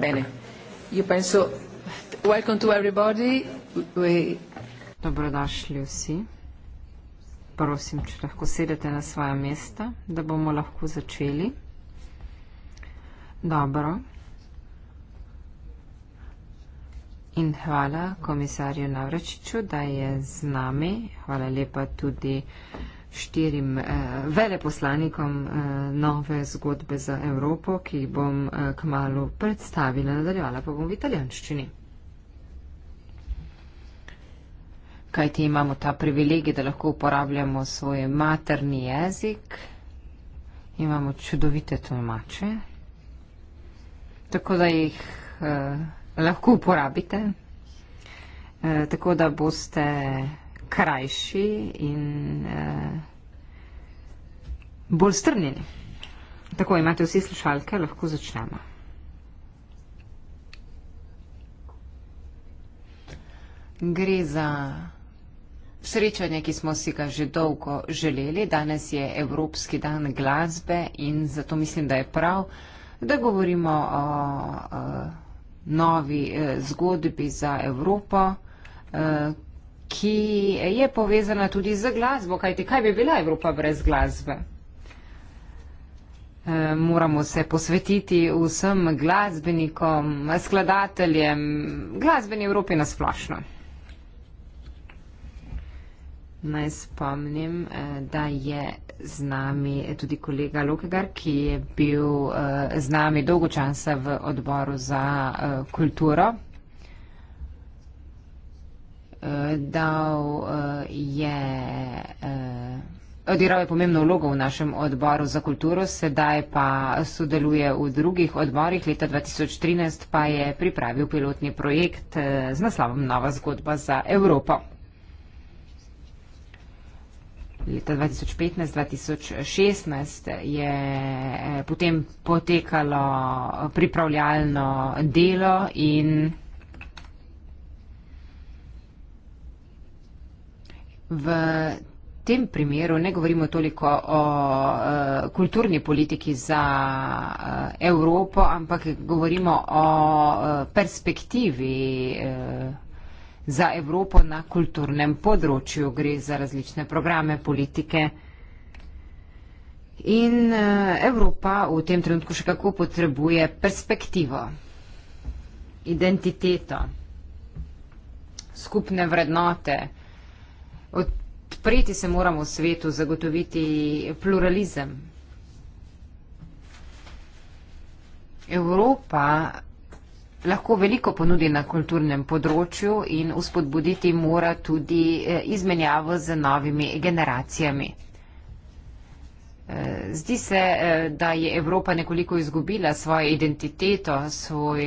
Bene. Io penso welcome to everybody. We... Dobrodošli vsi. Prosim, če lahko sedete na svoje mesta, da bomo lahko začeli. Dobro. In hvala komisarju Navračiču, da je z nami. Hvala lepa tudi uh, štirim eh, veleposlanikom eh, nove zgodbe za Evropo, ki jih bom eh, kmalo predstavila, nadaljevala pa bom v italijanščini. Kaj ti imamo ta privilegij, da lahko uporabljamo svoj materni jezik? Imamo čudovite tolmače, tako da jih eh, lahko uporabite, eh, tako da boste krajši in eh, bolj strnjeni. Tako imate vsi slušalke, lahko začnemo. Gre za srečanje, ki smo si ga že dolgo želeli. Danes je Evropski dan glasbe in zato mislim, da je prav, da govorimo o, o novi e, zgodbi za Evropo, e, ki je povezana tudi z glasbo. Kaj, te, kaj bi bila Evropa brez glasbe? Eh, moramo se posvetiti vsem glasbenikom, skladateljem, glasbeni Evropi nasplošno. Naj spomnim, eh, da je z nami tudi kolega Lokegar, ki je bil eh, z nami dolgo časa v odboru za kulturo. Dal je Odigral je pomembno vlogo v našem odboru za kulturo, sedaj pa sodeluje v drugih odborih. Leta 2013 pa je pripravil pilotni projekt eh, z naslovom Nova zgodba za Evropo. Leta 2015-2016 je eh, potem potekalo pripravljalno delo in v tem primeru ne govorimo toliko o uh, kulturni politiki za uh, Evropo, ampak govorimo o uh, perspektivi uh, za Evropo na kulturnem področju. Gre za različne programe politike. In uh, Evropa v tem trenutku še kako potrebuje perspektivo, identiteto, skupne vrednote. Od odpreti se moramo v svetu, zagotoviti pluralizem. Evropa lahko veliko ponudi na kulturnem področju in uspodbuditi mora tudi eh, izmenjavo z novimi generacijami. Zdi se, eh, da je Evropa nekoliko izgubila svojo identiteto, svoj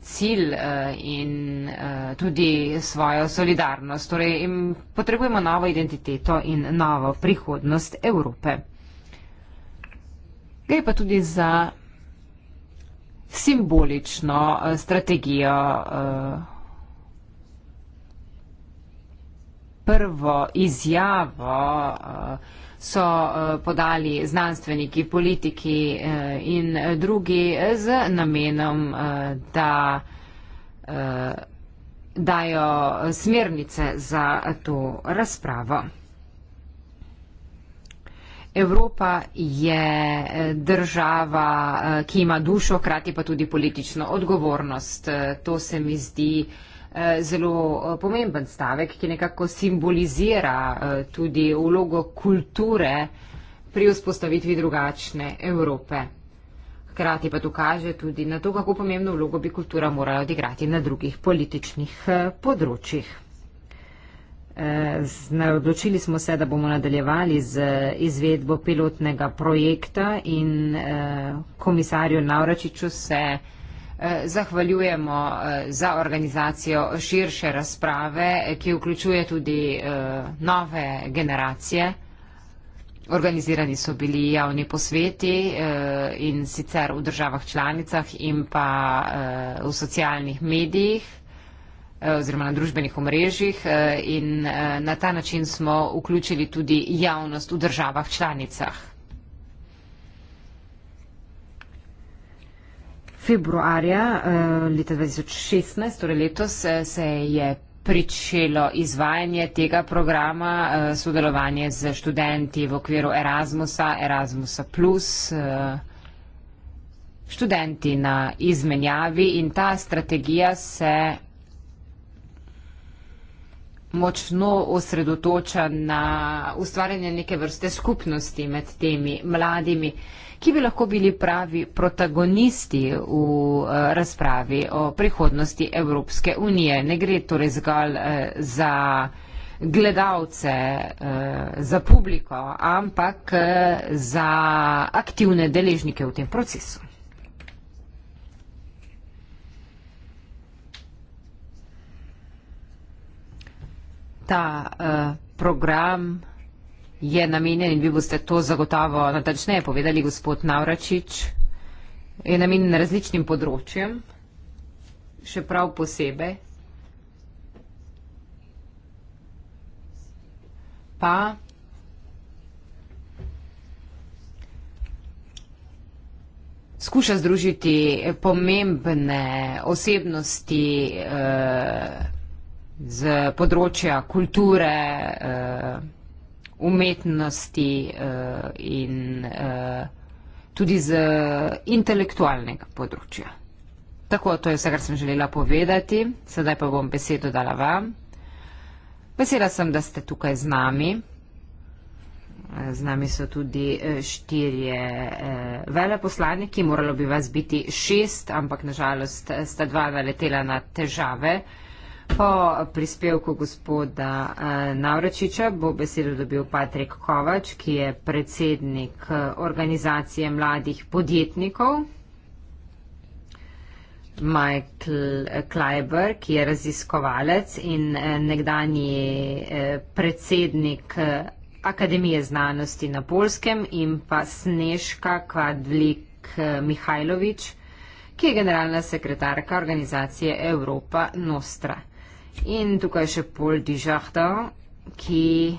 cilj eh, in eh, tudi svojo solidarnost. Torej, potrebujemo novo identiteto in novo prihodnost Evrope. Gre pa tudi za simbolično strategijo. Prvo izjavo so eh, podali znanstveniki, politiki eh, in drugi z namenom, eh, da dajo smernice za to razpravo. Evropa je država, ki ima dušo, krati pa tudi politično odgovornost. To se mi zdi nekaj. Eh, zelo eh, pomemben stavek, ki nekako simbolizira eh, tudi vlogo kulture pri vzpostavitvi drugačne Evrope. Hkrati pa to kaže tudi na to, kako pomembno vlogo bi kultura morala odigrati na drugih političnih področjih. Odločili smo se, da bomo nadaljevali z izvedbo pilotnega projekta in komisarju Navračiču se. Eh, zahvaljujemo eh, za organizacijo širše razprave, eh, ki vključuje tudi nove generacije. Organizirani so bili javni posveti in sicer v državah članicah in pa v socialnih medijih oziroma na družbenih omrežjih in na ta način smo vključili tudi javnost v državah članicah. Februarja eh, leta 2016, torej letos, eh, se je pričelo izvajanje tega programa, eh, sodelovanje z študenti v okviru Erasmusa, Erasmusa Plus, študenti na izmenjavi in ta strategija se močno osredotoča na ustvarjanje neke vrste skupnosti med temi mladimi ki bi lahko bili pravi protagonisti v eh, razpravi o prihodnosti Evropske unije. Ne gre torej zgolj eh, za gledalce, eh, za publiko, ampak za aktivne deležnike v tem procesu. Ta uh, program je namenjen in vi boste to zagotovo natančneje povedali, gospod Navračič, je namenjen različnim področjem, še prav posebej. Pa skuša združiti pomembne osebnosti eh, z področja kulture, eh, umetnosti uh, in uh, tudi z intelektualnega področja. Tako, to je vse, kar sem želela povedati. Sedaj pa bom besedo dala vam. Vesela sem, da ste tukaj z nami. Z nami so tudi eh, štirje veleposlaniki, moralo bi vas biti šest, ampak nažalost sta dva naletela na težave. Uh, Po prispevku gospoda eh, Navračiča bo besedo dobil Patrik Kovač, ki je predsednik eh, organizacije mladih podjetnikov. Michael eh, Kleiber, ki je raziskovalec in nekdani predsednik Akademije znanosti na Polskem in pa Sneška Kvadlik Mihajlovič, ki je generalna sekretarka organizacije Evropa Nostra. In tukaj še Paul Dijahta, ki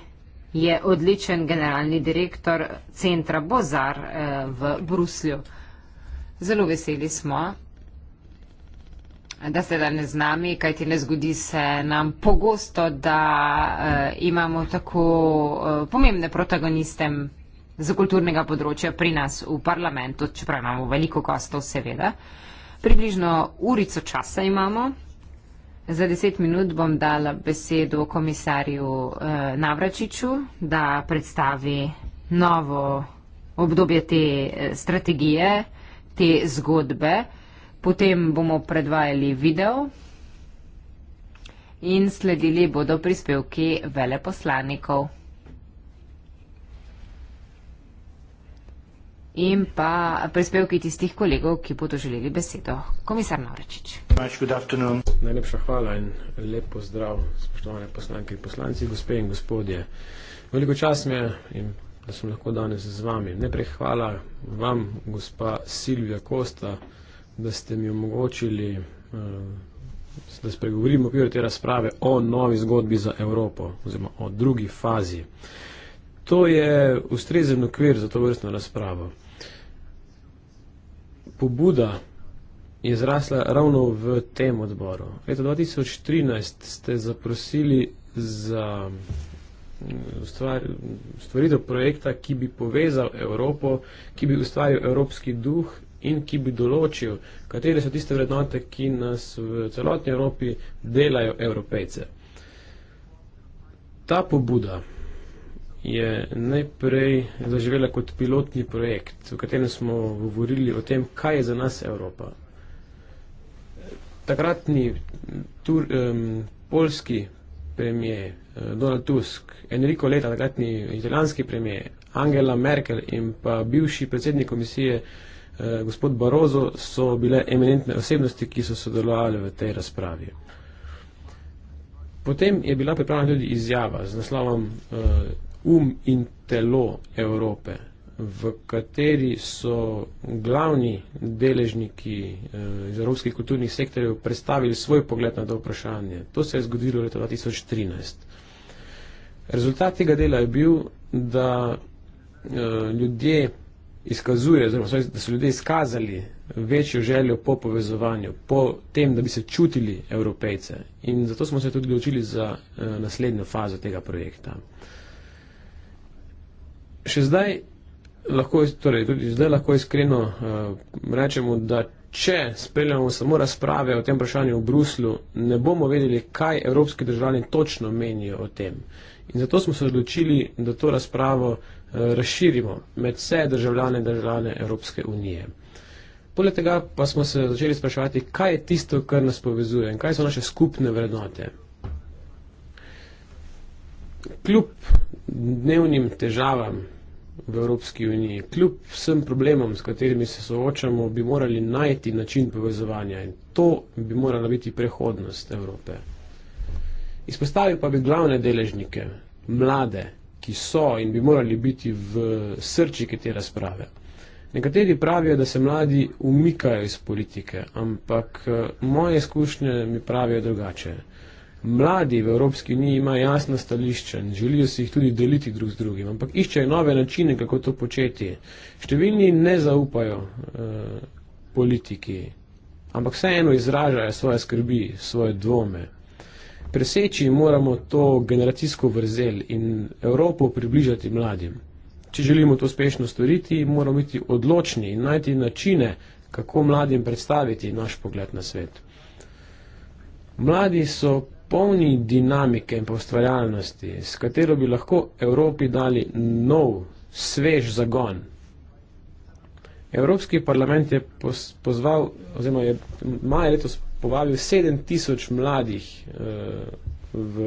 je odličen generalni direktor centra Bozar eh, v Bruslju. Zelo veseli smo, da ste danes z nami, kajti ne zgodi se nam pogosto, da eh, imamo tako eh, pomembne protagoniste za kulturnega področja pri nas v parlamentu, čeprav imamo veliko gostov seveda. Približno urico časa imamo. Za deset minut bom dala besedo komisarju eh, Navračiču, da predstavi novo obdobje te eh, strategije, te zgodbe. Potem bomo predvajali video in sledili bodo prispevki veleposlanikov. in pa prispevki tistih kolegov, ki bodo želeli besedo. Komisar Navrečič. Najlepša hvala in lep pozdrav, spoštovane poslanke in poslanci, gospe in gospodje. Veliko čas mi je, in, da sem lahko danes z vami. Najprej hvala vam, gospa Silvija Kosta, da ste mi omogočili, eh, da spregovorim v okviru te razprave o novi zgodbi za Evropo oziroma o drugi fazi. To je ustrezen okvir za to vrstno razpravo pobuda je zrasla ravno v tem odboru. Leta 2013 ste zaprosili za mm, ustvaritev projekta, ki bi povezal Evropo, ki bi ustvaril evropski duh in ki bi določil, katere so tiste vrednote, ki nas v celotni Evropi delajo evropejce. Ta pobuda je najprej zaživela kot pilotni projekt, v katerem smo govorili o tem, kaj je za nas Evropa. Takratni tur, um, polski premije eh, Donald Tusk, Enrico Leta, takratni italijanski premije, Angela Merkel in pa bivši predsednik komisije eh, gospod Barozo so bile eminentne osebnosti, ki so sodelovali v tej razpravi. Potem je bila pripravljena tudi izjava z naslovom eh, um in telo Evrope, v kateri so glavni deležniki eh, iz evropskih kulturnih sektorjev predstavili svoj pogled na to vprašanje. To se je zgodilo leta 2013. Rezultat tega dela je bil, da eh, ljudje izkazuje, da so ljudje izkazali večjo željo po povezovanju, po tem, da bi se čutili evropejce. In zato smo se tudi odločili za eh, naslednjo fazo tega projekta še zdaj lahko, torej tudi zdaj lahko iskreno uh, rečemo, da če spremljamo samo razprave o tem vprašanju v Bruslu, ne bomo vedeli, kaj evropski državljani točno menijo o tem. In zato smo se odločili, da to razpravo uh, razširimo med vse državljane in državljane Evropske unije. Poleg tega pa smo se začeli spraševati, kaj je tisto, kar nas povezuje in kaj so naše skupne vrednote. Kljub dnevnim težavam, v Evropski uniji. Kljub vsem problemom, s katerimi se soočamo, bi morali najti način povezovanja in to bi morala biti prehodnost Evrope. Izpostavil pa bi glavne deležnike, mlade, ki so in bi morali biti v srčiki te razprave. Nekateri pravijo, da se mladi umikajo iz politike, ampak eh, moje izkušnje mi pravijo drugače. Mladi v Evropski uniji imajo jasno stališče in želijo si jih tudi deliti drug z drugim, ampak iščejo nove načine, kako to početi. Številni ne zaupajo eh, politiki, ampak vseeno izražajo svoje skrbi, svoje dvome. Preseči moramo to generacijsko vrzel in Evropo približati mladim. Če želimo to uspešno storiti, moramo biti odločni in najti načine, kako mladim predstaviti naš pogled na svet. Mladi so polni dinamike in ustvarjalnosti, s katero bi lahko Evropi dali nov, svež zagon. Evropski parlament je pozval, oziroma je maja letos povabil 7000 mladih eh, v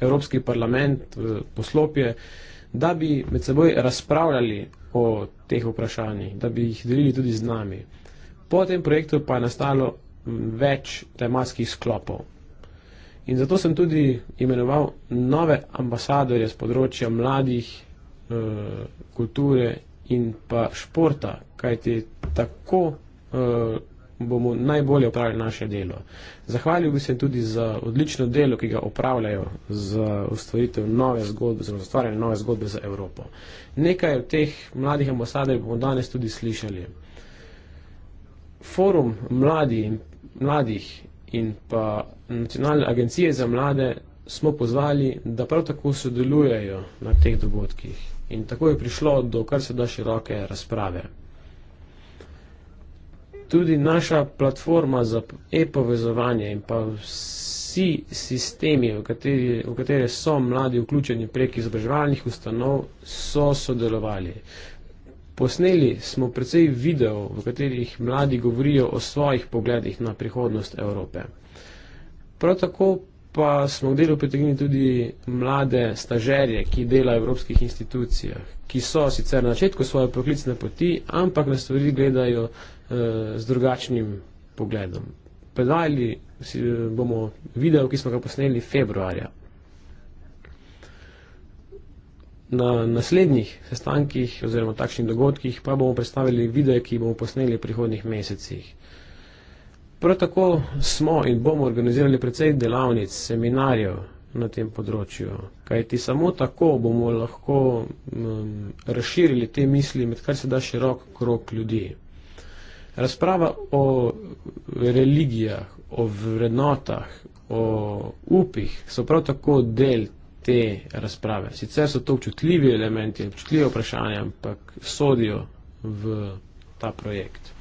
Evropski parlament, v poslopje, da bi med seboj razpravljali o teh vprašanjih, da bi jih delili tudi z nami. Po tem projektu pa je nastalo mm, več tematskih sklopov. In zato sem tudi imenoval nove ambasadorje z področja mladih, eh, kulture in pa športa, kajti tako eh, bomo najbolje opravili naše delo. Zahvalil bi se tudi za odlično delo, ki ga opravljajo za ustvaritev nove zgodbe, za ustvarjanje nove zgodbe za Evropo. Nekaj od teh mladih ambasadorjev bomo danes tudi slišali. Forum mladi in, mladih in pa nacionalne agencije za mlade smo pozvali, da prav tako sodelujejo na teh dogodkih. In tako je prišlo do kar se da široke razprave. Tudi naša platforma za e-povezovanje in pa vsi sistemi, v kateri, v kateri so mladi vključeni prek izobraževalnih ustanov, so sodelovali. Posneli smo precej videov, v katerih mladi govorijo o svojih pogledih na prihodnost Evrope. Prav tako pa smo v delu pritegnili tudi mlade stažerje, ki delajo v evropskih institucijah, ki so sicer na začetku svoje poklicne poti, ampak na stvari gledajo e, z drugačnim pogledom. Predvajali eh, bomo video, ki smo ga posneli februarja. Na naslednjih sestankih oziroma takšnih dogodkih pa bomo predstavili videe, ki bomo posneli v prihodnjih mesecih. Prav tako smo in bomo organizirali precej delavnic, seminarjev na tem področju, kajti samo tako bomo lahko um, razširili te misli med kar se da širok krok ljudi. Razprava o religijah, o vrednotah, o upih so prav tako del te razprave. Sicer so to občutljivi elementi, občutljivi vprašanja, ampak sodijo v ta projekt.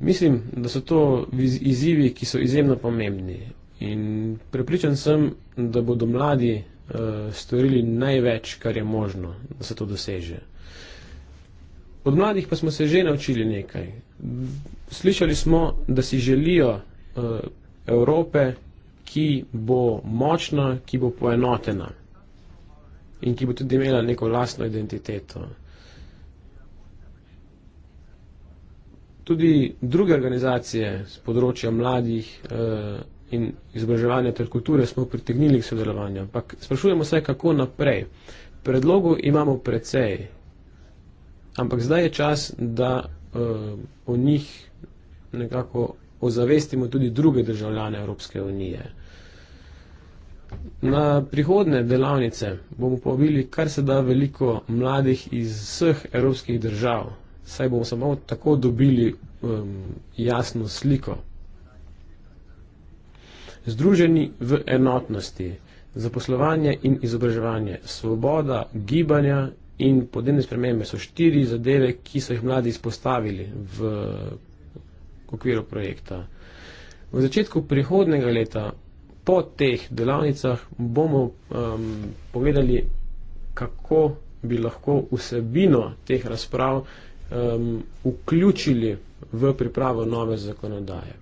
Mislim, da so to izzivi, ki so izjemno pomembni in prepričan sem, da bodo mladi uh, storili največ, kar je možno, da se to doseže. Od mladih pa smo se že naučili nekaj. Slišali smo, da si želijo uh, Evrope, ki bo močna, ki bo poenotena in ki bo tudi imela neko lastno identiteto. tudi druge organizacije z področja mladih eh, in izobraževanja ter kulture smo pritegnili k sodelovanju. Ampak sprašujemo se, kako naprej. Predlogov imamo precej, ampak zdaj je čas, da eh, o njih nekako ozavestimo tudi druge državljane Evropske unije. Na prihodne delavnice bomo povili kar se da veliko mladih iz vseh evropskih držav, saj bomo samo tako dobili um, jasno sliko. Združeni v enotnosti, zaposlovanje in izobraževanje, svoboda, gibanja in podnebne spremembe so štiri zadeve, ki so jih mladi izpostavili v okviru projekta. V začetku prihodnega leta po teh delavnicah bomo um, pogledali, kako bi lahko vsebino teh razprav uh, um, vključili v pripravo nove zakonodaje.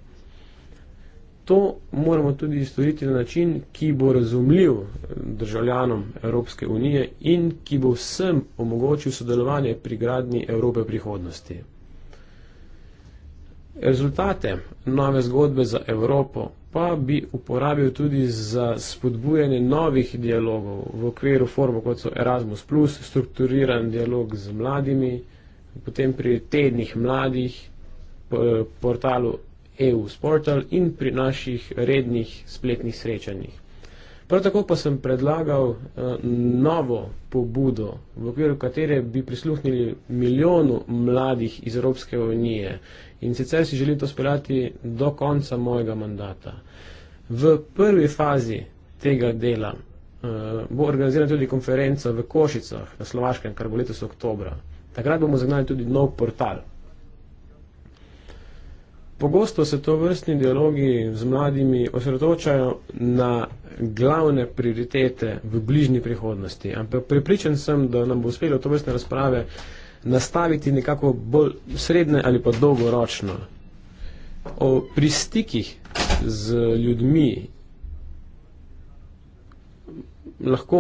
To moramo tudi storiti na način, ki bo razumljiv državljanom Evropske unije in ki bo vsem omogočil sodelovanje pri gradni Evrope prihodnosti. Rezultate nove zgodbe za Evropo pa bi uporabil tudi za spodbujanje novih dialogov v okviru formov, kot so Erasmus, strukturiran dialog z mladimi, potem pri tednih mladih, portalu EU Sportal in pri naših rednih spletnih srečanjih. Prav tako pa sem predlagal eh, novo pobudo, v okviru katere bi prisluhnili milijonu mladih iz Evropske unije in sicer si želim to speljati do konca mojega mandata. V prvi fazi tega dela eh, bo organizirana tudi konferenca v Košicah na Slovaškem, kar bo letos oktobra. Takrat bomo zagnali tudi nov portal. Pogosto se to vrstni dialogi z mladimi osredotočajo na glavne prioritete v bližnji prihodnosti, ampak pripričan sem, da nam bo uspelo to vrstne razprave nastaviti nekako bolj srednje ali pa dolgoročno. O pristikih z ljudmi lahko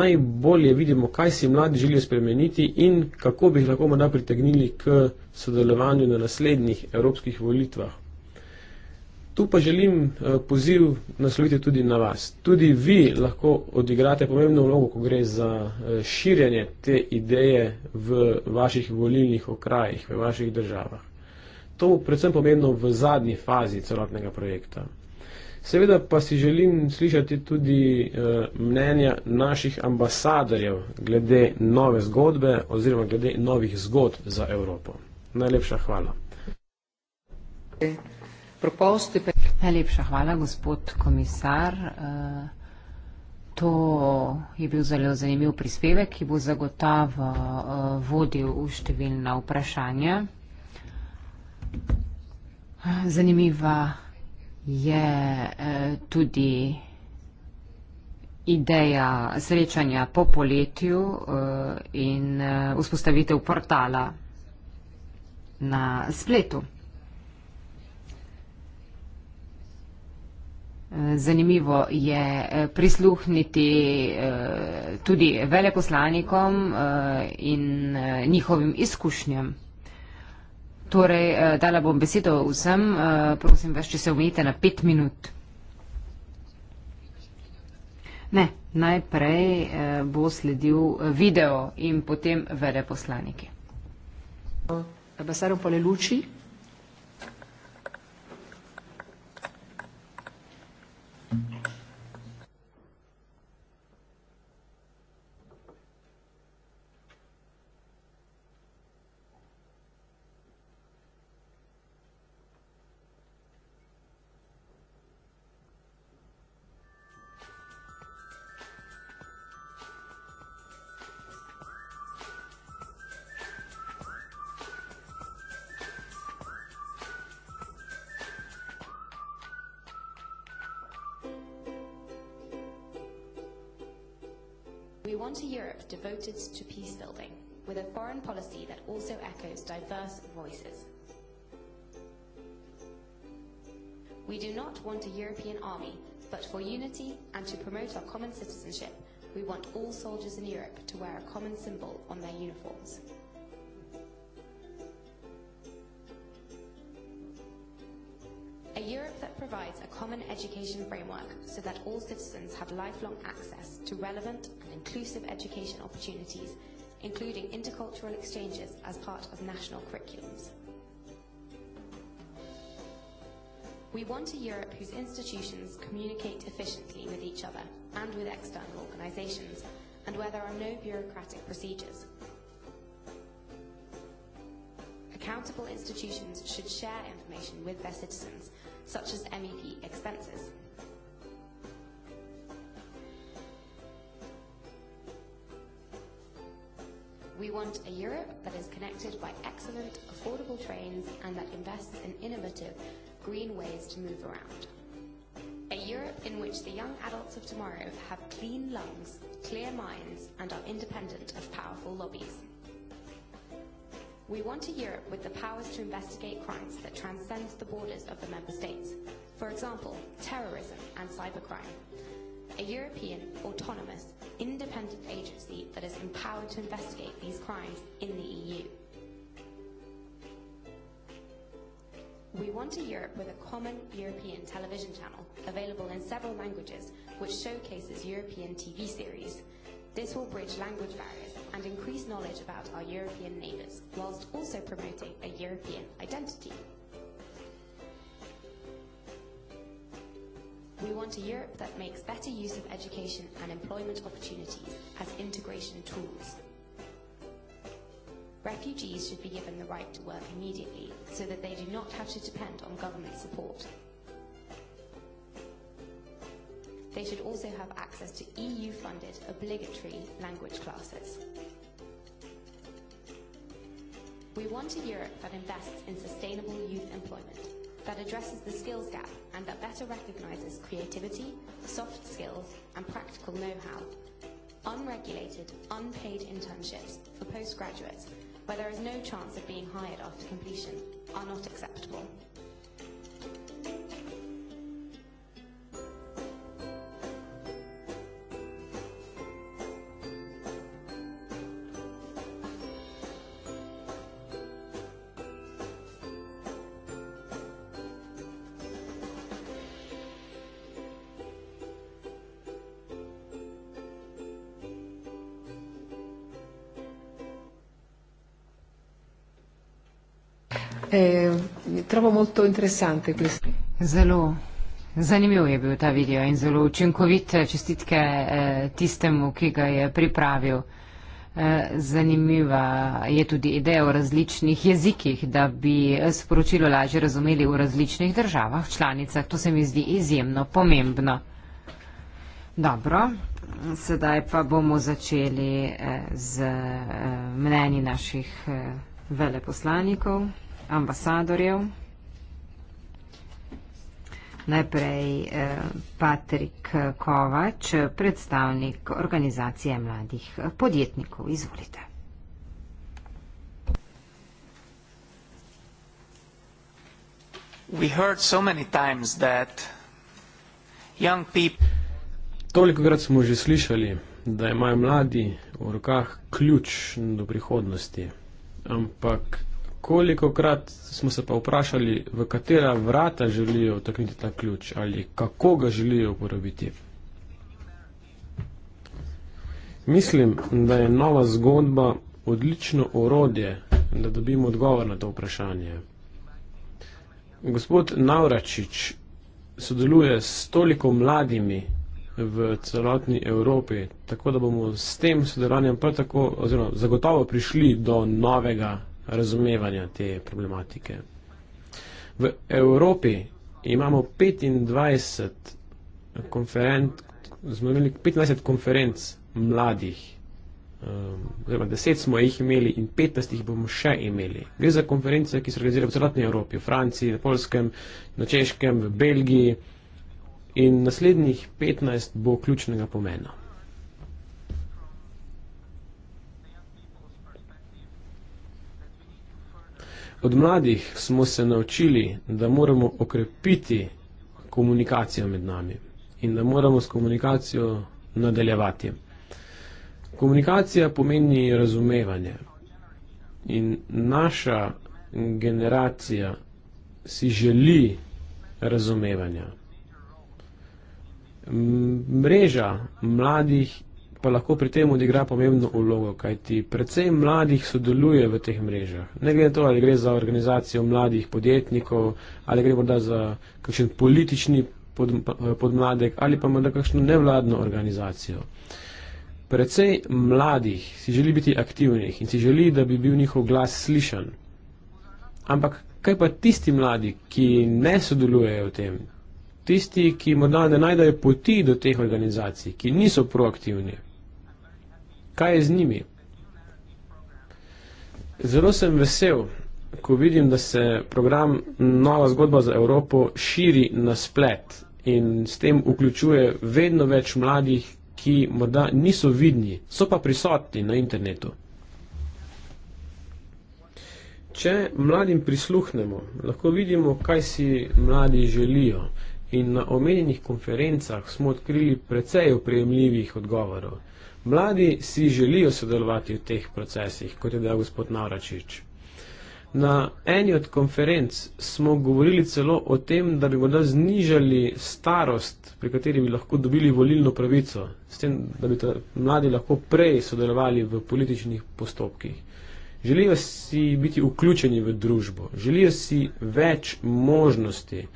najbolje vidimo, kaj si mladi želijo spremeniti in kako bi jih lahko morda pritegnili k sodelovanju na naslednjih evropskih volitvah. Tu pa želim eh, poziv nasloviti tudi na vas. Tudi vi lahko odigrate pomembno vlogo, ko gre za eh, širjanje te ideje v vaših volilnih okrajih, v vaših državah. To bo predvsem pomembno v zadnji fazi celotnega projekta. Seveda pa si želim slišati tudi eh, mnenja naših ambasadorjev glede nove zgodbe oziroma glede novih zgodb za Evropo. Najlepša hvala. Najlepša hvala, gospod komisar. Eh, to je bil zelo zanimiv prispevek, ki bo zagotavo eh, vodil v številna vprašanja. Zanimiva je eh, tudi ideja srečanja po poletju eh, in eh, vzpostavitev portala na spletu. Zanimivo je prisluhniti tudi veleposlanikom in njihovim izkušnjam. Torej, eh, dala bom besedo vsem. Eh, prosim vas, če se omejite na pet minut. Ne, najprej eh, bo sledil video in potem veleposlaniki. Ambasador Poleluči. citizenship, we want all soldiers in Europe to wear a common symbol on their uniforms. A Europe that provides a common education framework so that all citizens have lifelong access to relevant and inclusive education opportunities, including intercultural exchanges as part of national curriculums. We want a Europe whose institutions communicate efficiently with each other and with external organisations, and where there are no bureaucratic procedures. Accountable institutions should share information with their citizens, such as MEP expenses. We want a Europe that is connected by excellent, affordable trains and that invests in innovative green ways to move around. A Europe in which the young adults of tomorrow have clean lungs, clear minds, and are independent of powerful lobbies. We want a Europe with the powers to investigate crimes that transcend the borders of the member states. For example, terrorism and cybercrime. A European, autonomous, independent agency that is empowered to investigate these crimes in the EU. We want a Europe with a common European television channel, available in several languages, which showcases European TV series. This will bridge language barriers and increase knowledge about our European neighbours, whilst also promoting a European identity. We want a Europe that makes better use of education and employment opportunities as integration tools. Refugees should be given the right to work immediately so that they do not have to depend on government support. They should also have access to EU-funded obligatory language classes. We want a Europe that invests in sustainable youth employment, that addresses the skills gap and that better recognises creativity, soft skills and practical know-how. Unregulated, unpaid internships for postgraduates where there is no chance of being hired after completion, are not acceptable. Eh, trovo molto interessante questo. Zelo zanimiv je bil ta video in zelo učinkovit. Eh, čestitke eh, tistemu, ki ga je pripravil. Eh, zanimiva je tudi ideja o različnih jezikih, da bi eh, sporočilo lažje razumeli v različnih državah, članicah. To se mi zdi izjemno pomembno. Dobro, sedaj pa bomo začeli eh, z eh, mnenji naših eh, veleposlanikov ambasadorjev. Najprej eh, Patrik Kovač, predstavnik organizacije mladih podjetnikov. Izvolite. Tolikokrat smo že slišali, da imajo mladi v rokah ključ do prihodnosti. Ampak kolikokrat smo se pa vprašali, v katera vrata želijo vtakniti ta ključ ali kako ga želijo uporabiti. Mislim, da je nova zgodba odlično orodje, da dobimo odgovor na to vprašanje. Gospod Navračič sodeluje s toliko mladimi v celotni Evropi, tako da bomo s tem sodelovanjem prav tako, oziroma zagotovo prišli do novega razumevanja te problematike. V Evropi imamo 25 konferenc, smo imeli 25 konferenc mladih, um, oziroma um, 10 smo jih imeli in 15 jih bomo še imeli. Gre za konference, ki se organizirajo v celotni Evropi, v Franciji, na Polskem, na Češkem, v Belgiji in naslednjih 15 bo ključnega pomena. Od mladih smo se naučili, da moramo okrepiti komunikacijo med nami in da moramo s komunikacijo nadaljevati. Komunikacija pomeni razumevanje in naša generacija si želi razumevanja. Mreža mladih pa lahko pri tem odigra pomembno ulogo, kajti precej mladih sodeluje v teh mrežah. Ne glede na to, ali gre za organizacijo mladih podjetnikov, ali gre morda za kakšen politični pod, podmladek, ali pa morda kakšno nevladno organizacijo. Precej mladih si želi biti aktivnih in si želi, da bi bil njihov glas slišan. Ampak kaj pa tisti mladi, ki ne sodelujejo v tem? Tisti, ki morda ne najdejo poti do teh organizacij, ki niso proaktivni, kaj je z njimi. Zelo sem vesel, ko vidim, da se program Nova zgodba za Evropo širi na splet in s tem vključuje vedno več mladih, ki morda niso vidni, so pa prisotni na internetu. Če mladim prisluhnemo, lahko vidimo, kaj si mladi želijo in na omenjenih konferencah smo odkrili precej oprejemljivih odgovorov. Mladi si želijo sodelovati v teh procesih, kot je dejal gospod Navračič. Na eni od konferenc smo govorili celo o tem, da bi morda znižali starost, pri kateri bi lahko dobili volilno pravico, s tem, da bi mladi lahko prej sodelovali v političnih postopkih. Želijo si biti vključeni v družbo, želijo si več možnosti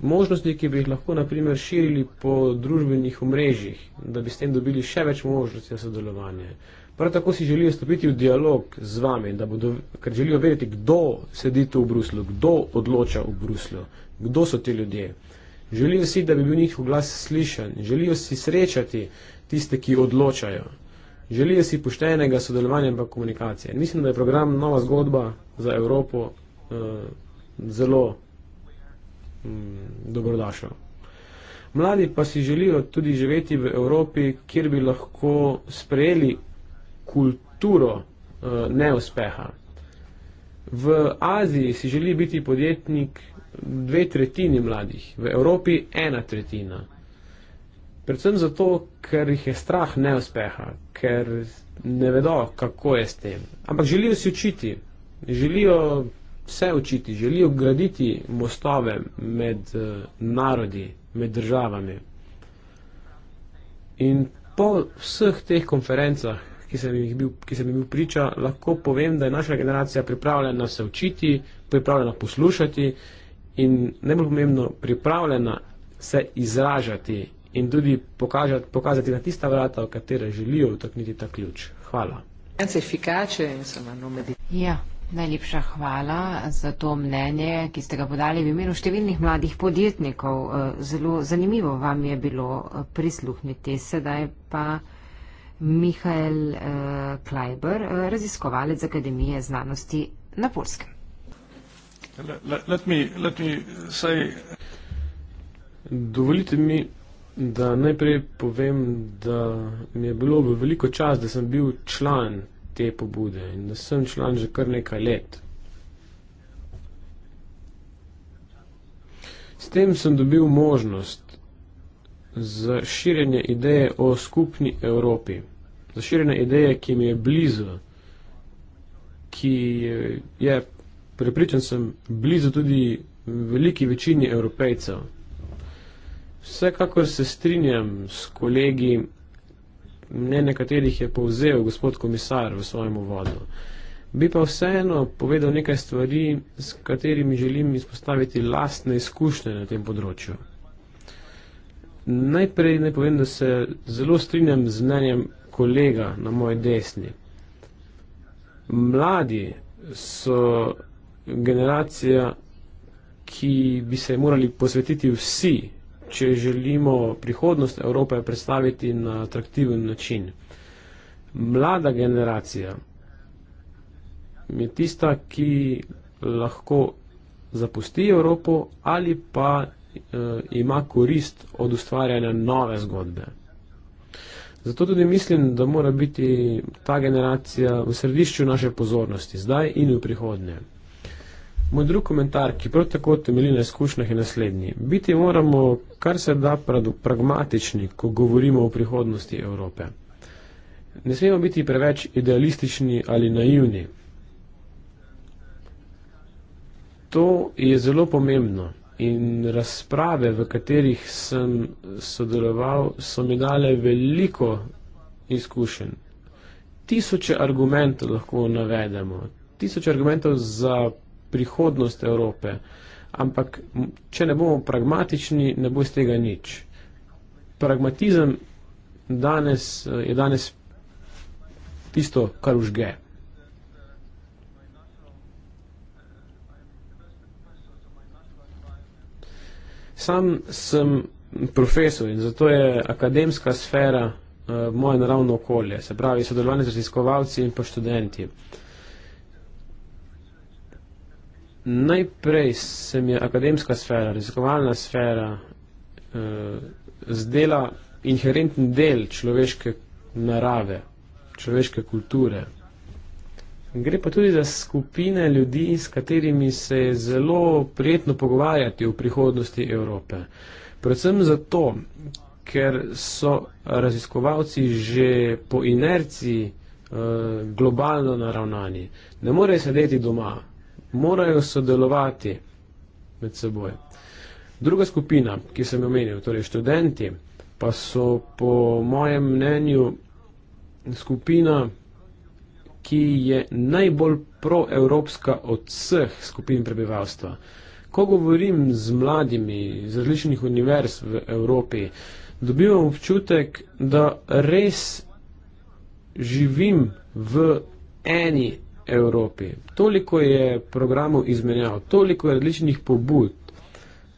možnosti, ki bi jih lahko naprimer širili po družbenih omrežjih, da bi s tem dobili še več možnosti za sodelovanje. Prav tako si želijo stopiti v dialog z vami, bodo, ker želijo vedeti, kdo sedi tu v Bruslu, kdo odloča v Bruslu, kdo so ti ljudje. Želijo si, da bi bil njihov glas slišen, želijo si srečati tiste, ki odločajo. Želijo si poštenega sodelovanja in komunikacije. Mislim, da je program Nova zgodba za Evropo eh, zelo Mm, dobrodošel. Mladi pa si želijo tudi živeti v Evropi, kjer bi lahko sprejeli kulturo eh, neuspeha. V Aziji si želi biti podjetnik dve tretjini mladih, v Evropi ena tretjina. Predvsem zato, ker jih je strah neuspeha, ker ne vedo, kako je s tem. Ampak želijo si učiti, želijo vse učiti, želijo graditi mostove med eh, narodi, med državami. In po vseh teh konferencah, ki sem jih bil, ki sem jih bil priča, lahko povem, da je naša generacija pripravljena se učiti, pripravljena poslušati in najbolj pomembno, pripravljena se izražati in tudi pokažati, pokazati na tista vrata, v katere želijo utakniti ta ključ. Hvala. Ja. Najlepša hvala za to mnenje, ki ste ga podali v imenu številnih mladih podjetnikov. Eh, zelo zanimivo vam je bilo eh, prisluhniti. Sedaj pa Mihajl eh, Kleiber, raziskovalec Akademije znanosti na Polskem. Let me, let me say... Dovolite mi, da najprej povem, da mi je bilo v veliko čas, da sem bil član te pobude in da sem član že kar nekaj let. S tem sem dobil možnost za širjenje ideje o skupni Evropi, za širjenje ideje, ki mi je blizu, ki je, prepričan sem, blizu tudi veliki večini evropejcev. Vsekakor se strinjam s kolegi mnenje katerih je povzel gospod komisar v svojem uvodu. Bi pa vseeno povedal nekaj stvari, s katerimi želim izpostaviti lastne izkušnje na tem področju. Najprej naj povem, da se zelo strinjam z mnenjem kolega na moji desni. Mladi so generacija, ki bi se morali posvetiti vsi če želimo prihodnost Evrope predstaviti na atraktiven način. Mlada generacija je tista, ki lahko zapusti Evropo ali pa eh, ima korist od ustvarjanja nove zgodbe. Zato tudi mislim, da mora biti ta generacija v središču naše pozornosti, zdaj in v prihodnje. Moj drugi komentar, ki prav tako temelji na izkušnjah, je naslednji. Biti moramo kar se da pragmatični, ko govorimo o prihodnosti Evrope. Ne smemo biti preveč idealistični ali naivni. To je zelo pomembno in razprave, v katerih sem sodeloval, so mi dale veliko izkušenj. Tisoče argumentov lahko navedemo, tisoče argumentov za prihodnost Evrope. Ampak, če ne bomo pragmatični, ne bo iz tega nič. Pragmatizem danes, eh, je danes tisto, kar užge. Sam sem profesor in zato je akademska sfera uh, moje naravno okolje, se pravi sodelovanje z raziskovalci in pa študenti. Uh, Najprej se mi je akademska sfera, raziskovalna sfera eh, zdela inherenten del človeške narave, človeške kulture. Gre pa tudi za skupine ljudi, s katerimi se je zelo prijetno pogovarjati o prihodnosti Evrope. Predvsem zato, ker so raziskovalci že po inerciji eh, globalno naravnani. Ne morejo sedeti doma morajo sodelovati med seboj. Druga skupina, ki sem omenil, torej študenti, pa so po mojem mnenju skupina, ki je najbolj proevropska od vseh skupin prebivalstva. Ko govorim z mladimi iz različnih univerz v Evropi, dobivam občutek, da res živim v eni Evropi. Toliko je programov izmenjav, toliko je različnih pobud,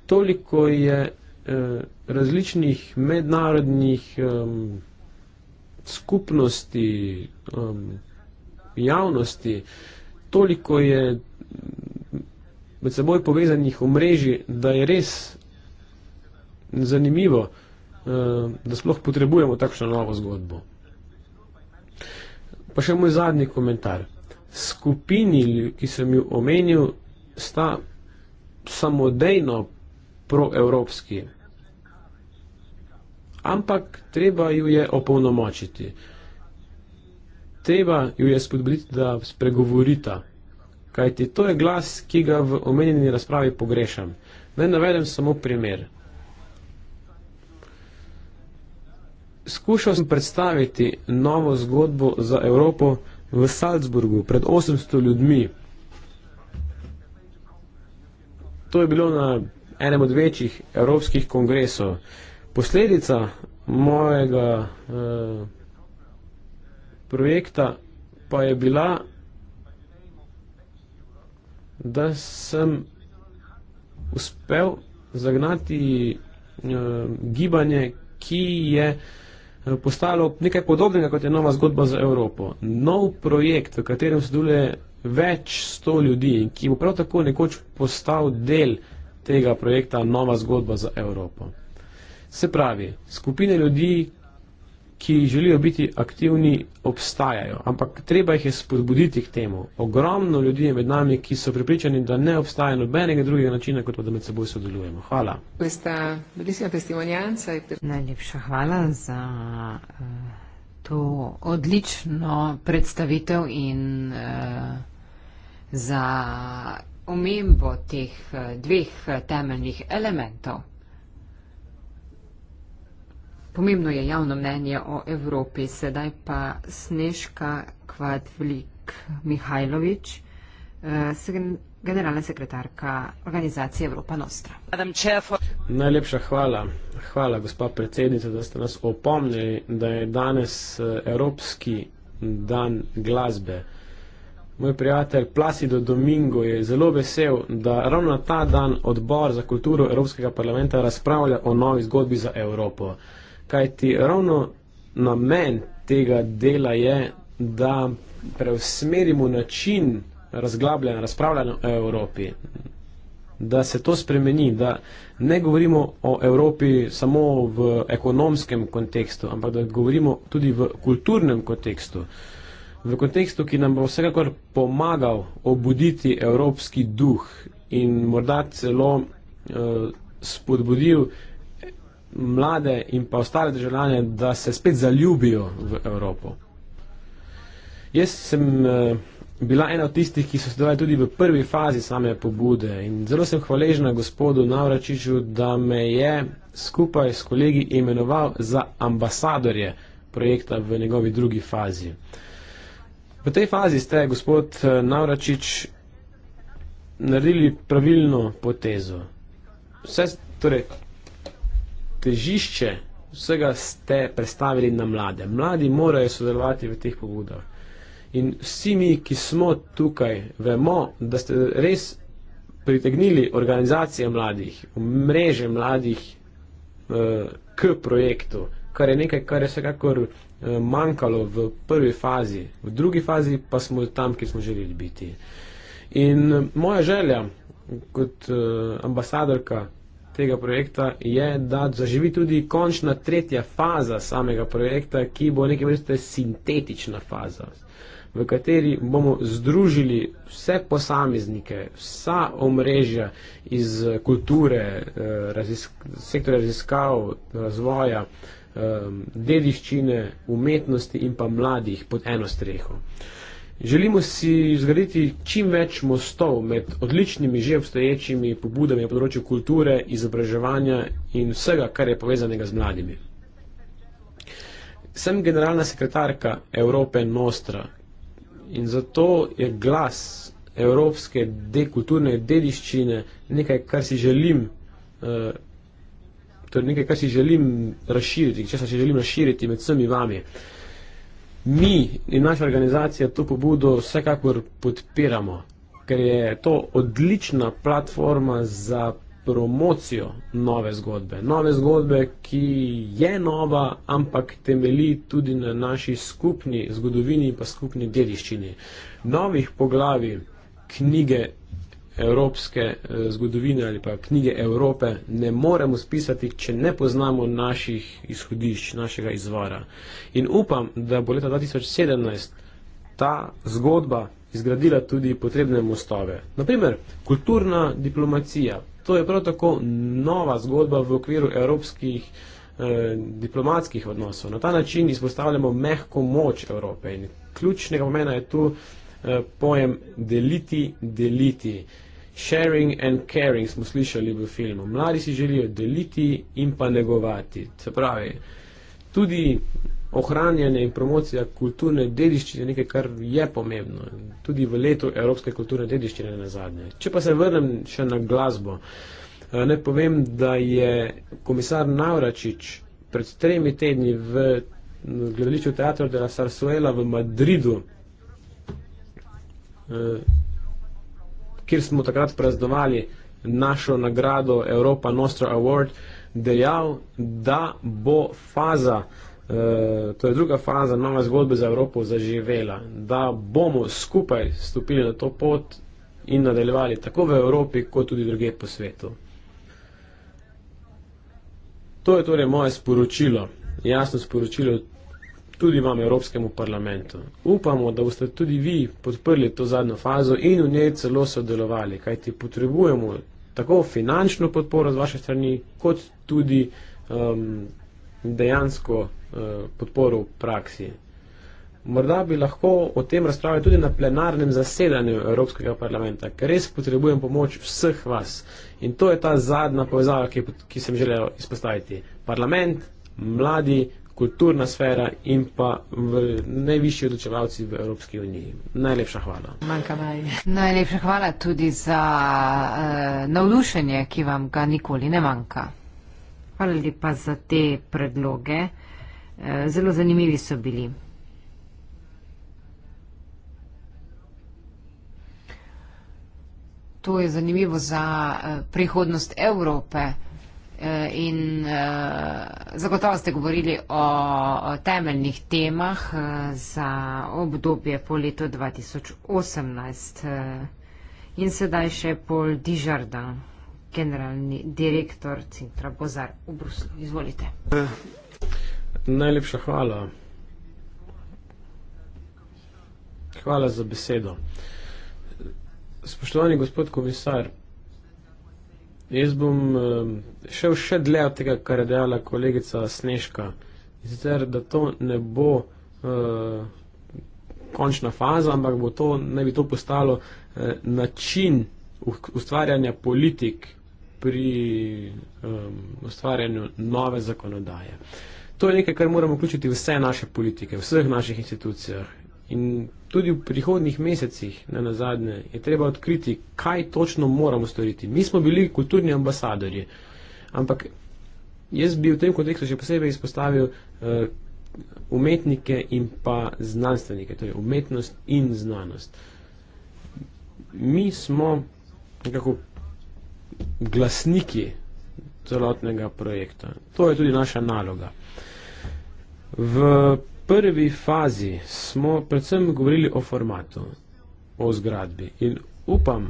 toliko je eh, različnih mednarodnih eh, skupnosti, eh, javnosti, toliko je med seboj povezanih omrežij, da je res zanimivo, eh, da sploh potrebujemo takšno novo zgodbo. Pa še moj zadnji komentar skupini, ki sem jo omenil, sta samodejno proevropski. Ampak treba ju je opolnomočiti. Treba ju je spodbuditi, da spregovorita. Kajti to je glas, ki ga v omenjeni razpravi pogrešam. Naj navedem samo primer. Skušal sem predstaviti novo zgodbo za Evropo v Salzburgu pred 800 ljudmi. To je bilo na enem od večjih evropskih kongresov. Posledica mojega eh, projekta pa je bila, da sem uspel zagnati eh, gibanje, ki je eh, Eh, postalo nekaj podobnega, kot je nova zgodba za Evropo. Nov projekt, v katerem sodeluje več sto ljudi in ki bo prav tako nekoč postal del tega projekta Nova zgodba za Evropo. Se pravi, skupine ljudi, ki želijo biti aktivni, obstajajo, ampak treba jih je spodbuditi k temu. Ogromno ljudi je med nami, ki so pripričani, da ne obstaja nobenega drugega načina, kot pa da med seboj sodelujemo. Hvala. Najlepša hvala za uh, to odlično predstavitev in uh, za omembo teh uh, dveh temeljnih elementov. Pomembno je javno mnenje o Evropi, sedaj pa Sneška Kvadvlik Mihajlovič, eh, generalna sekretarka organizacije Evropa Nostra. Najlepša hvala. Hvala, gospa predsednica, da ste nas opomnili, da je danes eh, Evropski dan glasbe. Moj prijatelj Placido Domingo je zelo vesel, da ravno ta dan odbor za kulturo Evropskega parlamenta razpravlja o novi zgodbi za Evropo kajti ravno namen tega dela je, da preusmerimo način razglabljanja, razpravljanja o Evropi, da se to spremeni, da ne govorimo o Evropi samo v ekonomskem kontekstu, ampak da govorimo tudi v kulturnem kontekstu, v kontekstu, ki nam bo vsekakor pomagal obuditi evropski duh in morda celo eh, spodbudil mlade in pa ostale državljane, da se spet zaljubijo v Evropo. Jaz sem eh, bila ena od tistih, ki so sodelovali tudi v prvi fazi same pobude in zelo sem hvaležna gospodu Navračiču, da me je skupaj s kolegi imenoval za ambasadorje projekta v njegovi drugi fazi. V tej fazi ste, gospod eh, Navračič, naredili pravilno potezo. Vse, torej, težišče vsega ste predstavili na mlade. Mladi morajo sodelovati v teh pobudah. In vsi mi, ki smo tukaj, vemo, da ste res pritegnili organizacije mladih, mreže mladih eh, k projektu, kar je nekaj, kar je vsekakor eh, manjkalo v prvi fazi, v drugi fazi pa smo tam, ki smo želeli biti. In eh, moja želja kot eh, ambasadorka tega projekta je, da zaživi tudi končna tretja faza samega projekta, ki bo nekaj vrste sintetična faza, v kateri bomo združili vse posameznike, vsa omrežja iz eh, kulture, eh, razisk sektorja raziskav, razvoja, eh, dediščine, umetnosti in pa mladih pod eno streho. Želimo si zgraditi čim več mostov med odličnimi že obstoječimi pobudami na področju kulture, izobraževanja in vsega, kar je povezanega z mladimi. Sem generalna sekretarka Evrope Nostra in zato je glas evropske dekulturne dediščine nekaj, kar si želim, eh, torej nekaj, kar si želim razširiti, česa si želim razširiti med vsemi vami mi in naša organizacija to pobudo vsekakor podpiramo, ker je to odlična platforma za promocijo nove zgodbe. Nove zgodbe, ki je nova, ampak temeli tudi na naši skupni zgodovini in pa skupni dediščini. Novih poglavi knjige evropske eh, zgodovine ali pa knjige Evrope ne moremo spisati, če ne poznamo naših izhodišč, našega izvora. In upam, da bo leta 2017 ta zgodba izgradila tudi potrebne mostove. Naprimer, kulturna diplomacija. To je prav tako nova zgodba v okviru evropskih eh, diplomatskih odnosov. Na ta način izpostavljamo mehko moč Evrope in ključnega pomena je tu Eh, pojem deliti, deliti. Sharing and caring smo slišali v filmu. Mladi si želijo deliti in pa negovati. Se pravi, tudi ohranjanje in promocija kulturne dediščine je nekaj, kar je pomembno. Tudi v letu Evropske kulturne dediščine na zadnje. Če pa se vrnem še na glasbo, eh, ne povem, da je komisar Navračič pred tremi tedni v gledališču Teatro de la Sarsuela v Madridu Eh, kjer smo takrat praznovali našo nagrado Europa Nostra Award, dejal, da bo faza, eh, to je druga faza nove zgodbe za Evropo zaživela, da bomo skupaj stopili na to pot in nadaljevali tako v Evropi, kot tudi druge po svetu. To je torej moje sporočilo, jasno sporočilo tudi vam, Evropskemu parlamentu. Upamo, da boste tudi vi podprli to zadnjo fazo in v njej celo sodelovali, kajti potrebujemo tako finančno podporo z vaše strani, kot tudi um, dejansko uh, podporo v praksi. Morda bi lahko o tem razpravljali tudi na plenarnem zasedanju Evropskega parlamenta, ker res potrebujem pomoč vseh vas. In to je ta zadnja povezava, ki, ki sem želel izpostaviti. Parlament, mladi, kulturna sfera in pa v najvišji odločevalci v Evropski uniji. Najlepša hvala. Najlepša hvala tudi za uh, navdušenje, ki vam ga nikoli ne manjka. Hvala lepa za te predloge. Uh, zelo zanimivi so bili. To je zanimivo za uh, prihodnost Evrope. Eh, in eh, zagotovo ste govorili o temeljnih temah eh, za obdobje po letu 2018 in sedaj še Paul Dižardan, generalni direktor Centra Bozar v Bruslu. Izvolite. Najlepša hvala. Hvala za besedo. Spoštovani gospod komisar, Jaz bom eh, šel še dlje od tega, kar je dejala kolegica Sneška. In sicer, da to ne bo uh, končna faza, ampak bo to, naj bi to postalo uh, način ustvarjanja politik pri um, ustvarjanju nove zakonodaje. To je nekaj, kar moramo vključiti v vse naše politike, v vseh naših institucijah. In tudi v prihodnih mesecih, ne na zadnje, je treba odkriti, kaj točno moramo storiti. Mi smo bili kulturni ambasadori, ampak jaz bi v tem kontekstu še posebej izpostavil uh, umetnike in pa znanstvenike, torej umetnost in znanost. Mi smo nekako glasniki celotnega projekta. To je tudi naša naloga. V prvi fazi smo predvsem govorili o formatu, o zgradbi in upam,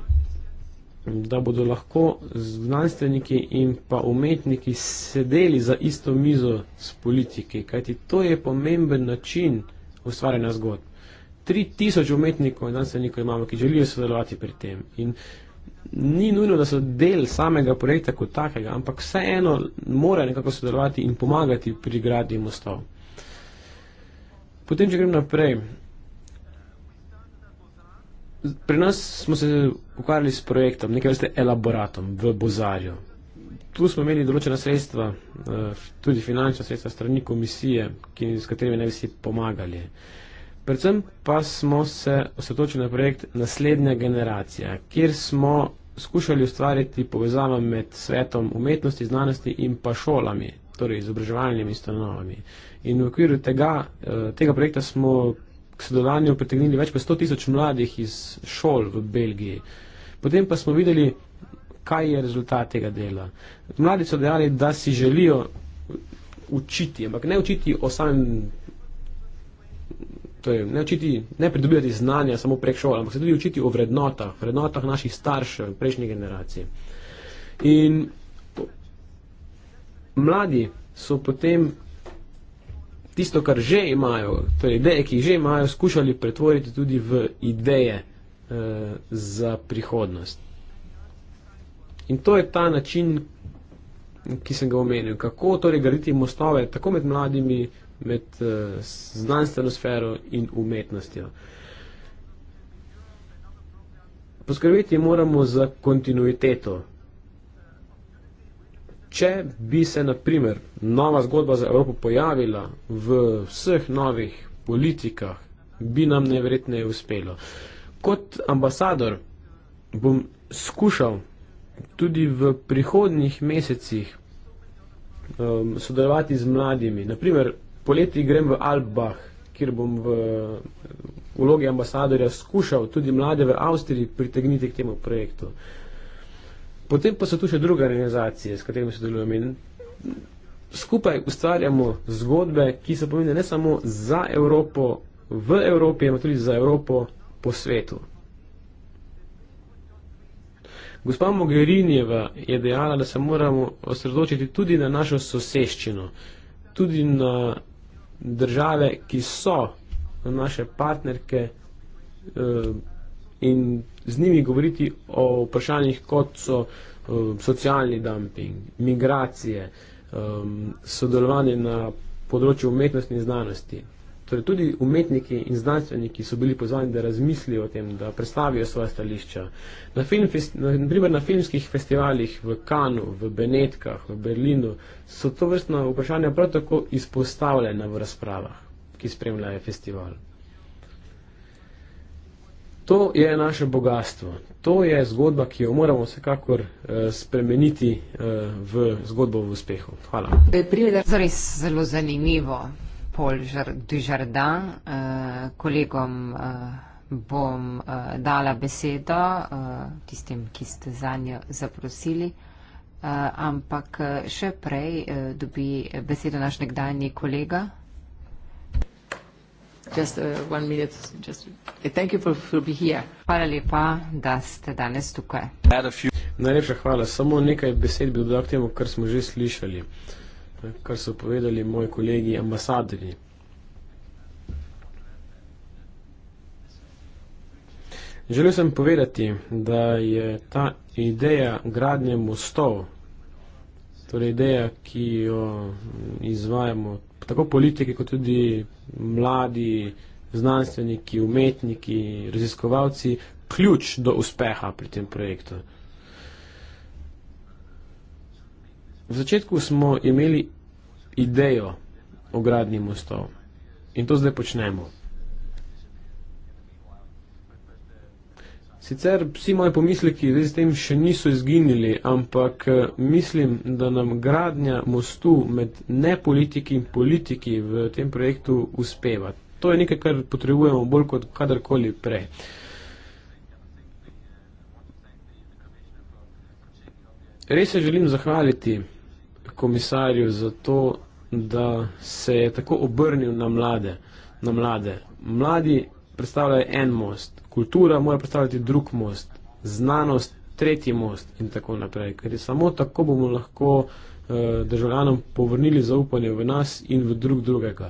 da bodo lahko znanstveniki in pa umetniki sedeli za isto mizo s politiki, kajti to je pomemben način ustvarjanja zgodb. 3000 umetnikov in znanstvenikov imamo, ki želijo sodelovati pri tem in ni nujno, da so del samega projekta kot takega, ampak vseeno mora nekako sodelovati in pomagati pri gradnji mostov. Potem, če grem naprej, pri nas smo se ukvarjali s projektom, nekaj veste, elaboratom v Bozarju. Tu smo imeli določena sredstva, eh, tudi finančna sredstva strani komisije, s katerimi ne bi si pomagali. Predvsem pa smo se osredotočili na projekt Naslednja generacija, kjer smo skušali ustvariti povezavo med svetom umetnosti, znanosti in pa šolami, torej izobraževalnimi ustanovami. In v okviru tega, eh, tega projekta smo k sodelovanju pritegnili več kot 100 tisoč mladih iz šol v Belgiji. Potem pa smo videli, kaj je rezultat tega dela. Mladi so dejali, da si želijo učiti, ampak ne učiti o samem. To je ne učiti, ne pridobivati znanja samo prek šol, ampak se tudi učiti o vrednotah, vrednotah naših staršev in prejšnje generacije. In mladi so potem tisto, kar že imajo, torej ideje, ki jih že imajo, skušali pretvoriti tudi v ideje eh, za prihodnost. In to je ta način, ki sem ga omenil, kako torej graditi mostove tako med mladimi, med eh, znanstveno sfero in umetnostjo. Poskrbeti moramo za kontinuiteto. Če bi se, na primer, nova zgodba za Evropo pojavila v vseh novih politikah, bi nam najverjetneje uspelo. Kot ambasador bom skušal tudi v prihodnjih mesecih um, sodelovati z mladimi. Naprimer, poleti grem v Albah, kjer bom v vlogi ambasadorja skušal tudi mlade v Avstriji pritegniti k temu projektu. Uh, Potem pa so tu še druge organizacije, s katerimi sodelujemo in skupaj ustvarjamo zgodbe, ki so pomembne ne samo za Evropo v Evropi, ampak tudi za Evropo po svetu. Gospa Mogherinjeva je dejala, da se moramo osredotočiti tudi na našo soseščino, tudi na države, ki so na naše partnerke. Eh, in z njimi govoriti o vprašanjih, kot so uh, socialni dumping, migracije, um, sodelovanje na področju umetnosti in znanosti. Torej, tudi umetniki in znanstveniki so bili pozvani, da razmislijo o tem, da predstavijo svoje stališča. Na, na, na filmskih festivalih v Kanu, v Benetkah, v Berlinu so to vrstna vprašanja prav tako izpostavljena v razpravah, ki spremljajo festival. To je naše bogatstvo. To je zgodba, ki jo moramo vsekakor eh, spremeniti eh, v zgodbo v uspehu. Hvala. Prileda je res zelo zanimivo. Pol Dujardin, eh, kolegom eh, bom eh, dala besedo, eh, tistim, ki ste za njo zaprosili. Eh, ampak eh, še prej eh, dobi besedo naš nekdanji kolega. Just uh, one minute. Just uh, thank you for, for being here. Hvala lepa, da ste danes tukaj. Najlepša hvala. Samo nekaj besed bi dodal k temu, kar smo že slišali, kar so povedali moji kolegi ambasadri. Želel sem povedati, da je ta ideja gradnje mostov, torej ideja, ki jo izvajamo tako politiki, kot tudi mladi znanstveniki, umetniki, raziskovalci, ključ do uspeha pri tem projektu. V začetku smo imeli idejo o gradnji mostov in to zdaj počnemo. Sicer vsi moji pomisleki z tem še niso izginili, ampak eh, mislim, da nam gradnja mostu med nepolitiki in politiki v tem projektu uspeva. To je nekaj, kar potrebujemo bolj kot kadarkoli prej. Res se želim zahvaliti komisarju za to, da se je tako obrnil na mlade. Na mlade. Mladi predstavljajo en most, Kultura mora predstavljati drug most, znanost, tretji most in tako naprej. Ker samo tako bomo lahko eh, državljanom povrnili zaupanje v nas in v drug drugega.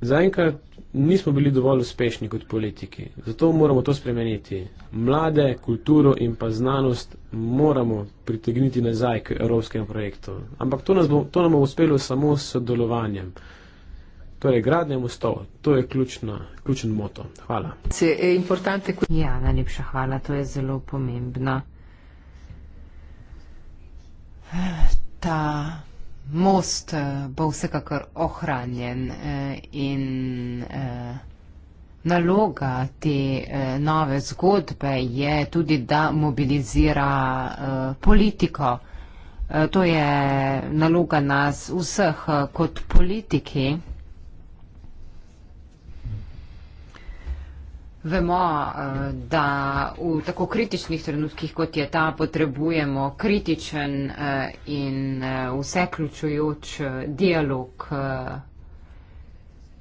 Zaenkrat nismo bili dovolj uspešni kot politiki, zato moramo to spremeniti. Mlade, kulturo in pa znanost moramo pritegniti nazaj k evropskemu projektu. Ampak to, bo, to nam bo uspelo samo s sodelovanjem. Torej, gradnje mostov, to je ključna, ključen moto. Hvala. Ja, najlepša hvala, to je zelo pomembno. Ta most eh, bo vsekakor ohranjen eh, in eh, naloga te nove zgodbe je tudi, da mobilizira politiko. To je naloga nas vseh kot politiki. Vemo, eh, da v tako kritičnih trenutkih, kot je ta, potrebujemo kritičen eh, in eh, vseključujoč dialog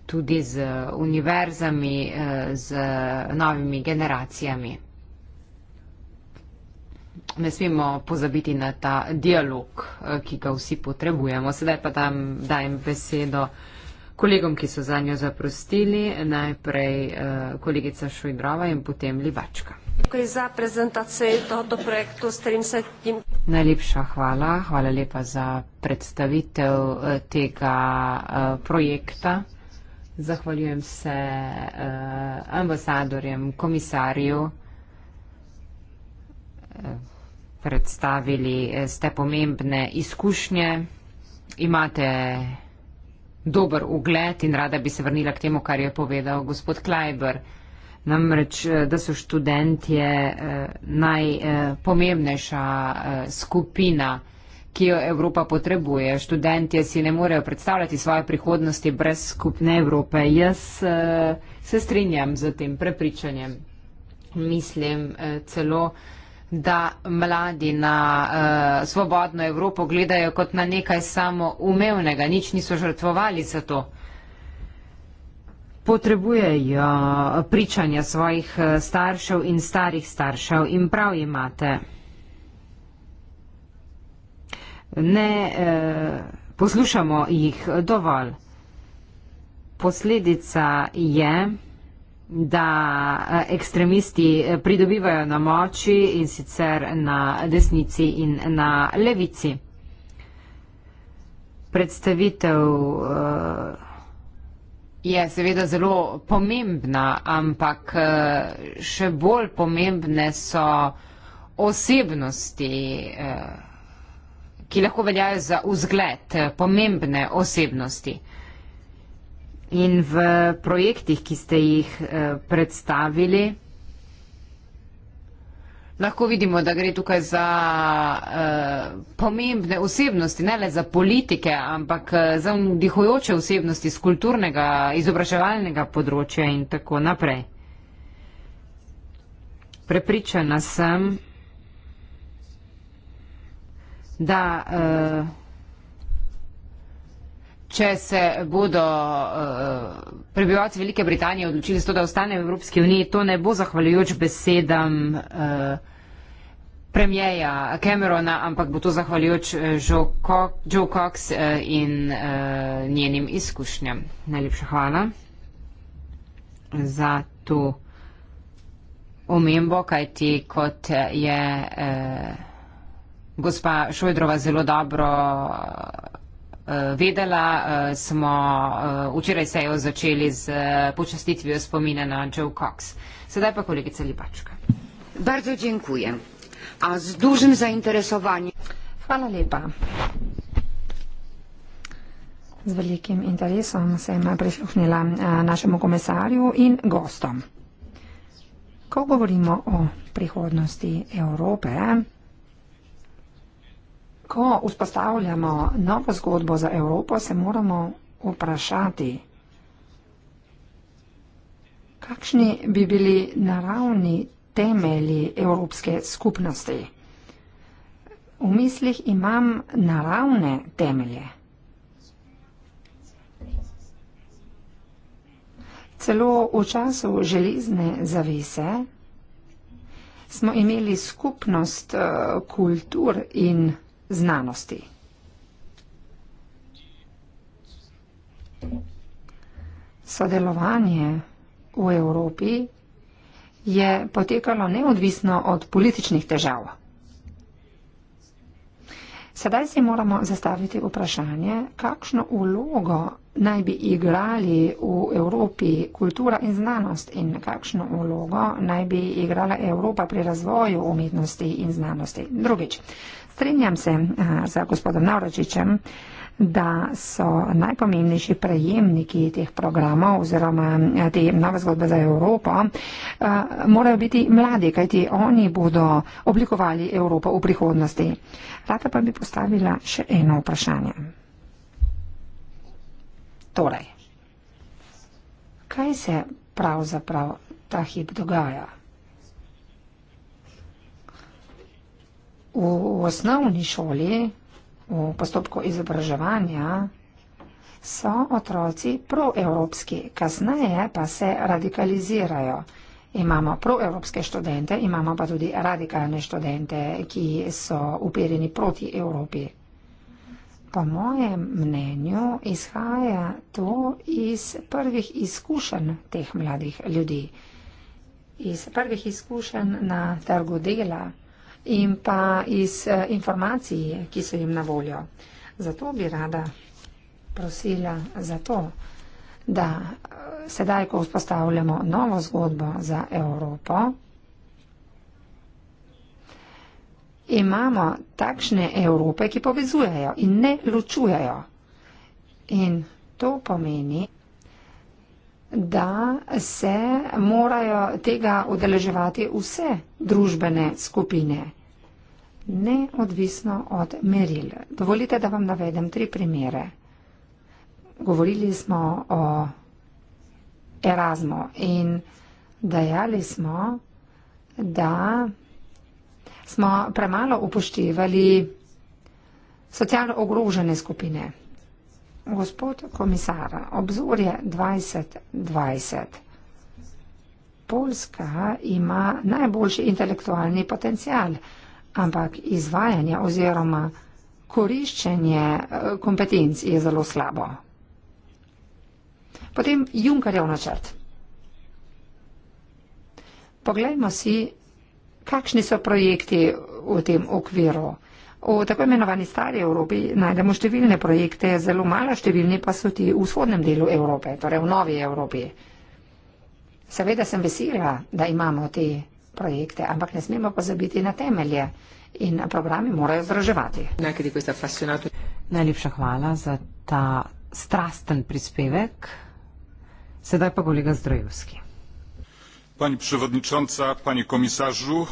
tudi z univerzami, z novimi generacijami. Ne smemo pozabiti na ta dialog, ki ga vsi potrebujemo. Sedaj pa dam, dajem besedo kolegom, ki so za njo zaprostili, najprej eh, kolegica Šojdrova in potem Livačka. Najlepša hvala, hvala lepa za predstavitev eh, tega eh, projekta. Zahvaljujem se ambasadorjem, komisarju. Predstavili ste pomembne izkušnje, imate dober ugled in rada bi se vrnila k temu, kar je povedal gospod Klajber. Namreč, eh, da so študentje eh, najpomembnejša eh, skupina, ki jo Evropa potrebuje. Študentje si ne morejo predstavljati svoje prihodnosti brez skupne Evrope. Jaz se strinjam z tem prepričanjem. Mislim celo, da mladi na uh, svobodno Evropo gledajo kot na nekaj samoumevnega, nič niso žrtvovali za to. Potrebujejo pričanja svojih eh, staršev in starih staršev in prav imate. Ne eh, poslušamo jih dovolj. Posledica je da eh, ekstremisti eh, pridobivajo na moči in sicer na desnici in na levici. Predstavitev eh, je seveda zelo pomembna, ampak še bolj pomembne so osebnosti, ki lahko veljajo za vzgled pomembne osebnosti. In v projektih, ki ste jih eh, predstavili, lahko vidimo, da gre tukaj za eh, pomembne osebnosti, ne le za politike, ampak eh, za vdihujoče osebnosti z kulturnega, izobraževalnega področja in tako naprej. Prepričana sem, da če se bodo eh, prebivalci Velike Britanije odločili za to, da ostane v Evropski uniji, to ne bo zahvaljujoč besedam eh, premjeja Camerona, ampak bo to zahvaljujoč eh, Joe Cox in njenim izkušnjam. Najlepša hvala za to omembo, kajti kot je eh, gospa Šojdrova zelo dobro Eh, vedela. Eh, smo eh, včeraj sejo začeli z počastitvijo spomina na Joe Cox. Sedaj pa kolegica Lipačka. Bardzo dziękuję. A z dużym zainteresowaniem. Hvala lepa. Z velikim interesom sem prisluhnila našemu komisarju in gostom. Ko govorimo o prihodnosti Evrope, Ko vzpostavljamo novo zgodbo za Evropo, se moramo vprašati, kakšni bi bili naravni temelji evropske skupnosti. V mislih imam naravne temelje. Celo v času železne zavise smo imeli skupnost eh, kultur in znanosti. Sodelovanje v Evropi je potekalo neodvisno od političnih težav. Sedaj si moramo zastaviti vprašanje, kakšno ulogo naj bi igrali v Evropi kultura in znanost in kakšno vlogo naj bi igrala Evropa pri razvoju umetnosti in znanosti. Drugič, strinjam se eh, za gospodom Navročičem, da so najpomembnejši prejemniki teh programov oziroma eh, te nove zgodbe za Evropo, eh, morajo biti mladi, kajti oni bodo oblikovali Evropo v prihodnosti. Rada pa bi postavila še eno vprašanje. Torej, kaj se pravzaprav ta hip dogaja? V osnovni šoli, v postopku izobraževanja, so otroci proevropski, kasneje pa se radikalizirajo. Imamo proevropske študente, imamo pa tudi radikalne študente, ki so upereni proti Evropi po mojem mnenju izhaja to iz prvih izkušenj teh mladih ljudi, iz prvih izkušenj na trgu dela in pa iz eh, informacij, ki so jim na voljo. Zato bi rada prosila za to, da eh, sedaj, ko vzpostavljamo novo zgodbo za Evropo, imamo takšne Evrope, ki povezujejo in ne ločujejo. In to pomeni, da se morajo tega udeleževati vse družbene skupine, neodvisno od meril. Dovolite, da vam navedem tri primere. Govorili smo o Erasmu in dejali smo, da smo premalo upoštevali socialno ogrožene skupine. Gospod komisar, obzorje 2020. Poljska ima najboljši intelektualni potencial, ampak izvajanje oziroma koriščenje eh, kompetenc je zelo slabo. Potem Junkarjev načrt. Poglejmo si kakšni so projekti v tem okviru. V tako imenovani stari Evropi najdemo številne projekte, zelo malo številni pa so ti v vzhodnem delu Evrope, torej v novi Evropi. Seveda sem vesela, da imamo te projekte, ampak ne smemo pozabiti na temelje in programe morajo zdraževati. Najlepša hvala za ta strasten prispevek. Sedaj pa kolega Zdrojevski. Pani przewodnicząca, panie komisarzu.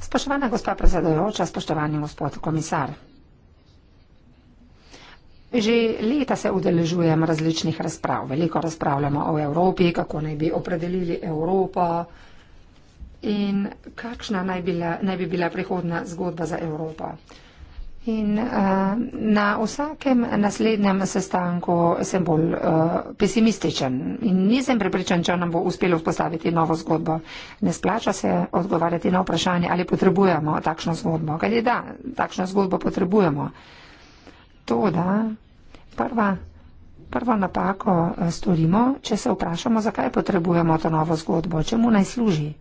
Spoštovana gospa predsedujoča, spoštovani gospod komisar. Že leta se udeležujem različnih razprav. Veliko razpravljamo o Evropi, kako naj bi opredelili Evropo in kakšna naj bi bila prihodna zgodba za Evropo. In uh, na vsakem naslednjem sestanku sem bolj uh, pesimističen in nisem prepričan, če nam bo uspelo vzpostaviti novo zgodbo. Ne splača se odgovarjati na vprašanje, ali potrebujemo takšno zgodbo. Kaj je da, takšno zgodbo potrebujemo. To, da prva, prvo napako eh, storimo, če se vprašamo, zakaj potrebujemo to novo zgodbo, čemu naj služi.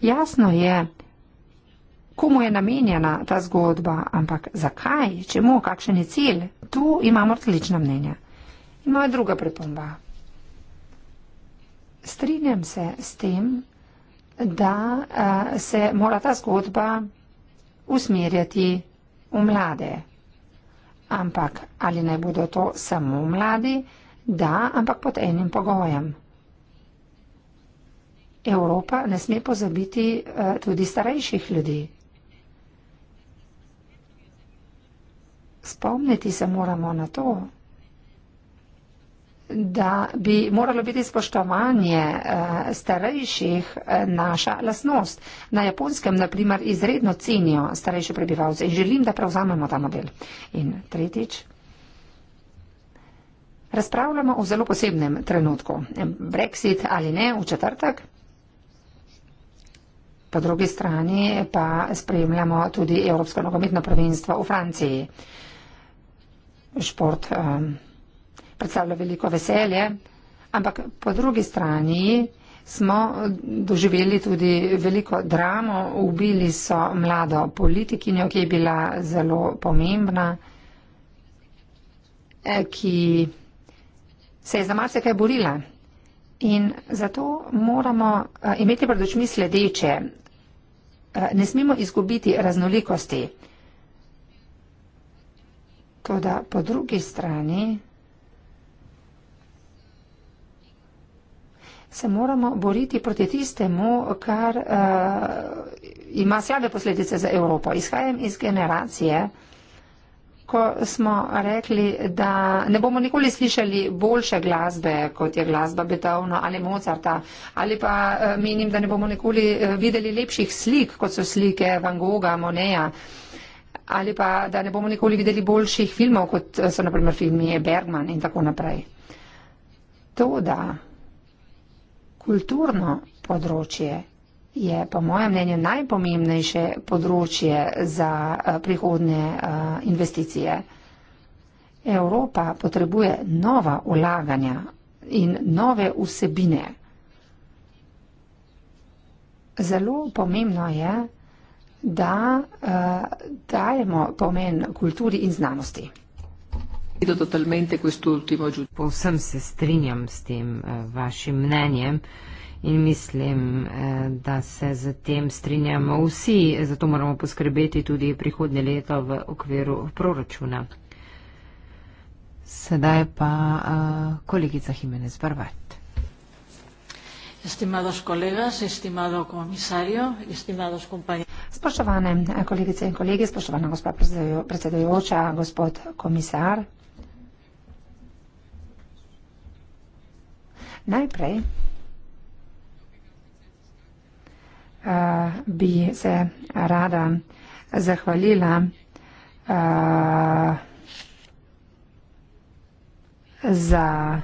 Jasno je, komu je namenjena ta zgodba, ampak zakaj, čemu, kakšen je cilj, tu imamo različna mnenja. In moja druga pripomba. Strinjam se s tem, da uh, se mora ta zgodba usmerjati v mlade. Ampak ali naj bodo to samo mladi, da, ampak pod enim pogojem. Evropa ne sme pozabiti eh, tudi starejših ljudi. Spomniti se moramo na to, da bi moralo biti spoštovanje eh, starejših eh, naša lasnost. Na japonskem, na primer, izredno cenijo starejše prebivalce in želim, da prevzamemo ta model. In tretjič. Razpravljamo o zelo posebnem trenutku. Brexit ali ne v četrtek. Po drugi strani pa spremljamo tudi Evropsko nogometno prvenstvo v Franciji. Šport um, predstavlja veliko veselje, ampak po drugi strani smo doživeli tudi veliko dramo. Ubili so mlado politikinjo, ki je bila zelo pomembna, eh, ki se je za marsikaj borila. In zato moramo eh, imeti pred očmi sledeče. Eh, ne smemo izgubiti raznolikosti. Toda po drugi strani se moramo boriti proti tistemu, kar uh, ima slabe posledice za Evropo. Izhajam iz generacije, ko smo rekli, da ne bomo nikoli slišali boljše glasbe, kot je glasba Beethovna ali Mozarta, ali pa eh, menim, da ne bomo nikoli eh, videli lepših slik, kot so slike Van Gogha, Moneja, ali pa da ne bomo nikoli videli boljših filmov, kot eh, so naprimer filmi Bergman in tako naprej. To, da kulturno področje je po mojem mnenju najpomembnejše področje za eh, prihodne eh, investicije. Evropa potrebuje nova ulaganja in nove vsebine. Zelo pomembno je, da uh, dajemo pomen kulturi in znanosti. Povsem se strinjam s tem uh, vašim mnenjem. Uh, in mislim, eh, da se z tem strinjamo vsi, zato moramo poskrbeti tudi prihodnje leto v okviru proračuna. Sedaj pa uh, kolegica Jimenez Barvat. Spoštovane eh, kolegice in kolegi, spoštovana gospa predsedujoča, gospod komisar. Najprej uh, bi se rada zahvalila uh, za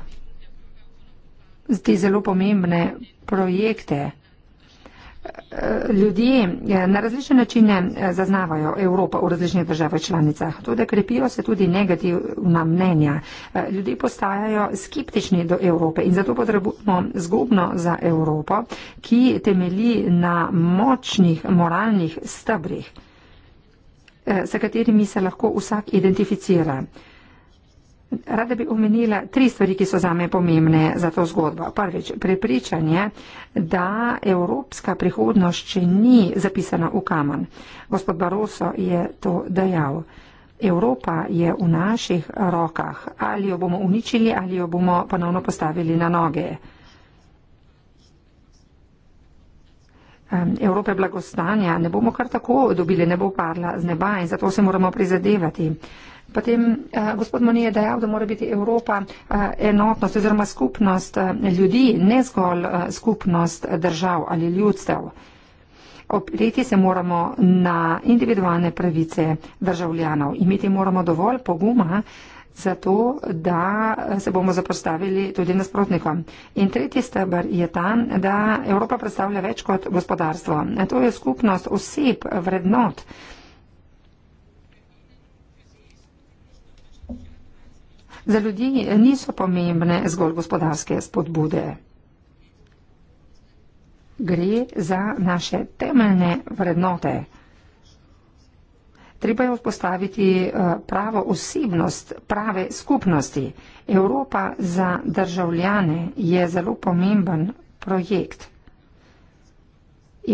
te zelo pomembne projekte ljudje eh, na različne načine eh, zaznavajo Evropo v različnih državah članicah. Tudi krepijo se tudi negativna mnenja. Eh, ljudje postajajo skeptični do Evrope in zato potrebujemo zgubno za Evropo, ki temeli na močnih moralnih stabrih, s katerimi se lahko vsak identificira. Rada bi omenila tri stvari, ki so zame pomembne za to zgodbo. Prvič, prepričanje, da evropska prihodnost še ni zapisana v kamen. Gospod Barroso je to dejal. Evropa je v naših rokah. Ali jo bomo uničili ali jo bomo ponovno postavili na noge. Evrope blagostanja ne bomo kar tako dobili, ne bo padla z neba in zato se moramo prizadevati. Potem uh, gospod Moni je dejal, da mora biti Evropa uh, enotnost oziroma skupnost eh, ljudi, ne zgolj uh, skupnost držav ali ljudstev. Opreti se moramo na individualne pravice državljanov. Imeti moramo dovolj poguma za to, da se bomo zapostavili tudi nasprotnikom. In tretji stebr je ta, da Evropa predstavlja več kot gospodarstvo. To je skupnost oseb, vrednot. Za ljudi niso pomembne zgolj gospodarske spodbude. Gre za naše temeljne vrednote. Treba je vzpostaviti eh, pravo osebnost prave skupnosti. Evropa za državljane je zelo pomemben projekt.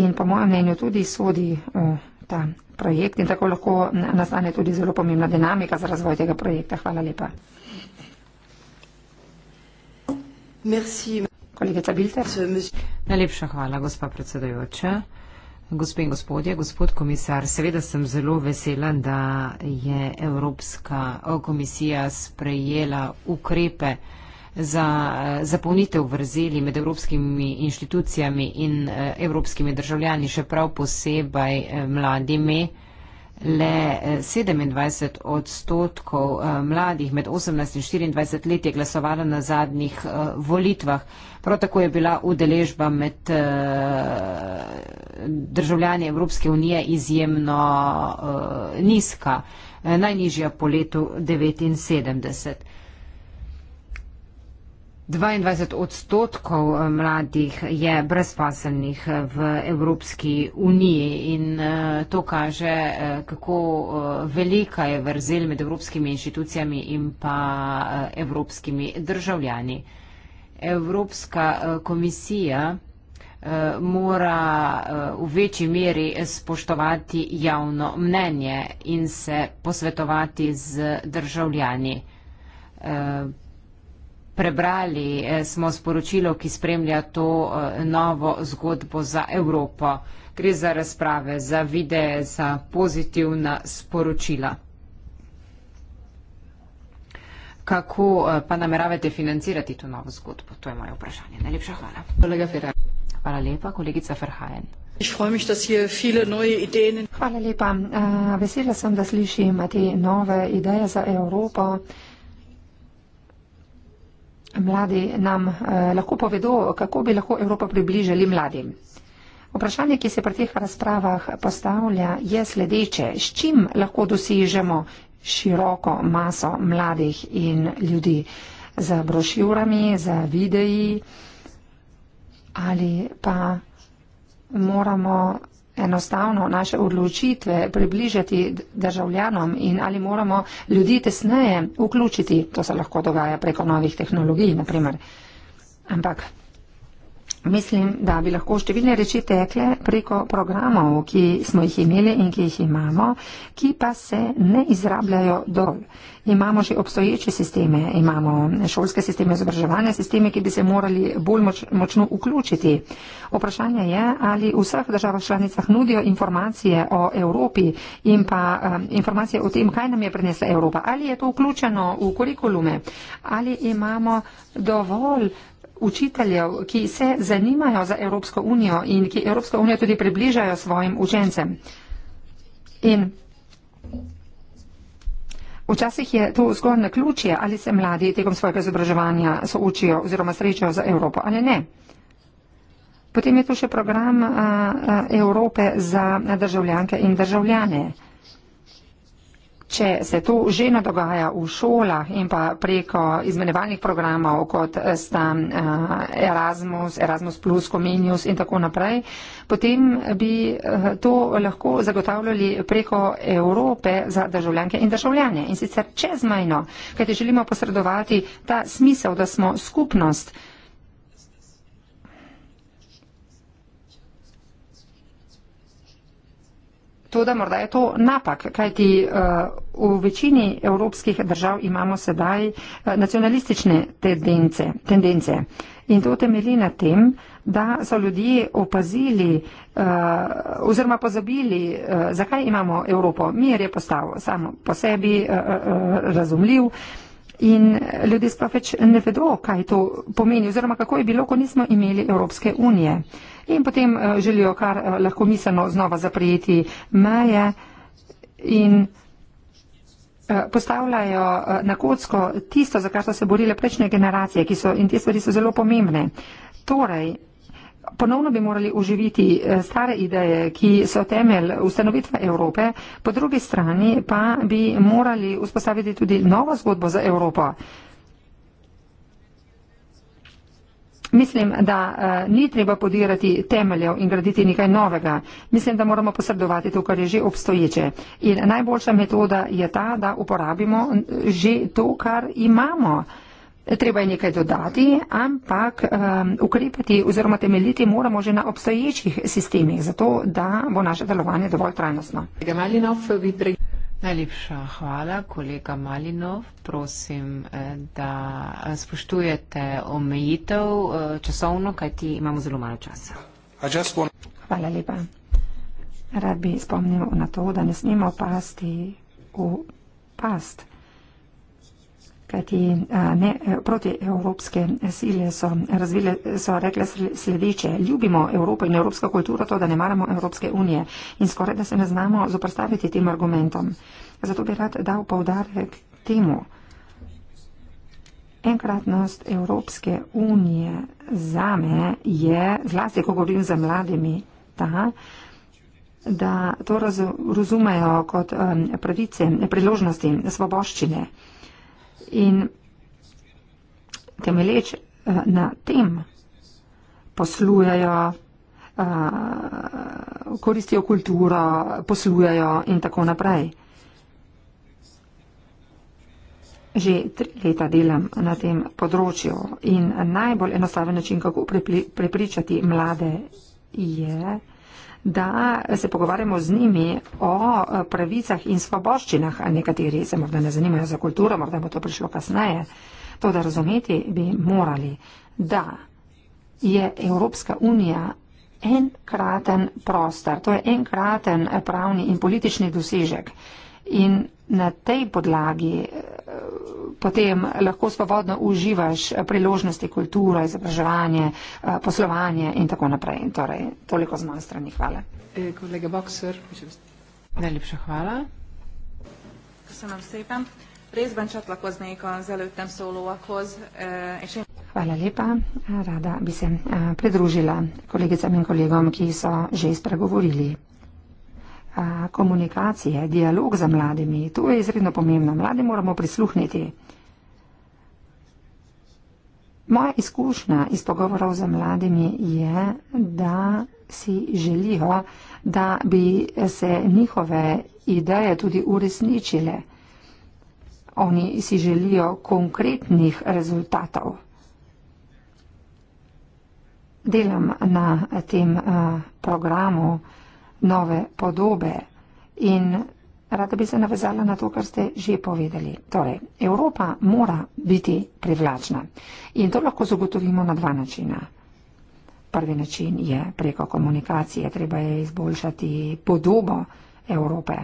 In po mojem mnenju tudi sodi v eh, ta projekt in tako lahko nastane tudi zelo pomembna dinamika za razvoj tega projekta. Hvala lepa. Merci. Kolegica Bilter. Najlepša hvala, gospa predsedajoča. Gospe in gospodje, gospod komisar, seveda sem zelo vesela, da je Evropska eh, komisija sprejela ukrepe za eh, zapolnitev vrzeli med evropskimi inštitucijami in eh, evropskimi državljani, še prav posebej mladimi le 27 eh, odstotkov eh, mladih med 18 in 24 let je glasovalo na zadnjih eh, volitvah. Prav tako je bila udeležba med državljani Evropske unije izjemno nizka, najnižja po letu 1979. 22 odstotkov eh, mladih je brezposelnih eh, v Evropski uniji in eh, to kaže, kako velika je vrzel med evropskimi inštitucijami in pa evropskimi državljani. Evropska komisija mora v večji meri spoštovati javno mnenje in se posvetovati z državljani prebrali eh, smo sporočilo, ki spremlja to eh, novo zgodbo za Evropo. Gre za razprave, za videe, za pozitivna sporočila. Kako eh, pa nameravate financirati to novo zgodbo? To je moje vprašanje. Najlepša hvala. Hvala lepa, kolegica Ferhajen. Hvala lepa. Vesela sem, da slišim te nove ideje za Evropo mladi nam eh, lahko povedo, kako bi lahko Evropo približali mladim. Vprašanje, ki se pri teh razpravah postavlja, je sledeče. S čim lahko dosežemo široko maso mladih in ljudi? Z brošurami, z videi ali pa moramo enostavno naše odločitve približati državljanom in ali moramo ljudi tesneje vključiti, to se lahko dogaja preko novih tehnologij, naprimer. Ampak Mislim, da bi lahko številne reči tekle preko programov, ki smo jih imeli in ki jih imamo, ki pa se ne izrabljajo dol. Imamo že obstoječe sisteme, imamo šolske sisteme, izobraževanje sisteme, ki bi se morali bolj moč, močno vključiti. Vprašanje je, ali v vseh državah članicah nudijo informacije o Evropi in pa um, informacije o tem, kaj nam je prinesla Evropa. Ali je to vključeno v kurikulume? Ali imamo dovolj učiteljev, ki se zanimajo za Evropsko unijo in ki Evropsko unijo tudi približajo svojim učencem. In včasih je to zgolj na ključje, ali se mladi tekom svojega izobraževanja soočijo oziroma srečajo za Evropo ali ne. Potem je tu še program a, a, Evrope za državljanke in državljane. A, Če se to že ne dogaja v šolah in pa preko izmenevalnih programov, kot sta eh, Erasmus, Erasmus, plus, Comenius in tako naprej, potem bi eh, to lahko zagotavljali preko Evrope za državljanke in državljane in sicer čezmajno, kajti želimo posredovati ta smisel, da smo skupnost. to, da morda je to napak, kajti eh, v večini evropskih držav imamo sedaj eh, nacionalistične tendence. tendence. In to temelji na tem, da so ljudje opazili uh, oziroma pozabili, uh, zakaj imamo Evropo. Mir je postal samo po sebi uh, uh, razumljiv in ljudje sploh več ne vedo, kaj to pomeni oziroma kako je bilo, ko nismo imeli Evropske unije. Uh, in potem eh, želijo kar eh, lahko miselno znova zaprijeti meje in eh, postavljajo na kocko tisto, za kar so se borile prejšnje generacije so, in te stvari so zelo pomembne. Torej, ponovno bi morali oživiti stare ideje, ki so temelj ustanovitve Evrope, po drugi strani pa bi morali vzpostaviti tudi novo zgodbo za Evropo. Mislim, da uh, ni treba podirati temeljev in graditi nekaj novega. Mislim, da moramo posredovati to, kar je že obstoječe. In najboljša metoda je ta, da uporabimo že to, kar imamo. Treba je nekaj dodati, ampak um, ukrepati oziroma temeljiti moramo že na obstoječih sistemih, zato da bo naše delovanje dovolj trajnostno. Najlepša hvala, kolega Malinov. Prosim, eh, da eh, spoštujete omejitev eh, časovno, kajti imamo zelo malo časa. Hvala lepa. Rad bi spomnil na to, da ne smemo pasti v past kajti ne, e, protievropske sile so, razvile, so rekle sledeče, ljubimo Evropo in evropsko kulturo, to, da ne maramo Evropske unije in skoraj, da se ne znamo zoprstaviti tem argumentom. Zato bi rad dal povdarek temu. Enkratnost Evropske unije za me je, zlasti ko govorim za mladimi, ta, da to razumejo kot pravice, priložnosti, svoboščine. In temelječ eh, na tem poslujajo, eh, koristijo kulturo, poslujajo in tako naprej. Že tri leta delam na tem področju in najbolj enostaven način, kako prepričati mlade, je da se pogovarjamo z njimi o eh, pravicah in svoboščinah. Nekateri se morda ne zanimajo za kulturo, morda bo to prišlo kasneje. To, da razumeti bi morali, da je Evropska unija enkraten prostor, to je enkraten pravni in politični dosežek. In na tej podlagi eh, potem lahko svobodno uživaš priložnosti kulture, izobraževanje, eh, poslovanje in tako naprej. In torej, toliko z moje strani. Hvala. E, kolega Boxer, najlepša hvala. Köszönöm szépen. Részben csatlakoznék az előttem szólóakhoz. És én... Hvala lepa. Rada bi se pridružila kolegicam in kolegom, ki so že spregovorili a, komunikacije, dialog za mladimi. To je izredno pomembno. Mladi moramo prisluhniti. Moja izkušnja iz pogovorov za mladimi je, da si želijo, da bi se njihove ideje tudi uresničile. Oni si želijo konkretnih rezultatov. Delam na tem uh, programu uh, nove podobe. In rada bi se navezala na to, kar ste že povedali. Torej, Evropa mora biti privlačna in to lahko zagotovimo na dva načina. Prvi način je preko komunikacije, treba je izboljšati podobo Evrope.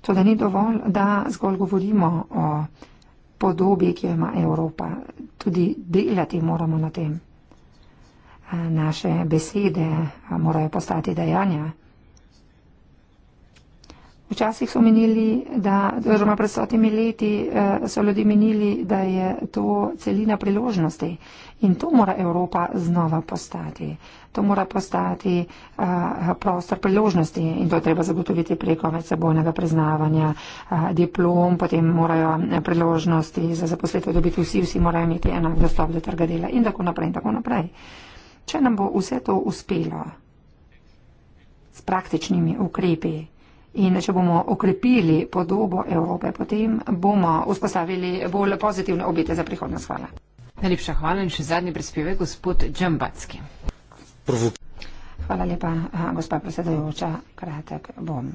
To, da ni dovolj, da zgolj govorimo o podobi, ki jo ima Evropa, tudi delati moramo na tem naše besede morajo postati dejanja. Včasih so menili, da, oziroma pred stotimi leti, eh, so ljudi menili, da je to celina priložnosti in to mora Evropa znova postati. To mora postati eh, prostor priložnosti in to treba zagotoviti preko medsebojnega priznavanja eh, diplom, potem morajo priložnosti za zaposlitev dobiti vsi, vsi morajo imeti enak dostop do trga dela in tako naprej in tako naprej če nam bo vse to uspelo s praktičnimi ukrepi. In če bomo okrepili podobo Evrope, potem bomo vzpostavili bolj pozitivne obete za prihodnost. Hvala. Najlepša hvala in še zadnji prispevek, gospod Džambacki. Hvala lepa, gospa predsedajoča. Kratek bom.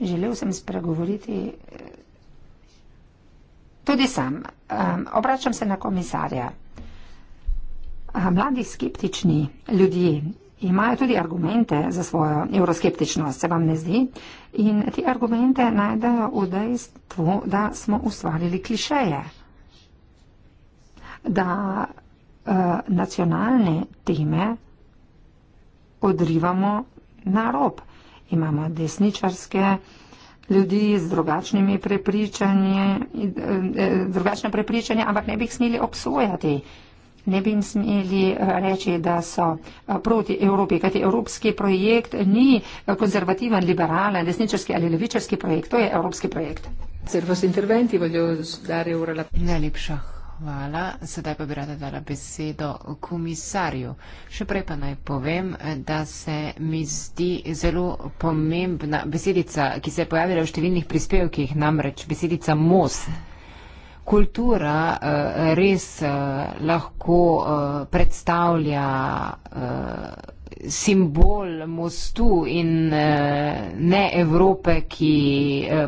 Želel sem spregovoriti eh, tudi sam. Obračam se na komisarja. Mladi skeptični ljudje imajo tudi argumente za svojo euroskeptičnost, se vam ne zdi? In ti argumente najdejo v dejstvu, da smo ustvarili klišeje, da uh, nacionalne teme odrivamo na rob. Imamo desničarske ljudi z drugačnimi prepričanji, eh, eh, drugačne prepričanje, ampak ne bi jih smeli obsojati ne bi smeli eh, reči, da so eh, proti Evropi, kajti evropski projekt ni eh, konzervativen, liberalen, desničarski ali levičarski projekt, to je evropski projekt. Najlepša hvala. Sedaj pa bi rada dala besedo komisarju. Še prej pa naj povem, da se mi zdi zelo pomembna besedica, ki se je pojavila v številnih prispevkih, namreč besedica most kultura uh, res uh, lahko uh, predstavlja uh, simbol mostu in ne Evrope, ki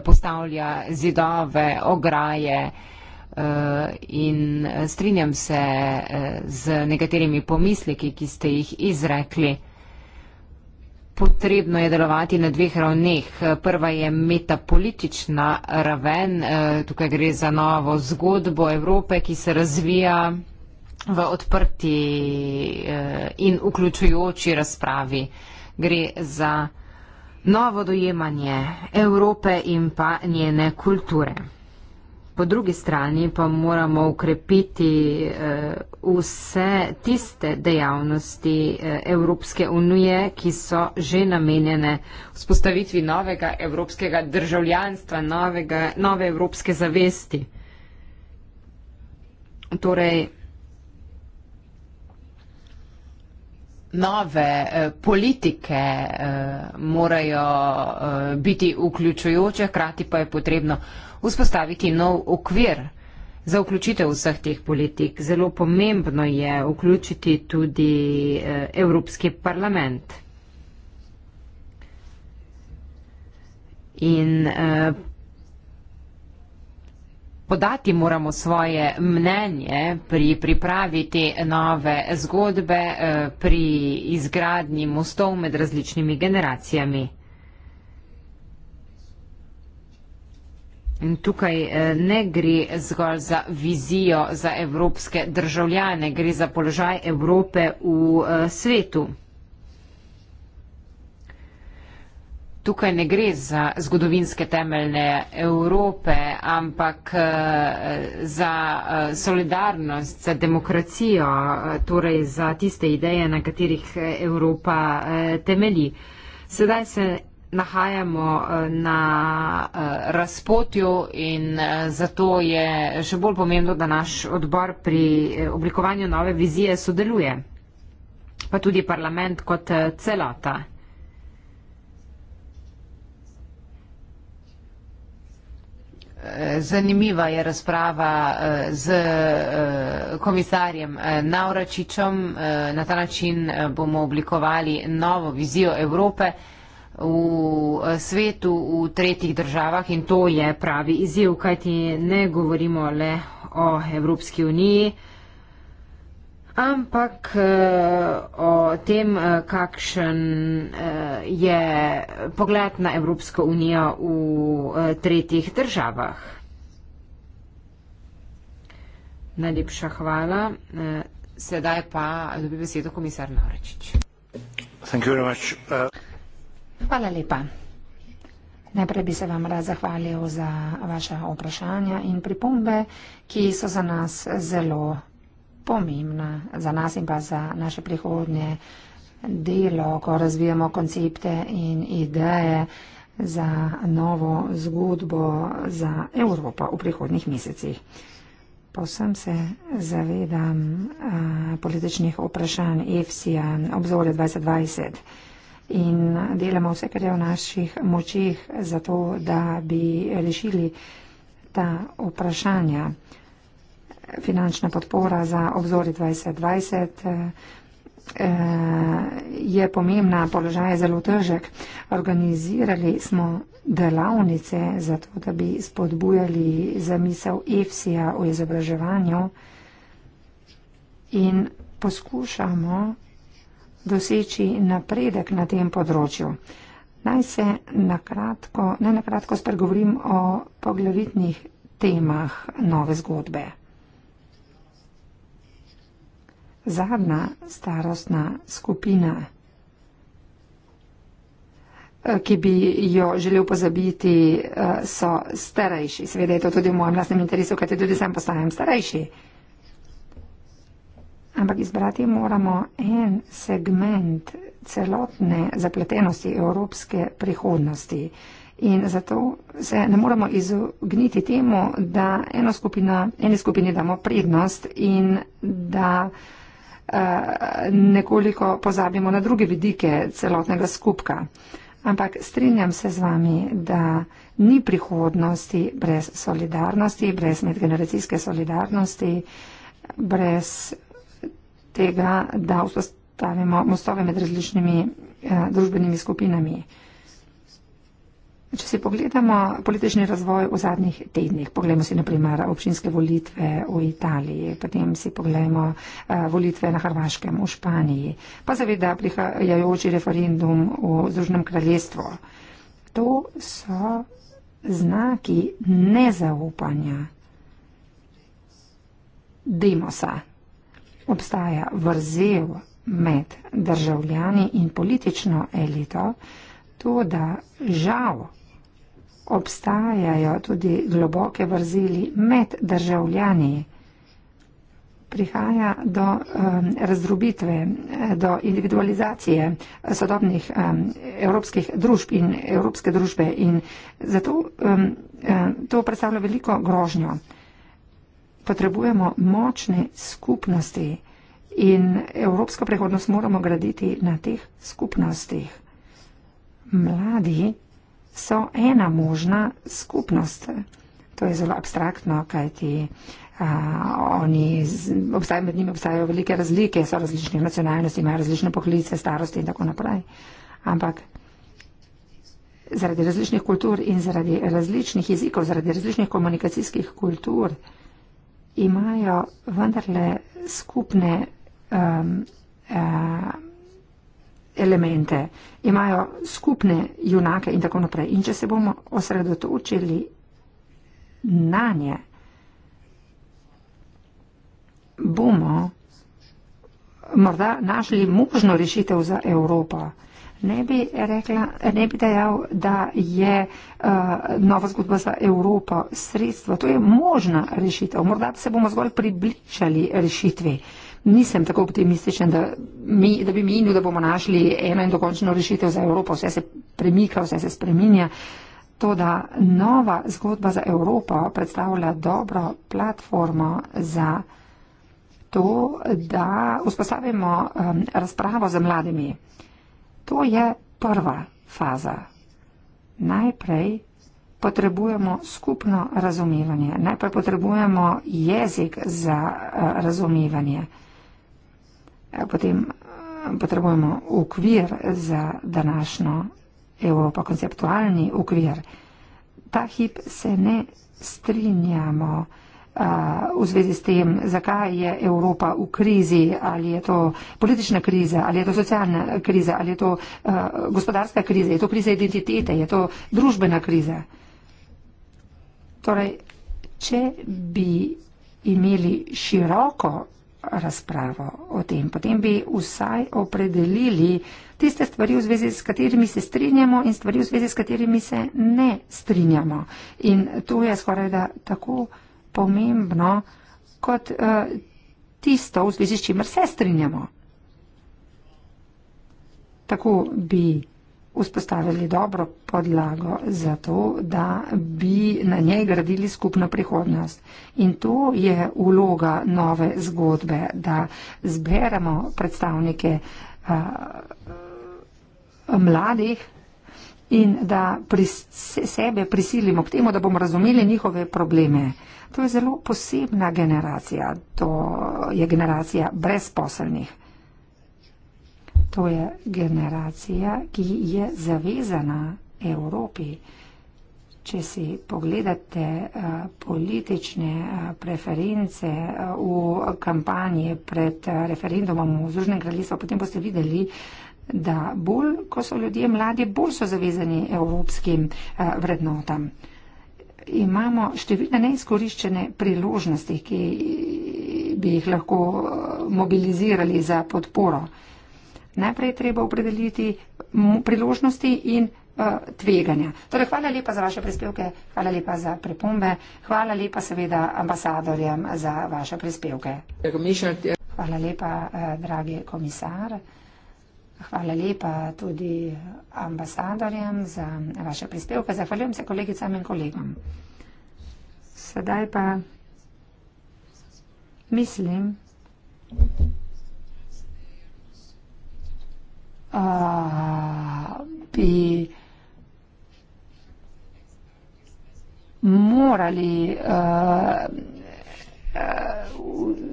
postavlja zidove, ograje in strinjam se z nekaterimi pomisleki, ki ste jih izrekli potrebno je delovati na dveh ravneh. Prva je metapolitična raven, eh, tukaj gre za novo zgodbo Evrope, ki se razvija v odprti eh, in vključujoči razpravi. Gre za novo dojemanje Evrope in pa njene kulture. Po drugi strani pa moramo ukrepiti eh, vse tiste dejavnosti eh, Evropske unije, ki so že namenjene vzpostavitvi novega evropskega državljanstva, novega, nove evropske zavesti. Torej, nove eh, politike eh, morajo eh, biti vključujoče, hkrati pa je potrebno vzpostaviti nov okvir za vključitev vseh teh politik. Zelo pomembno je vključiti tudi Evropski parlament. In Podati moramo svoje mnenje pri pripravi te nove zgodbe, eh, pri izgradnji mostov med različnimi generacijami. In tukaj eh, ne gre zgolj za vizijo za evropske državljane, gre za položaj Evrope v eh, svetu. tukaj ne gre za zgodovinske temeljne Evrope, ampak eh, za eh, solidarnost, za demokracijo, eh, torej za tiste ideje, na katerih Evropa temelji. Sedaj se nahajamo na razpotju in zato je še bolj pomembno, da naš odbor pri oblikovanju nove vizije sodeluje, pa tudi parlament kot celota. Zanimiva je razprava eh, z eh, komisarjem eh, Navračičem. Na ta način bomo oblikovali novo vizijo Evrope v svetu, v tretjih državah in to je pravi izjiv, kajti ne govorimo le o Evropski uniji ampak eh, o tem, eh, kakšen eh, je pogled na Evropsko unijo v tretjih državah. Najlepša hvala. Sedaj pa dobi besedo komisar Navrečič. Uh, hvala lepa. Najprej bi se vam rad zahvalil za vaše vprašanja in pripombe, ki so za nas zelo pomembna za nas in pa za naše prihodnje delo, ko razvijamo koncepte in ideje za novo zgodbo za Evropo v prihodnih mesecih. Posem se zavedam a, političnih vprašanj EFSI-a obzore 2020 in delamo vse, kar je v naših močih, zato da bi rešili ta vprašanja finančna podpora za obzori 2020 eh, je pomembna, položaj je zelo težek. Organizirali smo delavnice zato, da bi spodbujali zamisel EFSI-ja o izobraževanju in poskušamo doseči napredek na tem področju. Naj se na kratko, naj na kratko spregovorim o poglavitnih temah nove zgodbe zadnja starostna skupina, eh, ki bi jo želel pozabiti, eh, so starejši. Seveda je to tudi v mojem lastnem interesu, kajte tudi sam postajam starejši. Ampak izbrati moramo en segment celotne zapletenosti evropske prihodnosti. In zato se ne moremo izogniti temu, da eno skupino, eni skupini damo prednost in da. Eh, nekoliko pozabimo na druge vidike celotnega skupka. Ampak strinjam se z vami, da ni prihodnosti brez solidarnosti, brez medgeneracijske solidarnosti, brez tega, da vzpostavimo mostove med različnimi eh, družbenimi skupinami. Eh, Če si pogledamo politični razvoj v zadnjih tednih, pogledamo si naprimer občinske volitve v Italiji, potem si pogledamo eh, volitve na Hrvaškem, v Španiji, pa seveda prihajajoči referendum v Združenem kraljestvu. To so znaki nezaupanja demosa. Obstaja vrzel med državljani in politično elito, to da žal obstajajo tudi globoke vrzeli med državljani. Prihaja do um, razdrobitve, do individualizacije eh, sodobnih um, evropskih družb in evropske družbe in zato um, eh, to predstavlja veliko grožnjo. Potrebujemo močne skupnosti in evropsko prihodnost moramo graditi na teh skupnostih. Mladi so ena možna skupnost. To je zelo abstraktno, kajti uh, oni, obstaj, med njimi obstajajo velike razlike, so različne nacionalnosti, imajo različne poklice, starosti in tako naprej. Ampak zaradi različnih kultur in zaradi različnih jezikov, zaradi različnih komunikacijskih kultur imajo vendarle skupne. Um, uh, elemente, imajo skupne junake in tako naprej. In če se bomo osredotočili na nje, bomo morda našli možno rešitev za Evropo. Ne bi, rekla, ne bi dejal, da je uh, nova zgodba za Evropo sredstvo. To je možna rešitev. Morda se bomo zgolj približali rešitvi. Uh, nisem tako optimističen, da, mi, da bi menil, da bomo našli eno in dokončno rešitev za Evropo. Vse se premika, vse se spreminja. To, da nova zgodba za Evropo predstavlja dobro platformo za to, da vzpostavimo um, razpravo z mladimi. To je prva faza. Najprej potrebujemo skupno razumevanje, najprej potrebujemo jezik za uh, razumevanje. Eh, potem eh, potrebujemo ukvir za današnjo Evropo, konceptualni ukvir. Ta hip se ne strinjamo eh, v zvezi s tem, zakaj je Evropa v krizi, ali je to politična kriza, ali je to socialna kriza, ali je to gospodarska kriza, je to kriza identitete, je to družbena kriza. Torej, če bi imeli široko razpravo o tem. Potem bi vsaj opredelili tiste stvari, v zvezi s katerimi se strinjamo in stvari, v zvezi s katerimi se ne strinjamo. In to je skoraj da tako pomembno kot eh, tisto, v zvezi s čimer se strinjamo. Tako bi vzpostavili dobro podlago za to, da bi na njej gradili skupno prihodnost. In to je uloga nove zgodbe, da zberemo predstavnike a, eh, mladih in da pris sebe prisilimo k temu, da bomo razumeli njihove probleme. To je zelo posebna generacija, to je generacija brezposelnih. To je generacija, ki je zavezana Evropi. Če si pogledate eh, politične eh, preference eh, v kampanji pred referendumom v Združenem kraljestvu, potem boste videli, da bolj, ko so ljudje mladi, bolj so zavezani evropskim vrednotam. Imamo številne neizkoriščene priložnosti, ki bi jih lahko mobilizirali za podporo. Najprej je treba opredeliti priložnosti in eh, tveganja. Torej, hvala lepa za vaše prispevke, hvala lepa za pripombe, hvala lepa seveda ambasadorjem za vaše prispevke. Hvala lepa, eh, dragi komisar. Hvala lepa tudi ambasadorjem za vaše prispevke. Zahvaljujem se kolegicam in kolegom. Sedaj pa mislim. Thank you. bi morali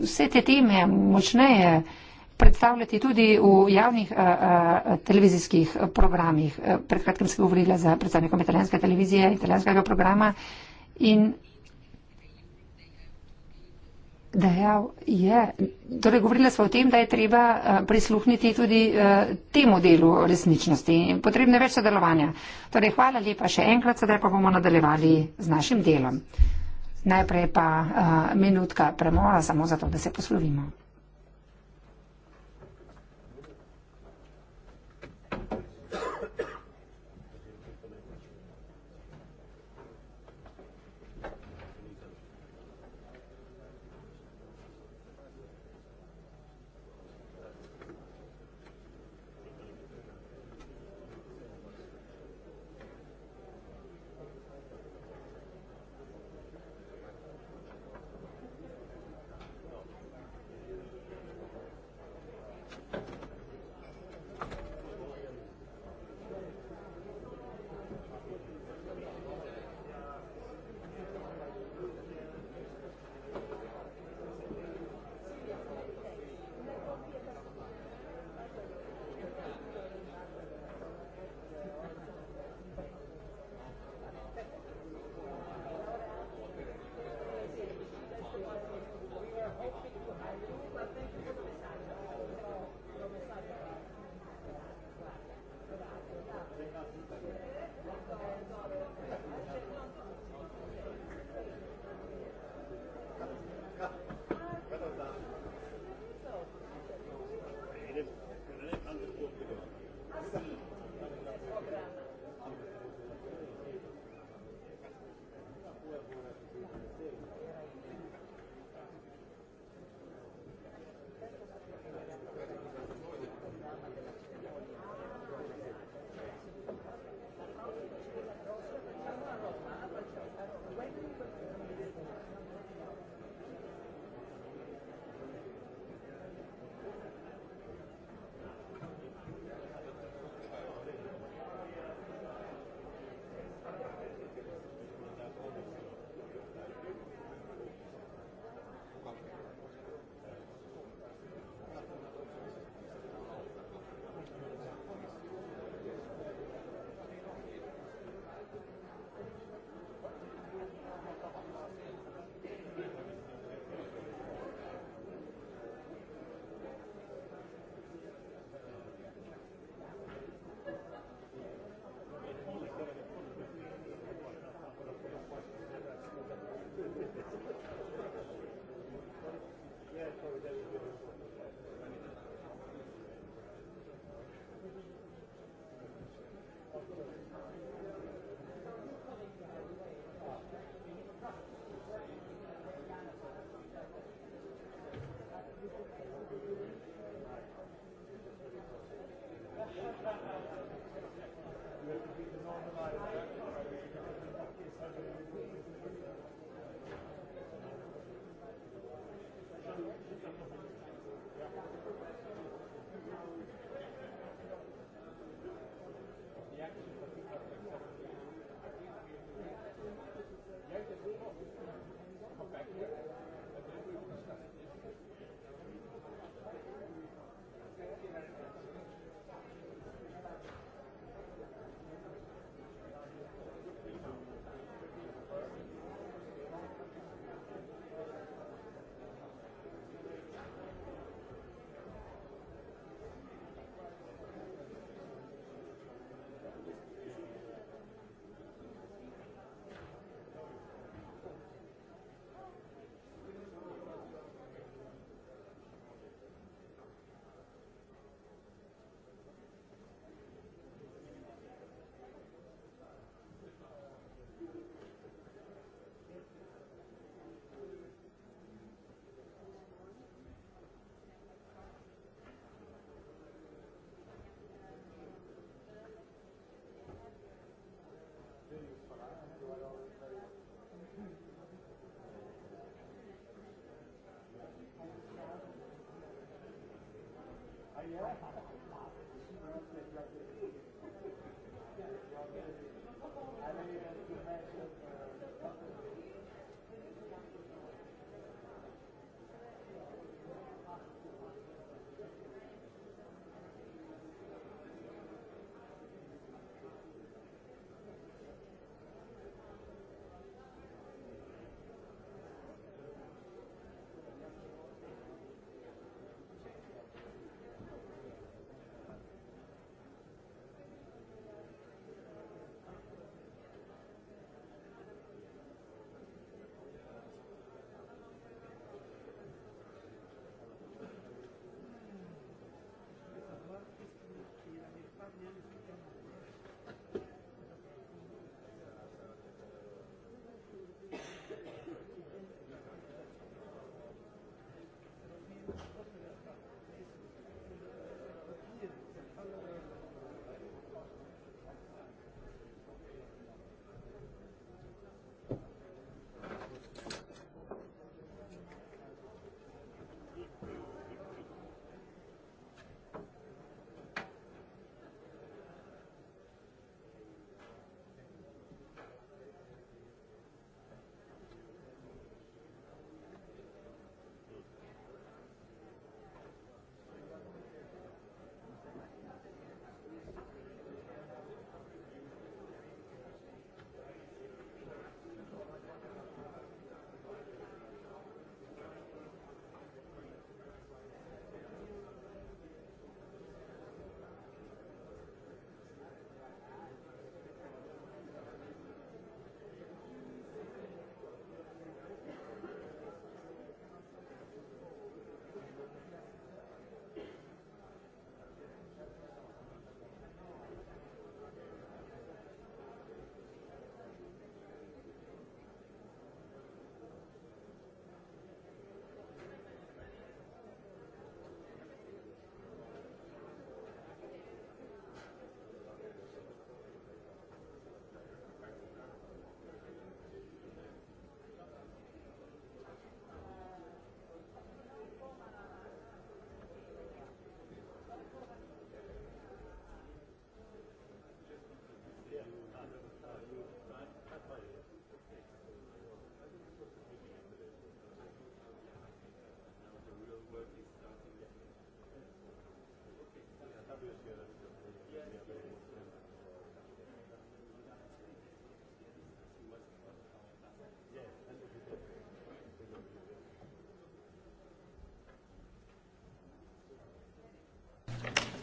vse te teme močneje predstavljati tudi v javnih a, a, televizijskih programih. Pred kratkim sem govorila za predstavnikom italijanske televizije, italijanskega programa in dejal, je. Torej, govorila smo o tem, da je treba eh, prisluhniti tudi eh, temu delu resničnosti in potrebne več sodelovanja. Torej, hvala lepa še enkrat, sedaj pa bomo nadaljevali z našim delom. Najprej pa uh, minutka premora samo zato, da se poslovimo.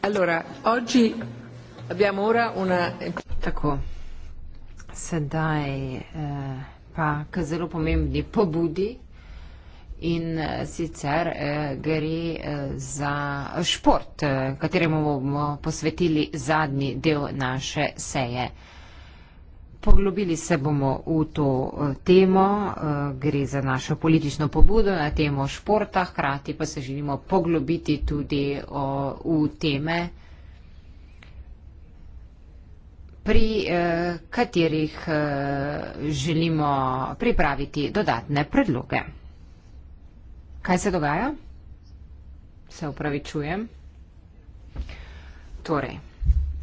Allora, oggi abbiamo ora una... Tako, sedaj eh, pa k zelo pomembni pobudi in eh, sicer eh, gre eh, za šport, eh, kateremu bomo posvetili zadnji del naše seje. Eh, Poglobili se bomo v to eh, temo, eh, gre za našo politično pobudo na temo športa, hkrati pa se želimo poglobiti tudi v teme, pri eh, katerih želimo pripraviti dodatne predloge. Kaj se dogaja? Se upravičujem. Torej.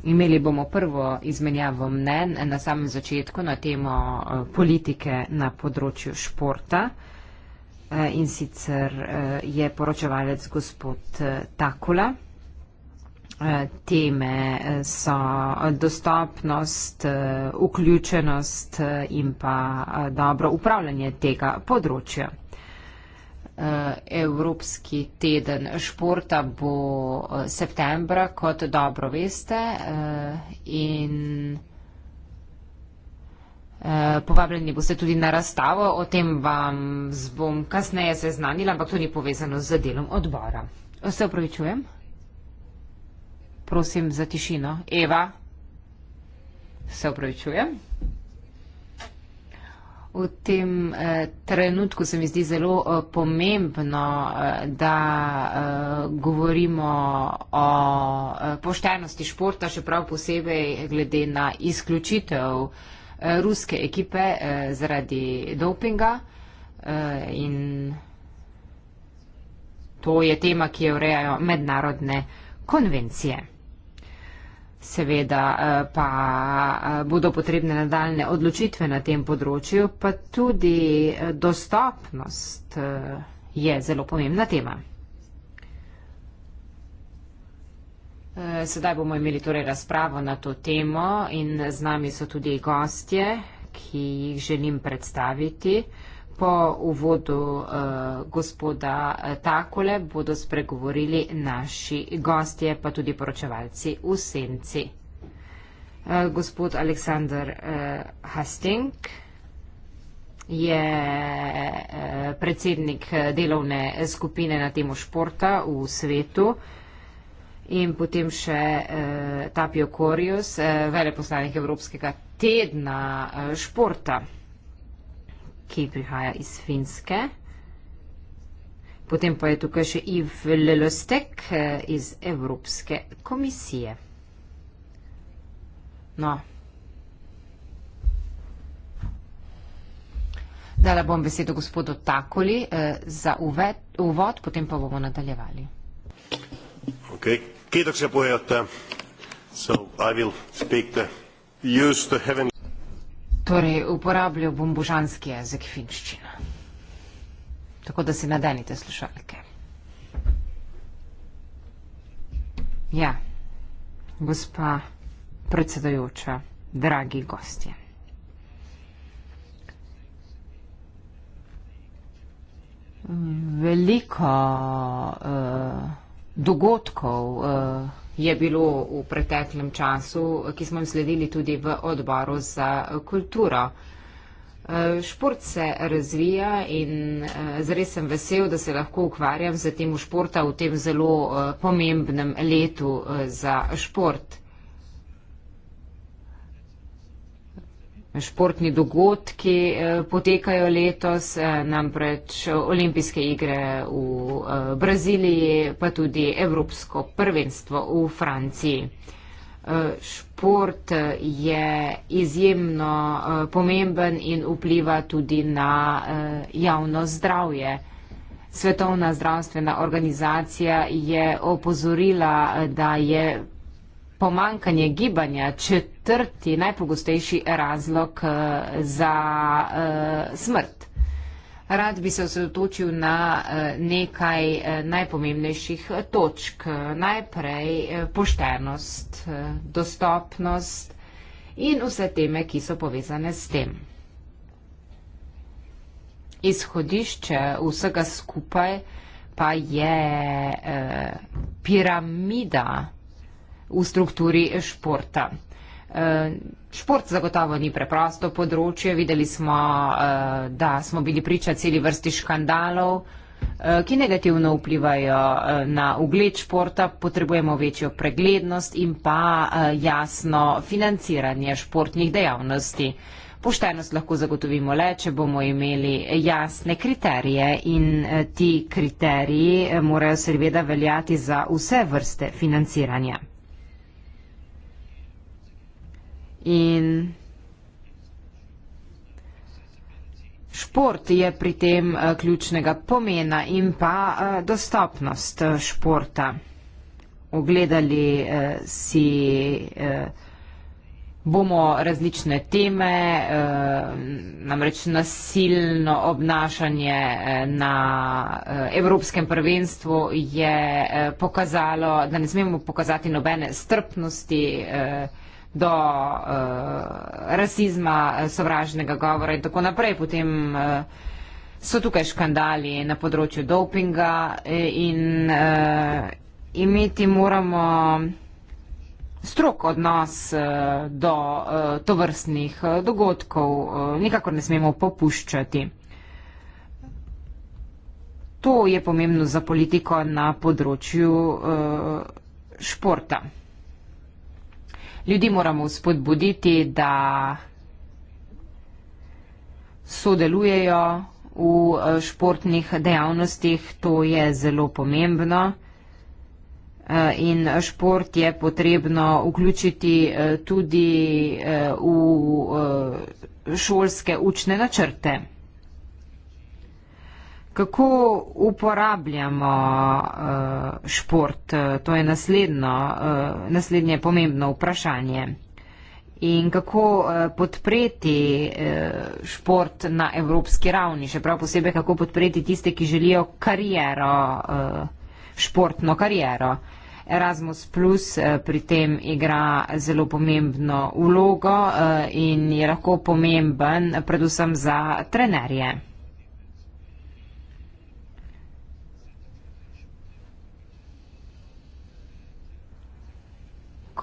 Imeli bomo prvo izmenjavo mnen na samem začetku na temo eh, politike na področju športa eh, in sicer eh, je poročevalec gospod Takula. Teme so dostopnost, vključenost in pa dobro upravljanje tega področja. Eh, Evropski teden športa bo eh, septembra, kot dobro veste. Eh, in povabljeni boste tudi na razstavo, o tem vam bom kasneje seznanila, ampak to ni povezano z delom odbora. Vse upravičujem. Prosim za tišino. Eva, se upravičujem v tem eh, trenutku se mi zdi zelo eh, pomembno, eh, da eh, govorimo o eh, poštenosti športa, še prav posebej glede na izključitev eh, ruske ekipe eh, zaradi dopinga. Eh, in to je tema, ki jo urejajo mednarodne konvencije. Seveda eh, pa eh, bodo potrebne nadaljne odločitve na tem področju, pa tudi eh, dostopnost je zelo pomembna tema. Sedaj bomo imeli torej razpravo na to temo in z nami so tudi gostje, ki jih želim predstaviti. Po uvodu uh, gospoda eh, Takole bodo spregovorili naši gostje, pa tudi poročevalci v senci. Uh, gospod Aleksandr uh, Hastink je uh, predsednik delovne skupine na temo športa v svetu. In potem še eh, Tapio Korius, eh, veleposlanik Evropskega tedna eh, športa ki prihaja iz Finske. Potem pa je tukaj še Iv Lelostek eh, iz Evropske komisije. No. Dala bom besedo gospodu Takoli eh, za uved, uvod, potem pa bomo nadaljevali. Ok, kiitoksia puheenjohtaja. So I will speak the, use the heaven. Torej, uporabljal bom božanski jezik finščina. Tako da si nadenite slušalke. Ja, gospa predsedajoča, dragi gostje. Veliko uh, dogodkov. Uh, je bilo v preteklem času, ki smo jim sledili tudi v odboru za kulturo. E, šport se razvija in e, zres sem vesel, da se lahko ukvarjam z tem v športa v tem zelo e, pomembnem letu za šport. športni dogodki eh, potekajo letos, eh, namreč olimpijske igre v eh, Braziliji, pa tudi evropsko prvenstvo v Franciji. Šport je izjemno pomemben in vpliva tudi na javno zdravje. Svetovna zdravstvena organizacija je opozorila, da je pomankanje gibanja četrti najpogostejši razlog eh, za eh, smrt. Rad bi se osredotočil na eh, nekaj najpomembnejših točk. Najprej poštenost, dostopnost in vse teme, ki so povezane s tem. Izhodišče vsega skupaj pa je eh, piramida v strukturi športa. Eh, šport zagotovo ni preprosto področje. Videli smo, eh, da smo bili priča celi vrsti škandalov, eh, ki negativno vplivajo na ugled športa. Potrebujemo večjo preglednost in pa jasno financiranje športnih dejavnosti. Poštenost lahko zagotovimo le, če bomo imeli jasne kriterije in ti kriteriji morajo seveda veljati za vse vrste financiranja. In šport je pri tem eh, ključnega pomena in pa eh, dostopnost eh, športa. Ogledali si bomo različne teme, namreč nasilno obnašanje na evropskem prvenstvu je pokazalo, da ne smemo pokazati nobene strpnosti, do uh, rasizma, eh, sovražnega govora in tako naprej. Potem uh, so tukaj škandali na področju dopinga in uh, imeti moramo strok odnos uh, do uh, tovrstnih dogodkov. Uh, nikakor ne smemo popuščati. To je pomembno za politiko na področju uh, športa. Ljudi moramo spodbuditi, da sodelujejo v eh, športnih dejavnostih. To je zelo pomembno. Eh, in šport je potrebno vključiti eh, tudi v šolske učne načrte. Kako uporabljamo uh, šport? To je naslednjo, uh, naslednje pomembno vprašanje. In kako uh, podpreti uh, šport na evropski ravni, še prav posebej kako podpreti tiste, ki želijo kariero, uh, športno kariero. Erasmus Plus pri tem igra zelo pomembno vlogo in je lahko pomemben predvsem za trenerje.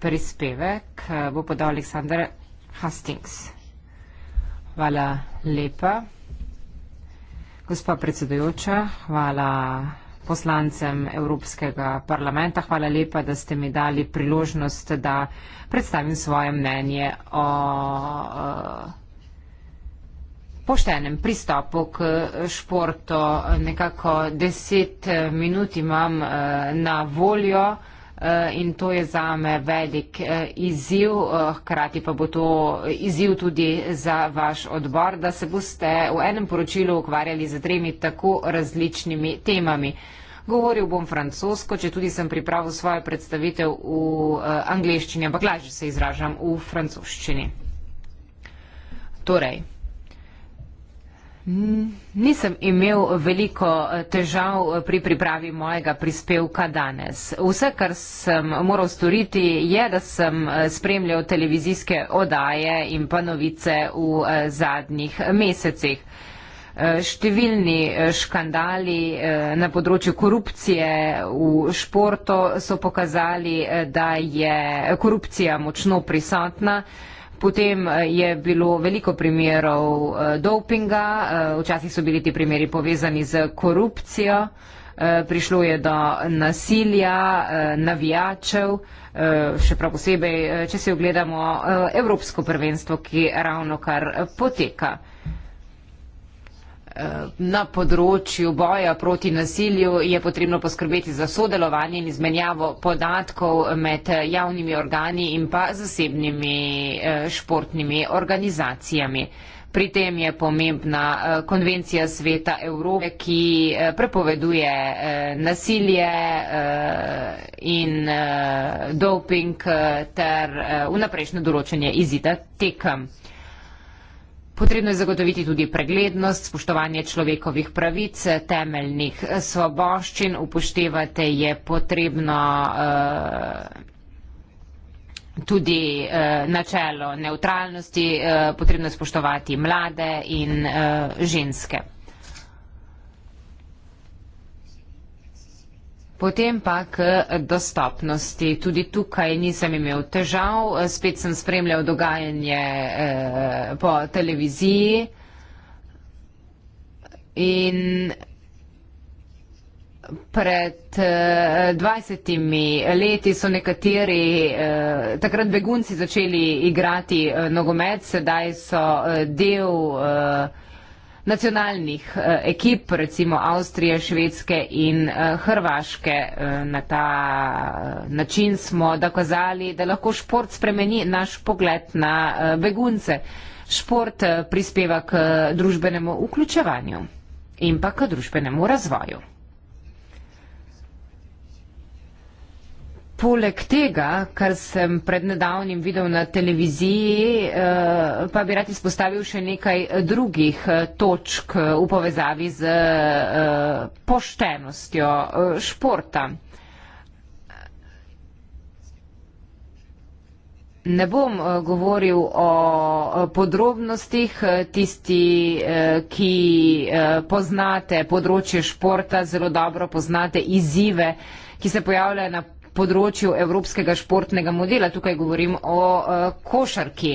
prispevek eh, bo podal Aleksandr Hastings. Hvala lepa. Gospa predsedujoča, hvala poslancem Evropskega parlamenta, hvala lepa, da ste mi dali priložnost, da predstavim svoje mnenje o eh, poštenem pristopu k športu. Nekako deset minut imam eh, na voljo. Eh, in to je za me velik eh, izziv, eh, hkrati pa bo to izziv tudi za vaš odbor, da se boste v enem poročilu ukvarjali z tremi tako različnimi temami. Govoril bom francosko, če tudi sem pripravil svojo predstavitev v angleščini, ampak lažje se izražam v francoščini. Torej. Nisem imel veliko eh, težav eh, pri pripravi mojega prispevka danes. Vse, kar sem moral storiti, je, da sem eh, spremljal televizijske odaje in pa novice v zadnjih mesecih. Številni škandali na področju korupcije v športu so pokazali, da je korupcija močno prisotna. Potem eh, je bilo veliko primerov eh, dopinga, eh, včasih so bili ti primeri povezani z korupcijo, prišlo je do nasilja, navijačev, še prav posebej, če si ogledamo Evropsko prvenstvo, ki ravno kar poteka. Eh, na področju boja proti nasilju je potrebno poskrbeti za sodelovanje in izmenjavo podatkov med javnimi organi in pa zasebnimi eh, športnimi organizacijami. Pri tem je pomembna eh, konvencija sveta Evrope, ki prepoveduje nasilje in doping ter vnaprejšnjo določanje izida tekem. Potrebno je zagotoviti tudi preglednost, spoštovanje človekovih pravic, temeljnih eh, svoboščin, upoštevati je potrebno uh, tudi uh, načelo neutralnosti, uh, potrebno je spoštovati mlade in uh, ženske. Potem pa k dostopnosti. Tudi tukaj nisem imel težav. Spet sem spremljal dogajanje eh, po televiziji. In pred 20 eh, leti so nekateri, eh, takrat begunci začeli igrati nogomet, sedaj so del nacionalnih uh, ekip, recimo Avstrije, Švedske in uh, Hrvaške. Uh, na ta uh, način smo dokazali, da lahko šport spremeni naš pogled na uh, begunce. Šport uh, prispeva k uh, družbenemu vključevanju in pa k družbenemu razvoju. Poleg tega, kar sem pred nedavnim videl na televiziji, eh, pa bi rad izpostavil še nekaj drugih eh, točk eh, v povezavi z poštenostjo športa. Ne bom govoril o podrobnostih, tisti, ki poznate področje športa, zelo dobro poznate izzive, ki se pojavljajo na področju evropskega športnega modela. Tukaj govorim o uh, košarki.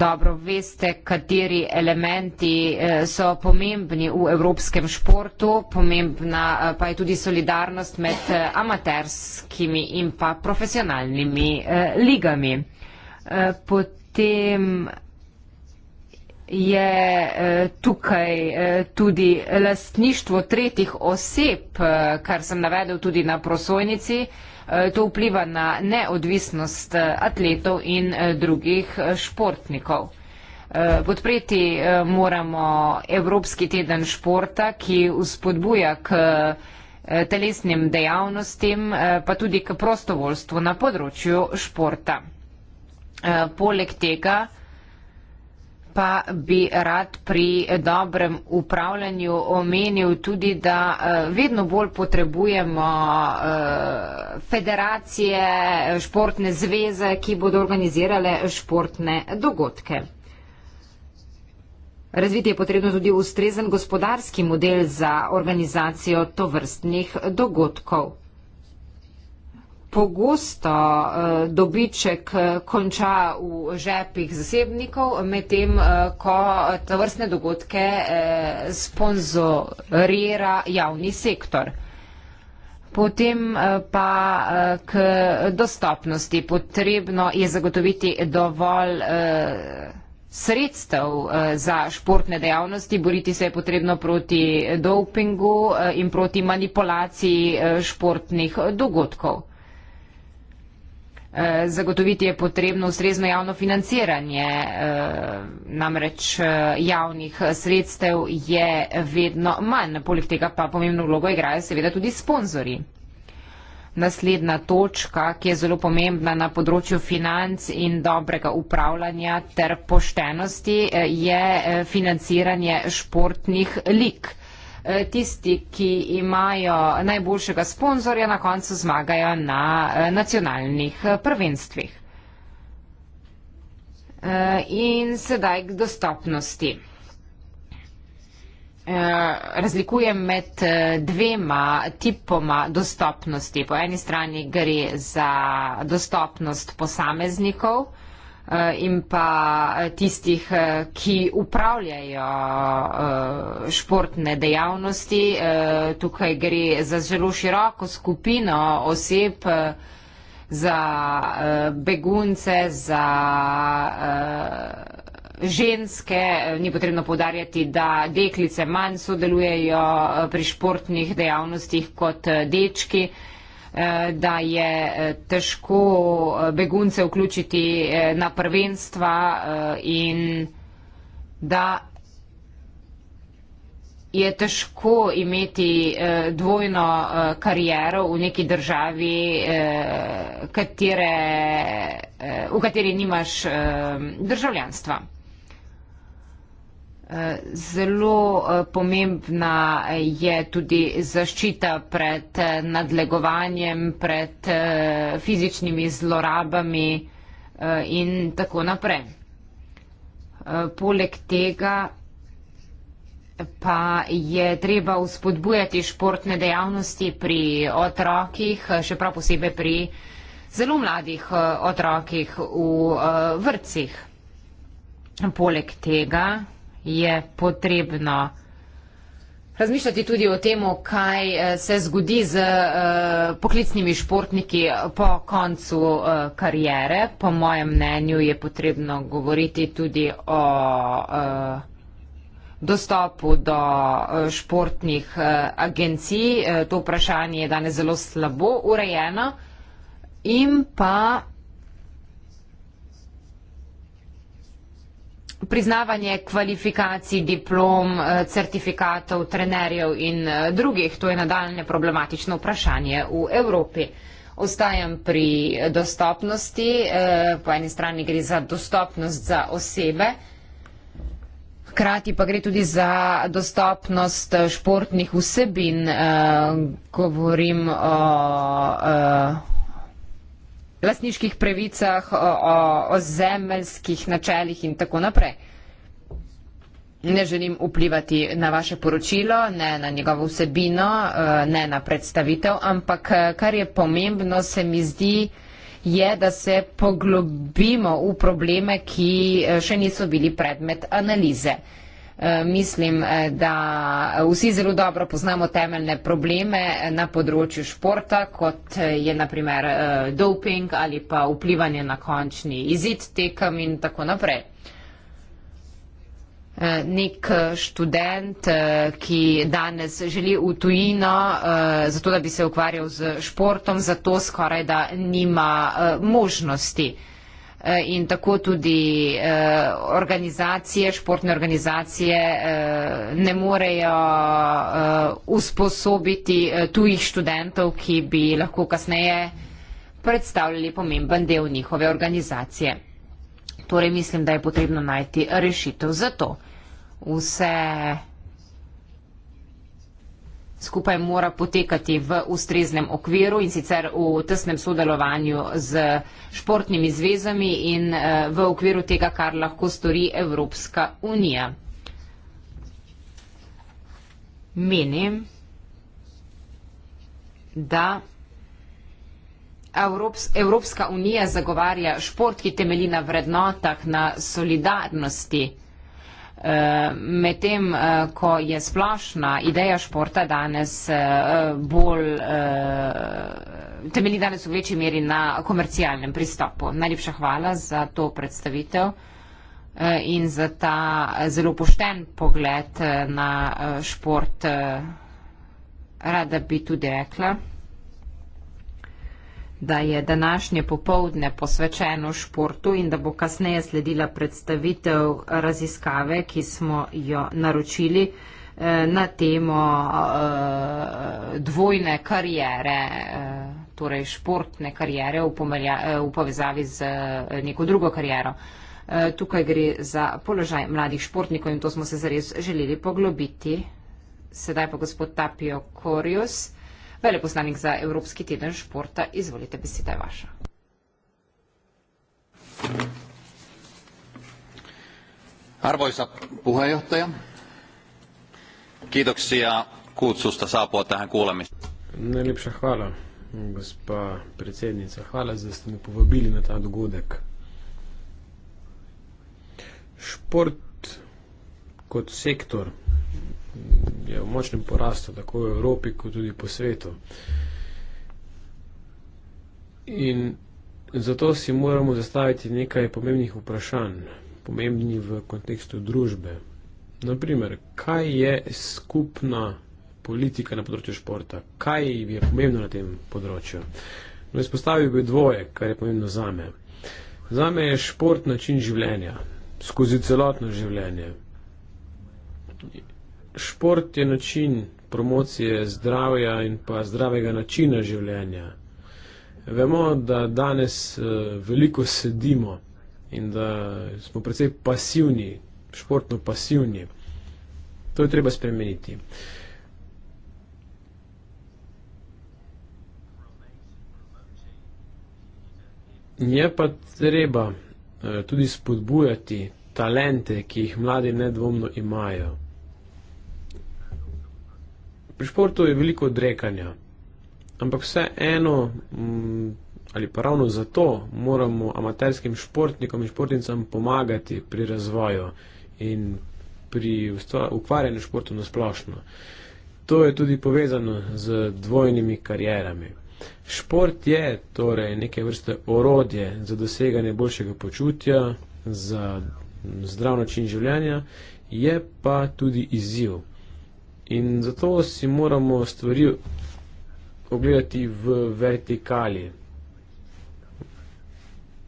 Dobro veste, kateri elementi eh, so pomembni v evropskem športu, pomembna eh, pa je tudi solidarnost med amaterskimi in pa profesionalnimi ligami. Potem je eh, tukaj eh, tudi lastništvo tretjih oseb, eh, kar sem navedel tudi na prosojnici. To vpliva na neodvisnost atletov in drugih športnikov. Podpreti moramo Evropski teden športa, ki uspodbuja k telesnim dejavnostim, pa tudi k prostovoljstvu na področju športa. Poleg tega pa bi rad pri dobrem upravljanju omenil tudi, da eh, vedno bolj potrebujemo eh, federacije, športne zveze, ki bodo organizirale športne dogodke. Razviti je potrebno tudi ustrezen gospodarski model za organizacijo tovrstnih dogodkov pogosto eh, dobiček eh, konča v žepih zasebnikov, medtem eh, ko to vrstne dogodke sponzorira javni sektor. Potem pa k dostopnosti potrebno je zagotoviti dovolj sredstev za športne dejavnosti, boriti se je potrebno proti dopingu in proti manipulaciji športnih dogodkov. Eh, zagotoviti je potrebno ustrezno javno financiranje, eh, namreč eh, javnih sredstev je vedno manj, poleg tega pa pomembno vlogo igrajo seveda tudi sponzori. Naslednja točka, ki je zelo pomembna na področju financ in dobrega upravljanja ter poštenosti, je financiranje športnih lik. Eh, tisti, ki imajo najboljšega sponzorja, na koncu zmagajo na eh, nacionalnih eh, prvenstvih. In sedaj k dostopnosti. Razlikujem med dvema tipoma dostopnosti. Po eni strani gre za dostopnost posameznikov, Eh, in pa eh, tistih, eh, ki upravljajo športne dejavnosti. Tukaj gre za zelo široko skupino oseb, za begunce, za ženske. Ni potrebno povdarjati, da deklice manj sodelujejo pri športnih dejavnostih kot dečki. Eh, da je eh, težko eh, begunce vključiti na prvenstva in da je težko imeti dvojno kariero v neki državi, katere, v kateri nimaš državljanstva. Zelo eh, pomembna je tudi zaščita pred eh, nadlegovanjem, pred eh, fizičnimi zlorabami in tako naprej. Poleg tega pa je treba uspodbujati športne dejavnosti pri otrokih, še prav posebej pri zelo mladih otrokih v vrtcih. Poleg tega je potrebno. Razmišljati tudi o tem, kaj eh, se zgodi z uh, poklicnimi športniki po koncu uh, eh, karijere. Po mojem mnenju je potrebno govoriti tudi o uh, dostopu do uh, športnih uh, agencij. Uh, to vprašanje je danes zelo slabo urejeno. In pa priznavanje kvalifikacij, diplom, eh, certifikatov, trenerjev in eh, drugih. To je nadaljne problematično vprašanje v Evropi. Ostajam pri dostopnosti. Eh, po eni strani gre za dostopnost za osebe, hkrati pa gre tudi za dostopnost športnih vsebin. Govorim o lasniških pravicah, o, o, o zemeljskih načeljih in tako naprej. Ne želim vplivati na vaše poročilo, ne na njegovo vsebino, e, ne na predstavitev, ampak e, kar je pomembno, se mi zdi, je, da se poglobimo v probleme, ki e, še niso bili predmet analize. Eh, mislim, eh, da vsi zelo dobro poznamo temeljne probleme eh, na področju športa, kot je naprimer doping ali pa vplivanje na končni izid tekem in tako naprej. Nek študent, ki danes želi v tujino, zato da bi se ukvarjal z športom, zato skoraj da nima možnosti. Eh, in tako tudi eh, organizacije, športne organizacije eh, ne morejo usposobiti tujih študentov, ki bi lahko kasneje predstavljali pomemben del njihove organizacije. Torej mislim, da je potrebno najti rešitev za to. Vse skupaj mora potekati v ustreznem okviru in sicer v tesnem sodelovanju z športnimi zvezami in eh, v okviru tega, kar lahko stori Evropska unija. Menim, da Evropska unija zagovarja šport, ki temelji na vrednotah, na solidarnosti medtem eh, ko je splošna ideja športa danes eh, bolj eh, temelji danes v večji meri na komercialnem pristopu. Najlepša hvala za to predstavitev in za ta zelo pošten pogled na šport, rada bi tudi rekla da je današnje popovdne posvečeno športu in da bo kasneje sledila predstavitev raziskave, ki smo jo naročili eh, na temo eh, dvojne karijere, eh, torej športne karijere v, pomelja, v povezavi z neko drugo karijero. Tukaj gre za položaj mladih športnikov in to smo se zares želeli poglobiti. Sedaj pa gospod Tapio Korius. Veleposlanik za Evropski teden športa, izvolite, beseda je vaša. Arvoisa puheenjohtaja, kiitoksia kutsusta saapua tähän kuulemiseen. Najlepša hvala, gospa predsednica. Hvala, da ste me povabili na ta dogodek. Šport kot sektor je v močnem porastu, tako v Evropi, kot tudi po svetu. In zato si moramo zastaviti nekaj pomembnih vprašanj, pomembnih v kontekstu družbe. Naprimer, kaj je skupna politika na področju športa, kaj je pomembno na tem področju. No, izpostavil bi dvoje, kar je pomembno za me. Za me je šport način življenja, skozi celotno življenje šport je način promocije zdravja in pa zdravega načina življenja. Vemo, da danes eh, veliko sedimo in da smo precej pasivni, športno pasivni. To je treba spremeniti. Je pa treba eh, tudi spodbujati talente, ki jih mladi nedvomno imajo. Pri športu je veliko odrekanja, ampak vseeno, mm, ali pa ravno zato, moramo amaterskim športnikom in športnicam pomagati pri razvoju in pri ukvarjanju športu na splošno. To je tudi povezano z dvojnimi karjerami. Šport je torej neke vrste orodje za doseganje boljšega počutja, za zdrav način življenja, je pa tudi izziv. In zato si moramo stvari ogledati v vertikali,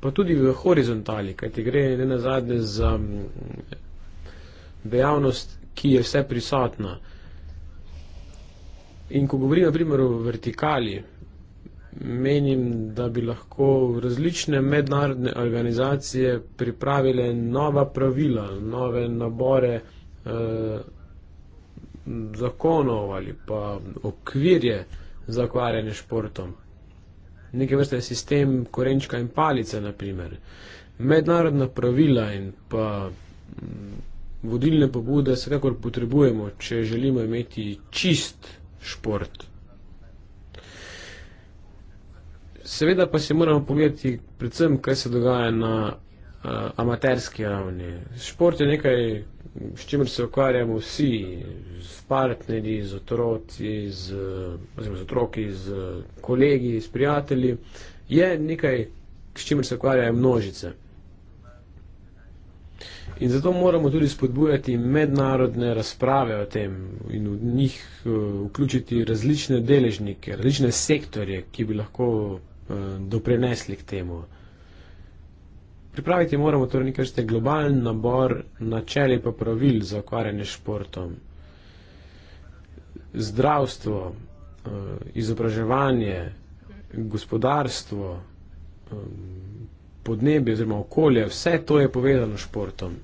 pa tudi v horizontali, kajti gre ne nazadnje za mm, dejavnost, ki je vse prisotna. In ko govorim na primer o vertikali, menim, da bi lahko različne mednarodne organizacije pripravile nova pravila, nove nabore. Eh, zakonov ali pa okvirje za ukvarjanje športom. Neke vrste sistem korenčka in palice, naprimer. Mednarodna pravila in pa mm, vodilne pobude vsekakor potrebujemo, če želimo imeti čist šport. Seveda pa si moramo pogledati predvsem, kaj se dogaja na uh, amaterski ravni. Šport je nekaj s čimer se ukvarjamo vsi, s partnerji, z otroci, z, oziroma, z otroki, z kolegi, s prijatelji, je nekaj, s čimer se ukvarjajo množice. In zato moramo tudi spodbujati mednarodne razprave o tem in v njih eh, vključiti različne deležnike, različne sektorje, ki bi lahko eh, doprinesli k temu. Pripraviti moramo torej nekaj, kar je globalen nabor načel in pravil za ukvarjanje s športom. Zdravstvo, eh, izobraževanje, gospodarstvo, eh, podnebje oziroma okolje, vse to je povezano s športom.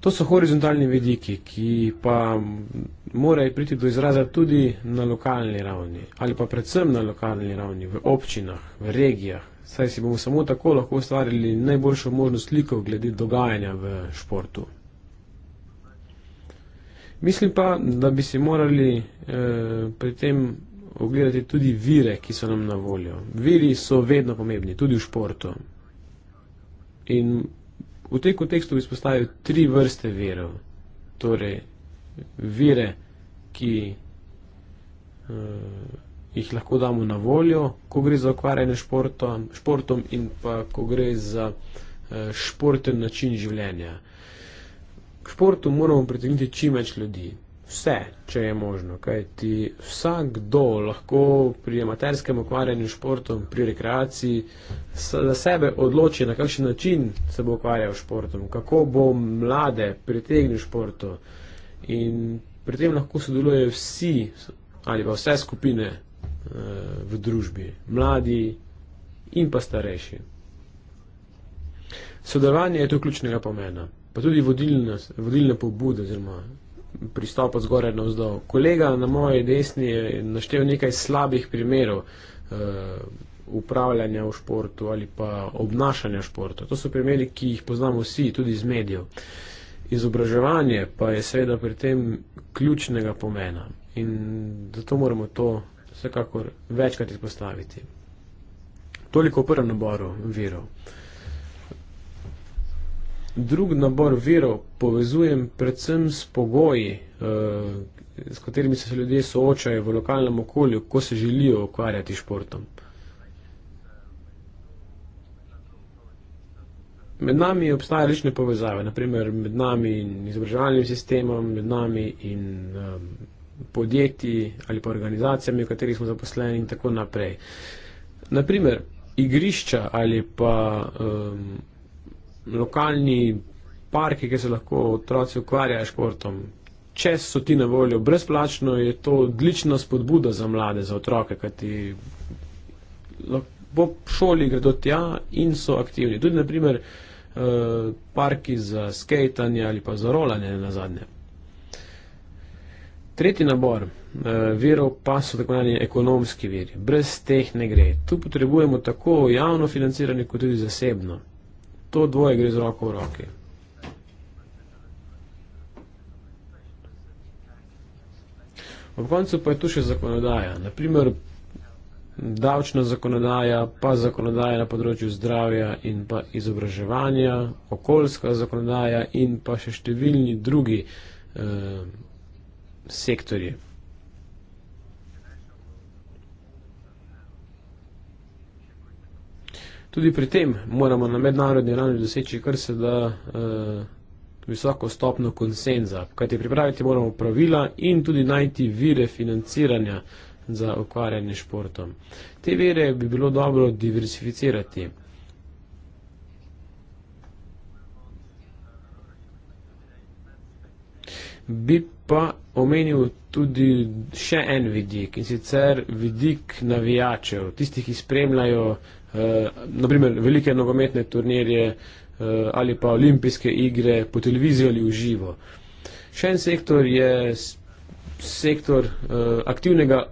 To so horizontalni vidiki, ki pa morajo priti do izraza tudi na lokalni ravni ali pa predvsem na lokalni ravni, v občinah, v regijah saj si bomo samo tako lahko ustvarili najboljšo možno sliko glede dogajanja v športu. Mislim pa, da bi si morali eh, pri tem ogledati tudi vire, ki so nam na voljo. Viri so vedno pomembni, tudi v športu. In v tem kontekstu bi izpostavil tri vrste virov. Torej, vire, ki. Eh, jih lahko damo na voljo, ko gre za ukvarjanje športom, športom in pa ko gre za eh, športen način življenja. K športu moramo pritegniti čim več ljudi. Vse, če je možno, kajti vsakdo lahko pri amaterskem ukvarjanju športom, pri rekreaciji, za sebe odloči, na kakšen način se bo ukvarjal športom, kako bo mlade pritegnil športu. In pri tem lahko sodelujejo vsi ali pa vse skupine Eh, v družbi, mladi in pa starejši. Sodelovanje je tu ključnega pomena, pa tudi vodilne, vodilne pobude oziroma pristop od zgoraj na vzdolj. Kolega na moji desni je naštel nekaj slabih primerov uh, upravljanja v športu ali pa obnašanja v športu. To so primeri, ki jih poznamo vsi, tudi iz medijev. Izobraževanje pa je seveda pri tem ključnega pomena in zato moramo to vsekakor večkrat izpostaviti. Toliko v prvem naboru virov. Drugi nabor virov povezujem predvsem s pogoji, eh, s katerimi se ljudje soočajo v lokalnem okolju, ko se želijo ukvarjati športom. Med nami obstajajo različne povezave, naprimer med nami in izobraževalnim sistemom, med nami in um, podjetji ali pa organizacijami, v katerih smo zaposleni in tako naprej. Naprimer, igrišča ali pa um, lokalni parki, kjer se lahko otroci ukvarjajo športom. Če so ti na voljo brezplačno, je to odlična spodbuda za mlade, za otroke, kajti po šoli gredo tja in so aktivni. Tudi, naprimer, uh, parki za skejtanje ali pa za rolanje na zadnje. Tretji nabor eh, verov pa so tako imenovani ekonomski veri. Brez teh ne gre. Tu potrebujemo tako javno financiranje, kot tudi zasebno. To dvoje gre z roko v roki. Ob koncu pa je tu še zakonodaja. Naprimer, davčna zakonodaja, pa zakonodaja na področju zdravja in pa izobraževanja, okoljska zakonodaja in pa še številni drugi eh, секторе. Tudi pri tem moramo na mednarodni ravni doseči kar se da eh, visoko stopno konsenza, kajti pripraviti moramo pravila in tudi najti vire financiranja za ukvarjanje športom. Te vire bi bilo dobro diversificirati. Bi pa omenil tudi še en vidik in sicer vidik navijačev, tistih, ki spremljajo uh, eh, naprimer velike nogometne turnirje uh, ali pa olimpijske igre po televiziji ali v živo. Še en sektor je sektor uh, aktivnega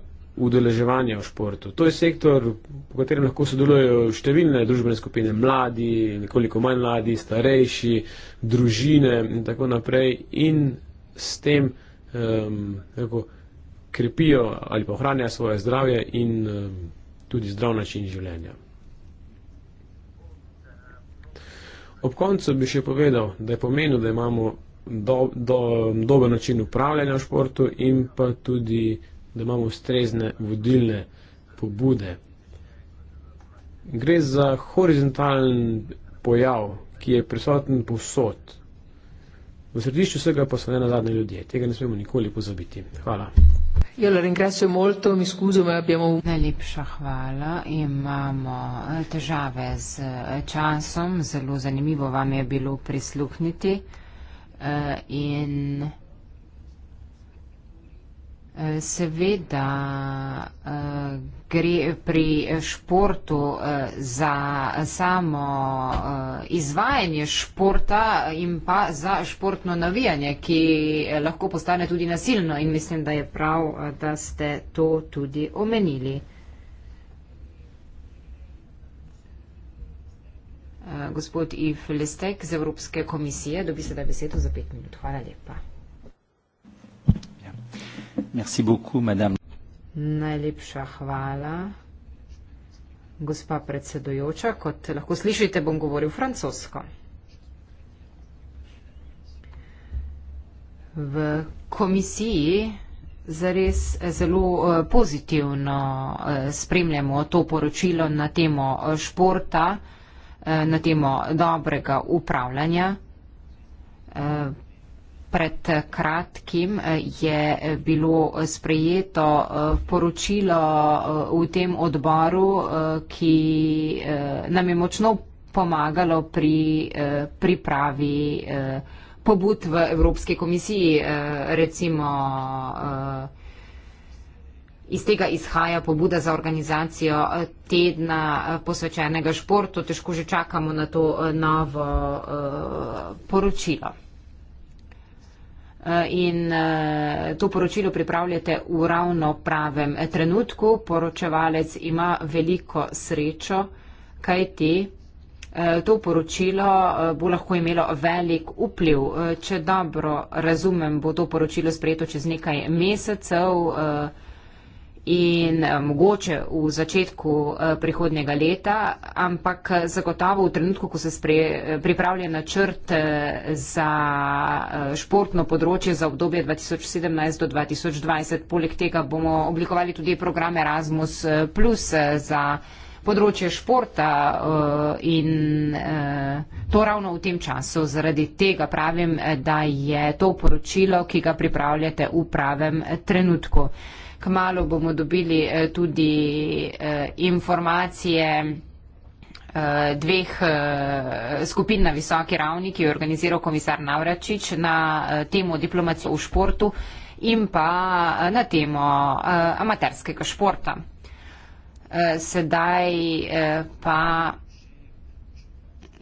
udeleževanja v športu. To je sektor, v katerem lahko sodelujejo številne družbene skupine, mladi, nekoliko manj mladi, starejši, družine in tako naprej in s tem um, tako, krepijo ali pa ohranjajo svoje zdravje in um, tudi zdrav način življenja. Ob koncu bi še povedal, da je pomenil, da imamo do, do, dober način upravljanja v športu in pa tudi, da imamo ustrezne vodilne pobude. Gre za horizontalen pojav, ki je prisoten posod. V središču vsega pa so ne nazadnje ljudje. Tega ne smemo nikoli pozabiti. Hvala. Jo, molto, mi skuzume, abbiamo... Najlepša hvala. Imamo eh, težave z eh, časom. Zelo zanimivo vam je bilo prisluhniti. Uh, in... Seveda eh, gre pri športu eh, za samo eh, izvajanje športa in pa za športno navijanje, ki lahko postane tudi nasilno in mislim, da je prav, da ste to tudi omenili. Gospod Yves Lestek z Evropske komisije, dobi se da besedo za pet minut. Hvala lepa. Merci beaucoup, madame. Najlepša hvala. Gospa predsedojoča, kot lahko slišite, bom govoril francosko. V komisiji zares zelo eh, pozitivno eh, spremljamo to poročilo na temo eh, športa, na temo dobrega upravljanja. Pred kratkim eh, je bilo sprejeto eh, poročilo eh, v tem odboru, ki nam je močno pomagalo pri pripravi pobud v Evropski komisiji. Recimo iz tega izhaja pobuda za organizacijo tedna posvečenega športu. Težko že čakamo na to novo poročilo in eh, to poročilo pripravljate v ravno pravem eh, trenutku. Poročevalec ima veliko srečo, kaj ti. Eh, to poročilo bo lahko imelo velik vpliv. Če dobro razumem, bo to poročilo sprejeto čez nekaj mesecev in eh, mogoče v začetku eh, prihodnjega leta, ampak eh, zagotovo v trenutku, ko se pripravlja načrt za športno področje za obdobje 2017 do 2020. Poleg tega bomo oblikovali tudi program Erasmus Plus za področje športa uh, in uh, to ravno v tem času. Zaradi tega pravim, eh, da je to poročilo, ki ga pripravljate v pravem trenutku. Kmalo bomo dobili uh, tudi uh, informacije dveh skupin na visoki ravni, ki jo je organiziral komisar Navračič na temo diplomacije v športu in pa na temo amaterskega športa. Eh, sedaj eh, pa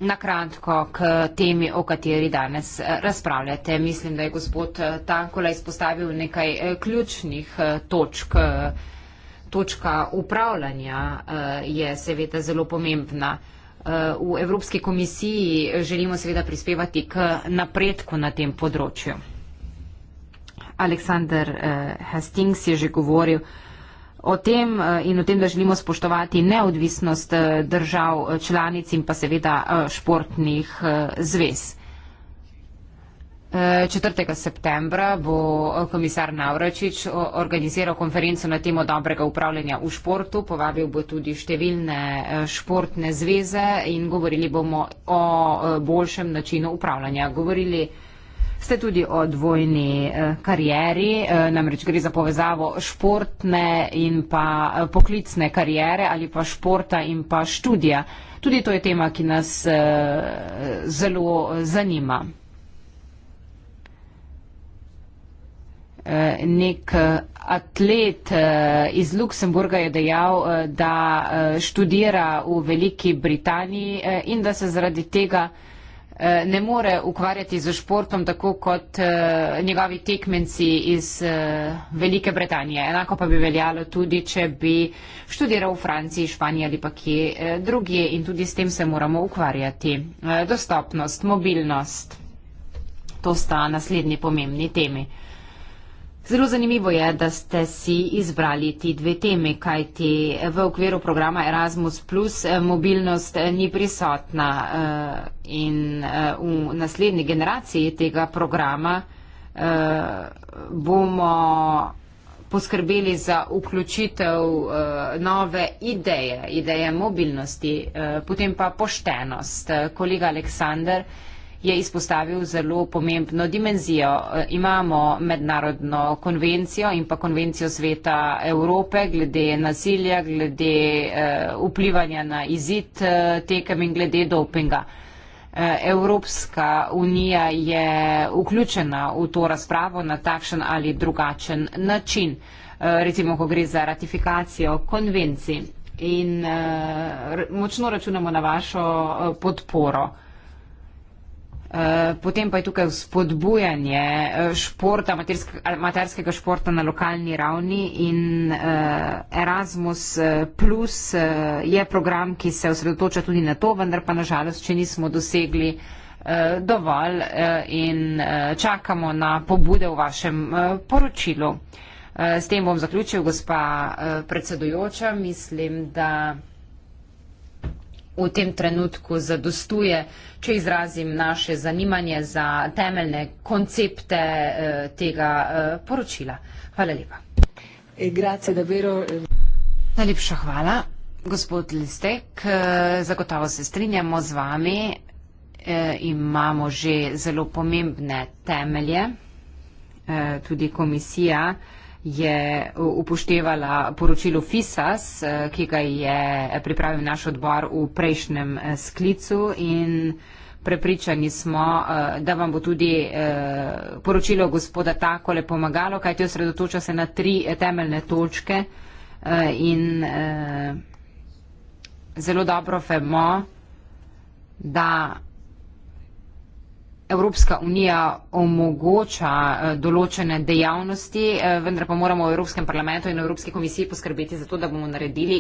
nakratko k temi, o kateri danes eh, razpravljate. Mislim, da je gospod Tankola izpostavil nekaj ključnih točk. Točka upravljanja je seveda zelo pomembna. V Evropski komisiji želimo seveda prispevati k napredku na tem področju. Aleksandr Hastings je že govoril, o tem eh, in o tem, da želimo spoštovati neodvisnost eh, držav eh, članic in pa seveda športnih zvez. 4. septembra bo komisar Navračič organiziral konferenco na temo dobrega upravljanja v športu, povabil bo tudi številne športne zveze in govorili bomo o boljšem načinu upravljanja. Govorili bomo ste tudi o dvojni eh, karieri, eh, namreč gre za povezavo športne in pa eh, poklicne karijere ali pa športa in pa študija. Tudi to je tema, ki nas zelo zanima. Nek atlet iz Luksemburga je dejal, da študira v Veliki Britaniji in da se zaradi tega Eh, ne more ukvarjati z športom tako kot eh, njegovi tekmenci iz eh, Velike Britanije. Enako pa bi veljalo tudi, če bi študiral v Franciji, Španiji ali pa kje drugje in tudi s tem se moramo ukvarjati. Dostopnost, mobilnost, to sta naslednji pomembni temi. Zelo zanimivo je, da ste si izbrali ti dve temi, kajti v okviru programa Erasmus Plus eh, mobilnost eh, ni prisotna eh, in v naslednji generaciji tega programa bomo poskrbeli za vključitev nove ideje, ideje mobilnosti, potem pa poštenost. Kolega Aleksandr, je izpostavil zelo pomembno dimenzijo. E, imamo mednarodno konvencijo in pa konvencijo sveta Evrope glede nasilja, glede e, vplivanja na izid e, tekem in glede dopinga. Evropska unija je vključena v to razpravo na takšen ali drugačen način, recimo, ko gre za ratifikacijo konvencij in močno računamo na vašo podporo. Eh, potem pa je tukaj vzpodbujanje eh, športa, materskega športa na lokalni ravni in eh, Erasmus Plus je program, ki se osredotoča tudi na to, vendar pa nažalost, če nismo dosegli dovolj in čakamo na pobude v vašem poročilu. S tem bom zaključil, gospa predsedujoča, mislim, da v tem trenutku zadostuje, če izrazim naše zanimanje za temeljne koncepte eh, tega eh, poročila. Hvala lepa. E, grazie, davvero. Najlepša hvala, gospod Listek. Eh, zagotovo se strinjamo z vami. Imamo že zelo pomembne temelje, tudi komisija je upoštevala poročilo FISAS, eh, ki ga je pripravil naš odbor v prejšnjem eh, sklicu in prepričani smo, eh, da vam bo tudi poročilo gospoda takole pomagalo, kajti osredotoča se na tri temeljne točke in zelo dobro vemo, da Evropska unija omogoča eh, določene dejavnosti, eh, vendar pa moramo v Evropskem parlamentu in Evropski komisiji poskrbeti za to, da bomo naredili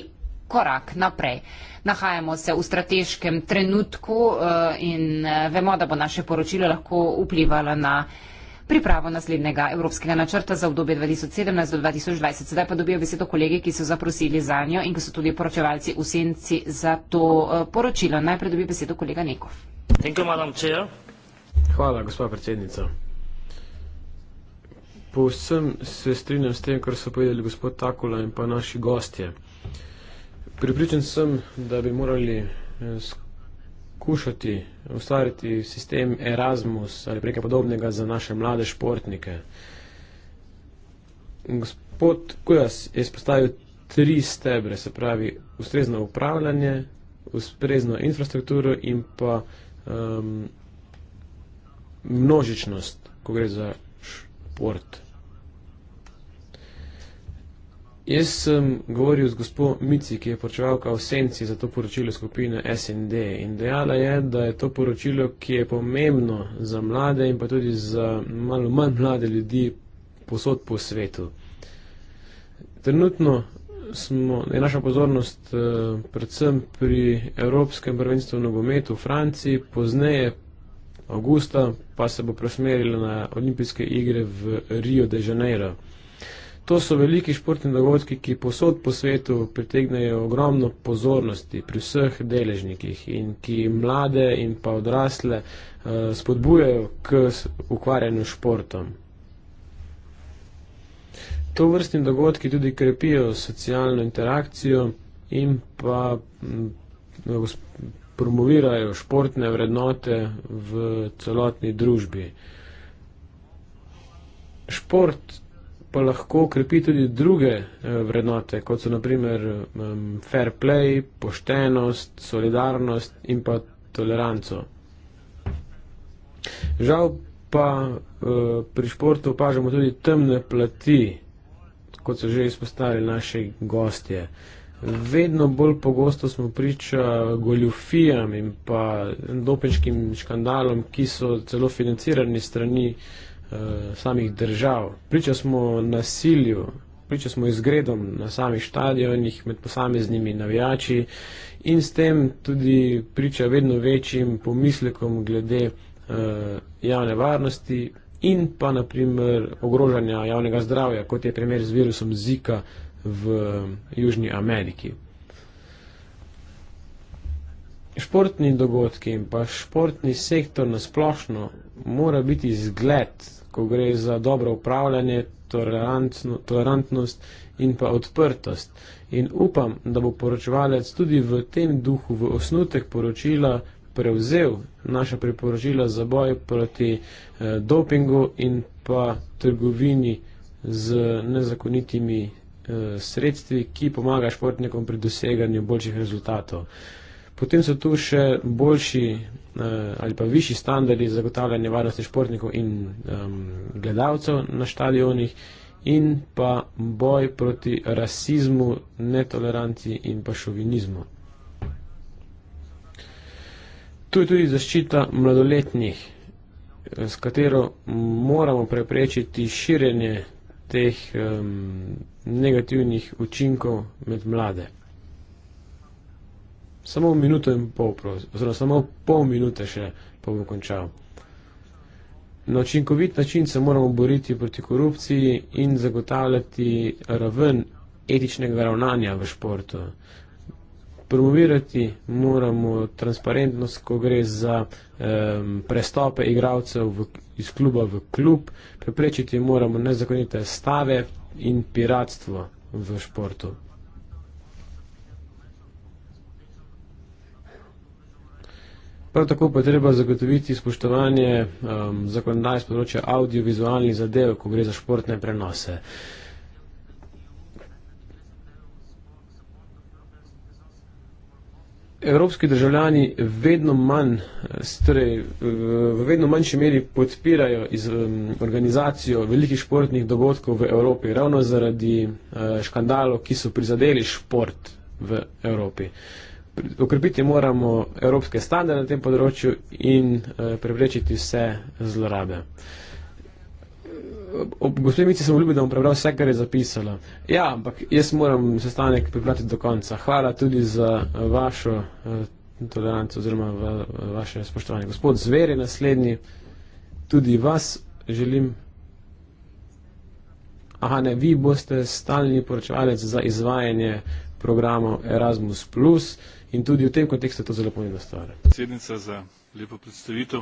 korak naprej. Nahajamo se v strateškem trenutku eh, in vemo, da bo naše poročilo lahko vplivalo na pripravo naslednjega evropskega načrta za obdobje 2017 do 2020. Sedaj pa dobijo besedo kolegi, ki so zaprosili za njo in ki so tudi poročevalci v senci za to poročilo. Najprej dobi besedo kolega Nekov. Thank you, Madam Chair. Hvala, gospa predsednica. Povsem se strinjam s tem, kar so povedali gospod Takula in pa naši gostje. Pripričan sem, da bi morali eh, skušati ustvariti sistem Erasmus ali nekaj podobnega za naše mlade športnike. Gospod Kujas je spostavil tri stebre, se pravi ustrezno upravljanje, ustrezno infrastrukturo in pa um, množičnost, ko gre za šport. Jaz sem govoril z gospod Mici, ki je poročevalka v senci za to poročilo skupine SND in dejala je, da je to poročilo, ki je pomembno za mlade in pa tudi za malo manj mlade ljudi posod po svetu. Trenutno smo, je naša pozornost eh, predvsem pri Evropskem prvenstvu nogometu v Franciji, pozneje avgusta, pa se bo presmerila na olimpijske igre v Rio de Janeiro. To so veliki športni dogodki, ki posod po svetu pritegnejo ogromno pozornosti pri vseh deležnikih in ki mlade in pa odrasle eh, spodbujajo k ukvarjanju športom. To vrstni dogodki tudi krepijo socialno interakcijo in pa mm, promovirajo športne vrednote v celotni družbi. Šport pa lahko krepi tudi druge eh, vrednote, kot so naprimer fair play, poštenost, solidarnost in pa toleranco. Žal pa eh, pri športu opažamo tudi temne plati, kot so že izpostavili naši gostje. Vedno bolj pogosto smo priča goljufijam in pa dopečkim škandalom, ki so celo financirani strani eh, samih držav. Priča smo nasilju, priča smo izgredom na samih štadionih med posameznimi navijači in s tem tudi priča vedno večjim pomislekom glede eh, javne varnosti in pa naprimer ogrožanja javnega zdravja, kot je primer z virusom Zika v Južni Ameriki. Športni dogodki in pa športni sektor nasplošno mora biti zgled, ko gre za dobro upravljanje, tolerantnost in pa odprtost. In upam, da bo poročevalec tudi v tem duhu v osnutek poročila prevzel naša priporočila za boj proti eh, dopingu in pa trgovini z nezakonitimi Eh, sredstvi, ki pomaga športnikom pri doseganju boljših rezultatov. Potem so tu še boljši eh, ali pa višji standardi zagotavljanja varnosti športnikov in um, gledalcev na stadionih in pa boj proti rasizmu, netoleranci in pa šovinizmu. Tu je tudi zaščita mladoletnih, eh, s katero moramo preprečiti širjenje teh um, negativnih učinkov med mlade. Samo minuto in pol, oziroma samo pol minute še pa bom končal. Na učinkovit način se moramo boriti proti korupciji in zagotavljati raven etičnega ravnanja v športu. Promovirati moramo transparentnost, ko gre za um, prestope igralcev v, iz kluba v klub, preprečiti moramo nezakonite stave, in piratstvo v športu. Prav tako pa treba zagotoviti spoštovanje um, zakonodaje z področja audiovizualnih zadev, ko gre za športne prenose. Uh, evropski državljani vedno manj, torej v vedno manjši meri podpirajo iz, um, organizacijo velikih športnih dogodkov v Evropi, ravno zaradi uh, škandalov, ki so prizadeli šport v Evropi. Okrepiti moramo evropske standarde na tem področju in uh, preprečiti vse zlorabe. Uh, ob gospodinici sem obljubil, da bom prebral vse, kar je zapisala. Ja, ampak jaz moram sestanek pripraviti do konca. Hvala tudi za vašo eh, toleranco oziroma vaše spoštovanje. Gospod Zver je naslednji, tudi vas želim. Aha, ne, vi boste stalni poročevalec za izvajanje programov Erasmus, in tudi v tem kontekstu je to zelo pomembna stvar. Predsednica, za lepo predstavitev.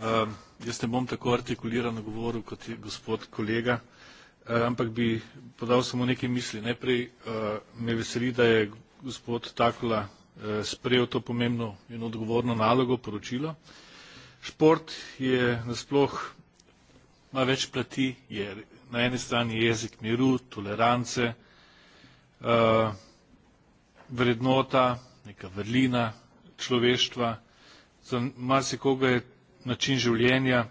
Ehm, jaz ne bom tako artikulirano govoril kot je gospod kolega, eh, ampak bi podal samo nekaj misli. Najprej eh, me veseli, da je gospod Takula eh, sprejel to pomembno in odgovorno nalogo, poročilo. Šport je nasploh, ima več plati, je na eni strani jezik miru, tolerance, vrednota, neka vrlina človeštva. Za marsikoga je način življenja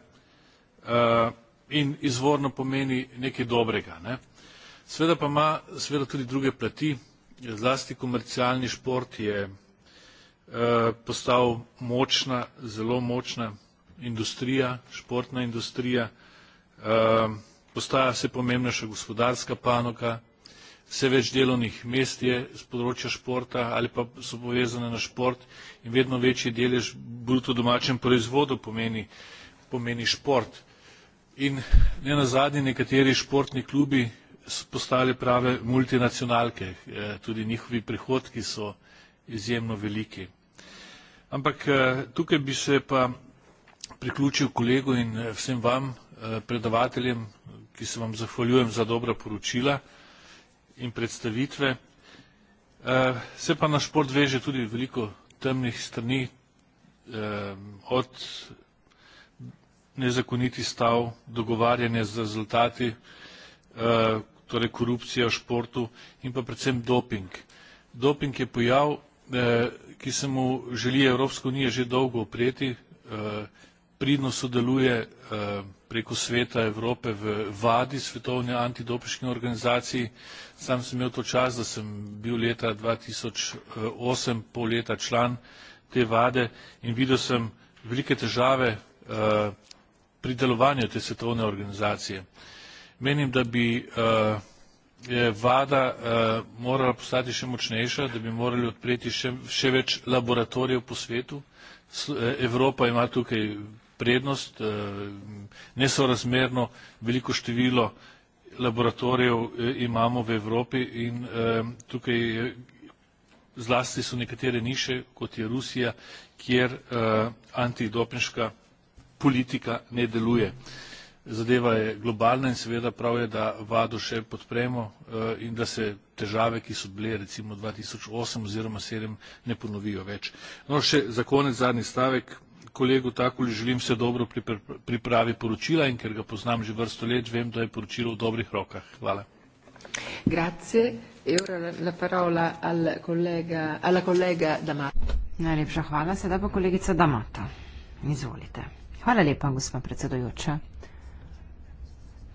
eh, in izvorno pomeni nekaj dobrega. Ne. Sveda pa ima sveda tudi druge plati, zlasti komercialni šport je eh, postal močna, zelo močna industrija, športna industrija, eh, postaja vse pomembnejša gospodarska panoga, vse več delovnih mest je z področja športa ali pa so povezane na šport in vedno večji delež bruto domačem proizvodu pomeni, pomeni šport. In ne na zadnji nekateri športni klubi so postali prave multinacionalke, eh, tudi njihovi prihodki so izjemno veliki. Ampak eh, tukaj bi se pa priključil kolegu in eh, vsem vam, predavateljem, ki se vam zahvaljujem za dobra poročila in predstavitve. Se pa na šport veže tudi veliko temnih strani, eh, od nezakoniti stav, dogovarjanje z rezultati, eh, torej korupcija v športu in pa predvsem doping. Doping je pojav, eh, ki se mu želi Evropska unija že dolgo oprijeti. Eh, pridno sodeluje eh, preko sveta Evrope v vadi svetovne antidopiške organizacije. Sam sem imel to čas, da sem bil leta 2008 pol leta član te vade in videl sem velike težave eh, pri delovanju te svetovne organizacije. Menim, da bi eh, vada morala postati še močnejša, da bi morali odpreti še več laboratorijev po svetu. Evropa ima tukaj prednost, eh, nesorazmerno veliko število laboratorijev eh, imamo v Evropi in eh, tukaj zlasti so nekatere niše, kot je Rusija, kjer antidopniška politika ne deluje. Zadeva je globalna in seveda prav je, da vado še podpremo in da se težave, ki so bile recimo 2008 oziroma 2007, ne ponovijo več. No, še za konec zadnji stavek kolegu Takuli želim vse dobro pri pripravi poročila in ker ga poznam že vrsto let, vem, da je poročilo v dobrih rokah. Hvala. Grazie. E ora la parola al collega, alla collega D'Amato. Najlepša hvala, sedaj pa kolegica D'Amato. Izvolite. Hvala lepa, gospod predsedujoča.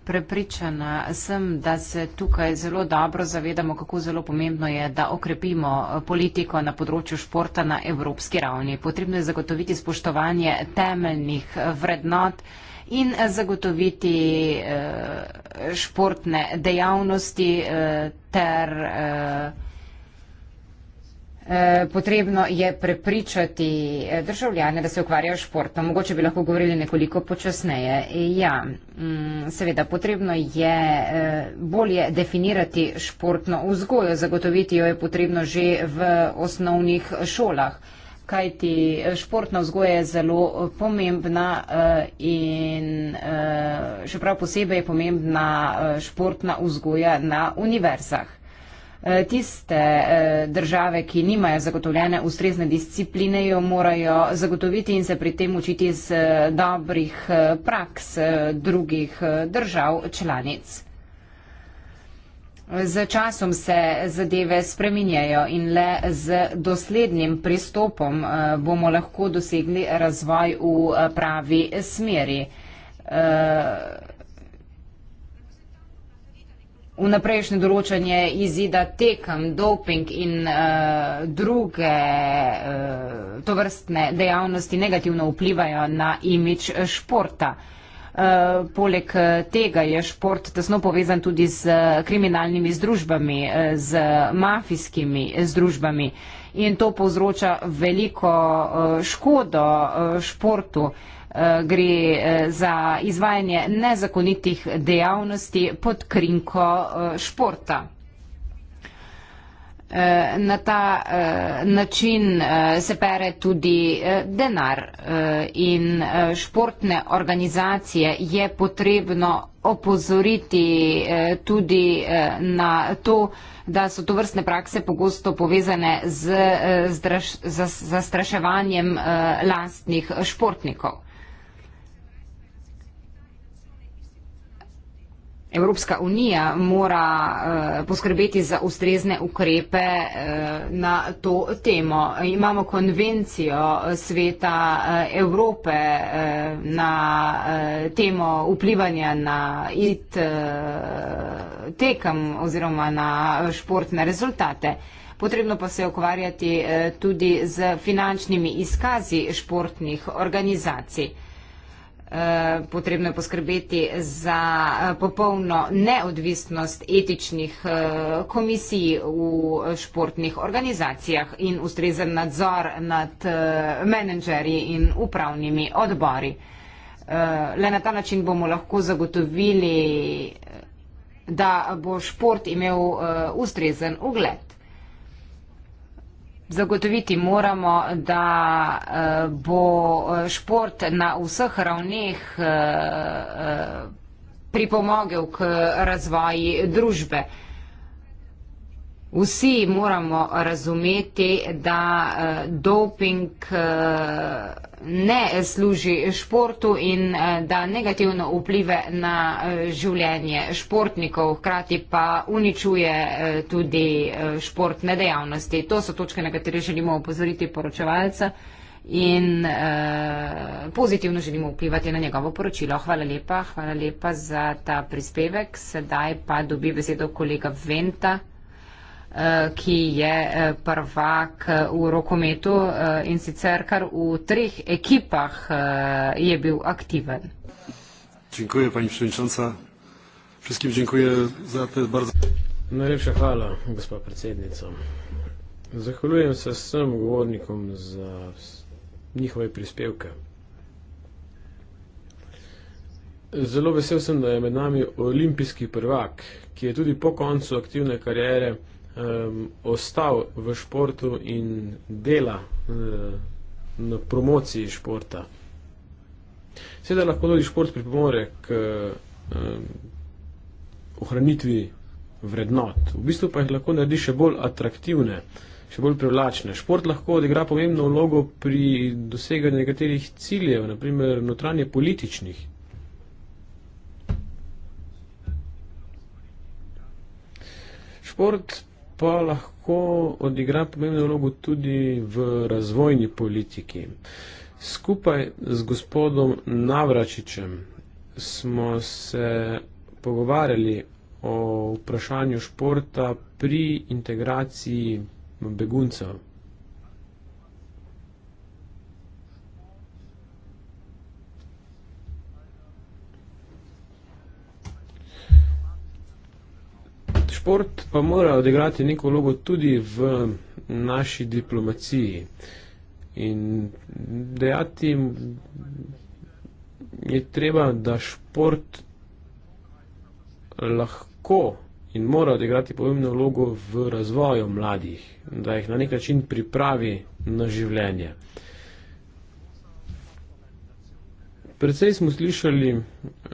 Prepričana sem, da se tukaj zelo dobro zavedamo, kako zelo pomembno je, da okrepimo politiko na področju športa na evropski ravni. Potrebno je zagotoviti spoštovanje temeljnih vrednot in zagotoviti eh, športne dejavnosti eh, ter. Eh, Eh, potrebno je prepričati eh, državljane, da se ukvarjajo s športom. Mogoče bi lahko govorili nekoliko počasneje. Ja, mm, seveda, potrebno je eh, bolje definirati športno vzgojo, zagotoviti jo je potrebno že v osnovnih šolah. Kaj ti športna vzgoja je zelo pomembna in še prav posebej je pomembna športna vzgoja na univerzah. Eh, tiste eh, države, ki nimajo zagotovljene ustrezne discipline, jo morajo zagotoviti in se pri tem učiti iz eh, dobrih praks drugih držav članic. Z časom se zadeve spreminjajo in le z doslednjim pristopom bomo lahko dosegli razvoj v pravi smeri vnaprejšnje določanje izida tekem, doping in uh, druge uh, tovrstne dejavnosti negativno vplivajo na imič športa. Uh, poleg tega je šport tesno povezan tudi z kriminalnimi združbami, z mafijskimi združbami in to povzroča veliko uh, škodo uh, športu. Uh, Eh, gre eh, za izvajanje nezakonitih dejavnosti pod krinko eh, športa. Na ta način se pere tudi denar in športne organizacije je potrebno opozoriti tudi na to, da so to vrstne prakse pogosto povezane z zastraševanjem lastnih športnikov. Evropska unija mora eh, poskrbeti za ustrezne ukrepe eh, na to temo. Imamo konvencijo eh, sveta Evrope na temo vplivanja na it tekem oziroma na športne rezultate. Potrebno pa se je ukvarjati tudi z finančnimi izkazi športnih organizacij. Eh, potrebno je poskrbeti za eh, popolno neodvisnost etičnih eh, komisij v športnih organizacijah in ustrezen nadzor nad menedžerji in upravnimi odbori. Le na ta način bomo lahko zagotovili, da bo šport imel ustrezen ugled. Zagotoviti moramo, da eh, bo eh, šport na vseh ravneh eh, pripomogel k razvoji družbe. Vsi moramo razumeti, da doping ne služi športu in eh, da negativno vplive na eh, življenje športnikov, hkrati pa uničuje eh, tudi športne dejavnosti. To so točke, na katere želimo opozoriti poročevalca in pozitivno želimo vplivati na njegovo poročilo. Hvala lepa, hvala lepa za ta prispevek. Sedaj pa dobi besedo kolega Venta. Eh, ki je eh, prvak eh, v rokometu in sicer kar v treh ekipah je bil aktiven. Dziękuję pani przewodnicząca. Wszystkim dziękuję za te bardzo. Najlepsza hala, gospa predsednica. Zahvaljujem se vsem govornikom za njihove prispevke. Zelo vesel sem, da je med nami olimpijski prvak, ki je tudi po koncu aktivne karijere um, ostal v športu in dela uh, na promociji športa. Seveda lahko tudi šport pripomore k um, ohranitvi vrednot. V bistvu pa jih lahko naredi še bolj atraktivne, še bolj privlačne. Šport lahko odigra pomembno vlogo pri doseganju nekaterih ciljev, naprimer notranje političnih. Šport pa lahko odigra pomembno vlogo tudi v razvojni politiki. Skupaj z gospodom Navračičem smo se pogovarjali o vprašanju športa pri integraciji beguncev. šport pa mora odigrati neko vlogo tudi v naši diplomaciji. In dejati je treba, da šport lahko in mora odigrati pomembno vlogo v razvoju mladih, da jih na nek način pripravi na življenje. Predvsej smo slišali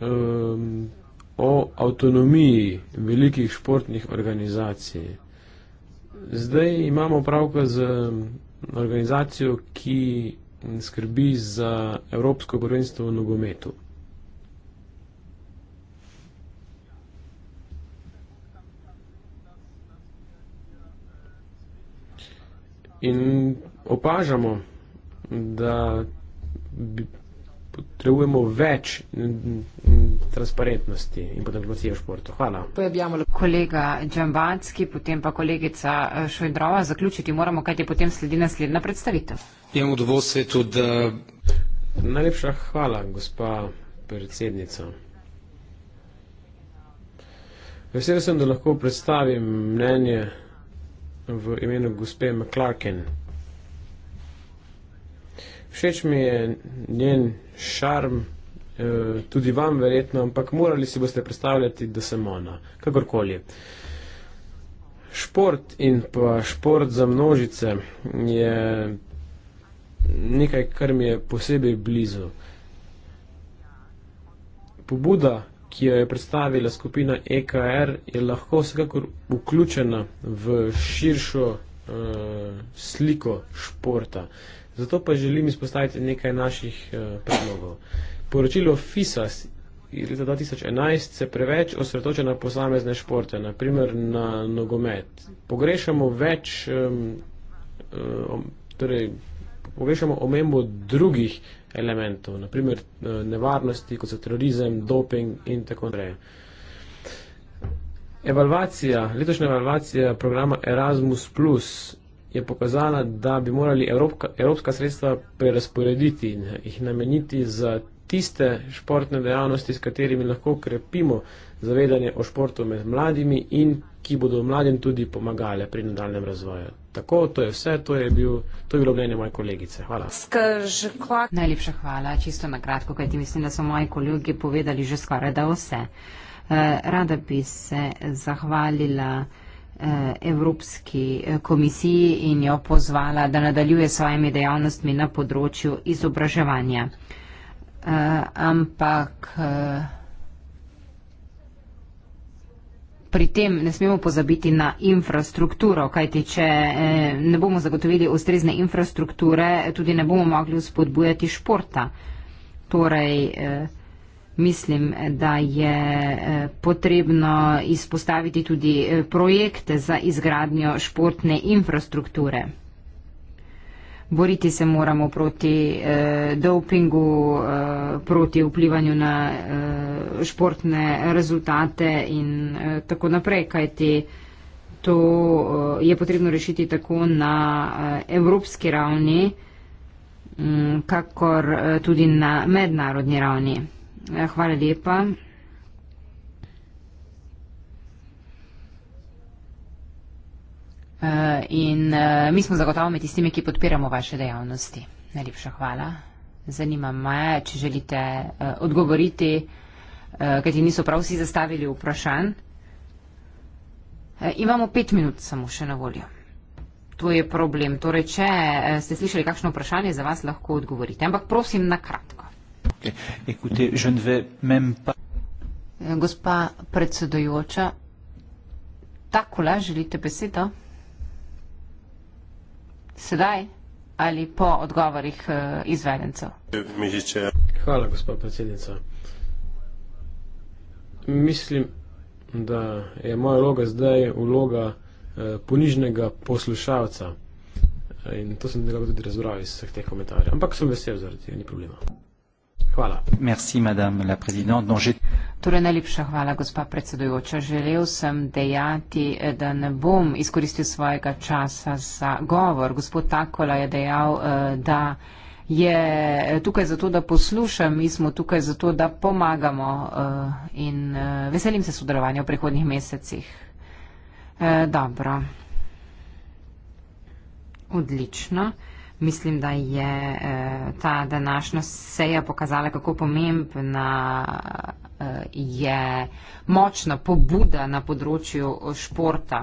um, o avtonomiji velikih športnih organizacij. Zdaj imamo pravko z organizacijo, ki skrbi za Evropsko prvenstvo v nogometu. In opažamo, da potrebujemo več transparentnosti in podobnosti v športu. Hvala. Pojabjamo lahko kolega Džambanski, potem pa kolegica eh, Šojdrova. Zaključiti moramo, kaj je potem sledi naslednja predstavitev. Jem v dvosvetu, da... Najlepša hvala, gospa predsednica. Vesel sem, da lahko predstavim mnenje v imenu gospe McClarken. Všeč mi je njen šarm, eh, tudi vam verjetno, ampak morali si boste predstavljati, da sem ona. Kakorkoli. Šport in pa šport za množice je nekaj, kar mi je posebej blizu. Pobuda, ki jo je predstavila skupina EKR, je lahko vsekakor vključena v širšo, eh, sliko športa. Zato pa želim izpostaviti nekaj naših eh, predlogov. Poročilo FISA iz leta 2011 se preveč osredotoča na posamezne športe, naprimer na nogomet. Pogrešamo več, eh, torej pogrešamo omembo drugih elementov, naprimer eh, nevarnosti, kot so terorizem, doping in tako naprej. Evalvacija, letošnja evalvacija programa Erasmus Plus je pokazala, da bi morali evropka, evropska sredstva prerasporediti in jih nameniti za tiste športne dejavnosti, s katerimi lahko krepimo zavedanje o športu med mladimi in ki bodo mladim tudi pomagale pri nadaljem razvoju. Tako, to je vse, to je, bil, to je bilo mnenje moje kolegice. Hvala. Skrž, hva... Najlepša hvala, čisto na kratko, kajti mislim, da so moji kolegi povedali že skoraj da vse. Eh, rada bi se zahvalila. Eh, Evropski eh, komisiji in jo pozvala, da nadaljuje svojimi dejavnostmi na področju izobraževanja. Eh, ampak pri tem ne smemo pozabiti na infrastrukturo, kajti če ne bomo zagotovili ustrezne infrastrukture, tudi ne bomo mogli spodbujati športa. Torej, eh, Mislim, da je eh, potrebno izpostaviti tudi eh, projekte za izgradnjo športne infrastrukture. Boriti se moramo proti eh, dopingu, eh, proti vplivanju na eh, športne rezultate in eh, tako naprej, kajti to eh, je potrebno rešiti tako na eh, evropski ravni, mm, kakor eh, tudi na mednarodni ravni. Ja, hvala lepa. Eh, in eh, mi smo zagotovo med tistimi, ki podpiramo vaše dejavnosti. Najlepša hvala. Zanima me, če želite eh, odgovoriti, kajti niso prav vsi zastavili vprašanj. Imamo pet minut samo še na voljo. To je problem. Torej, če ste slišali kakšno vprašanje, za vas lahko odgovorite. Ampak prosim na kratko. Écoutez, je ne vais même pas. Gospa predsedujoča, takola želite besedo? Sedaj ali po odgovorih eh, izvedencev? Hvala, gospa predsednica. Mislim, da je moja vloga zdaj vloga eh, ponižnega poslušalca. In to sem nekako tudi razbral iz vseh teh komentarjev. Ampak sem vesel zaradi tega, ni problema. Hvala. Merci, madame la présidente. Non, Torej, najlepša hvala, gospa predsedujoča. Želel sem dejati, eh, da ne bom izkoristil svojega časa za govor. Gospod Takola je dejal, eh, da je eh, tukaj zato, da posluša, mi smo tukaj zato, da pomagamo in veselim se sodelovanja v prihodnih mesecih. Dobro. Odlično. Mislim, da je eh, ta današnja seja pokazala, kako pomembna eh, je močna pobuda na področju športa.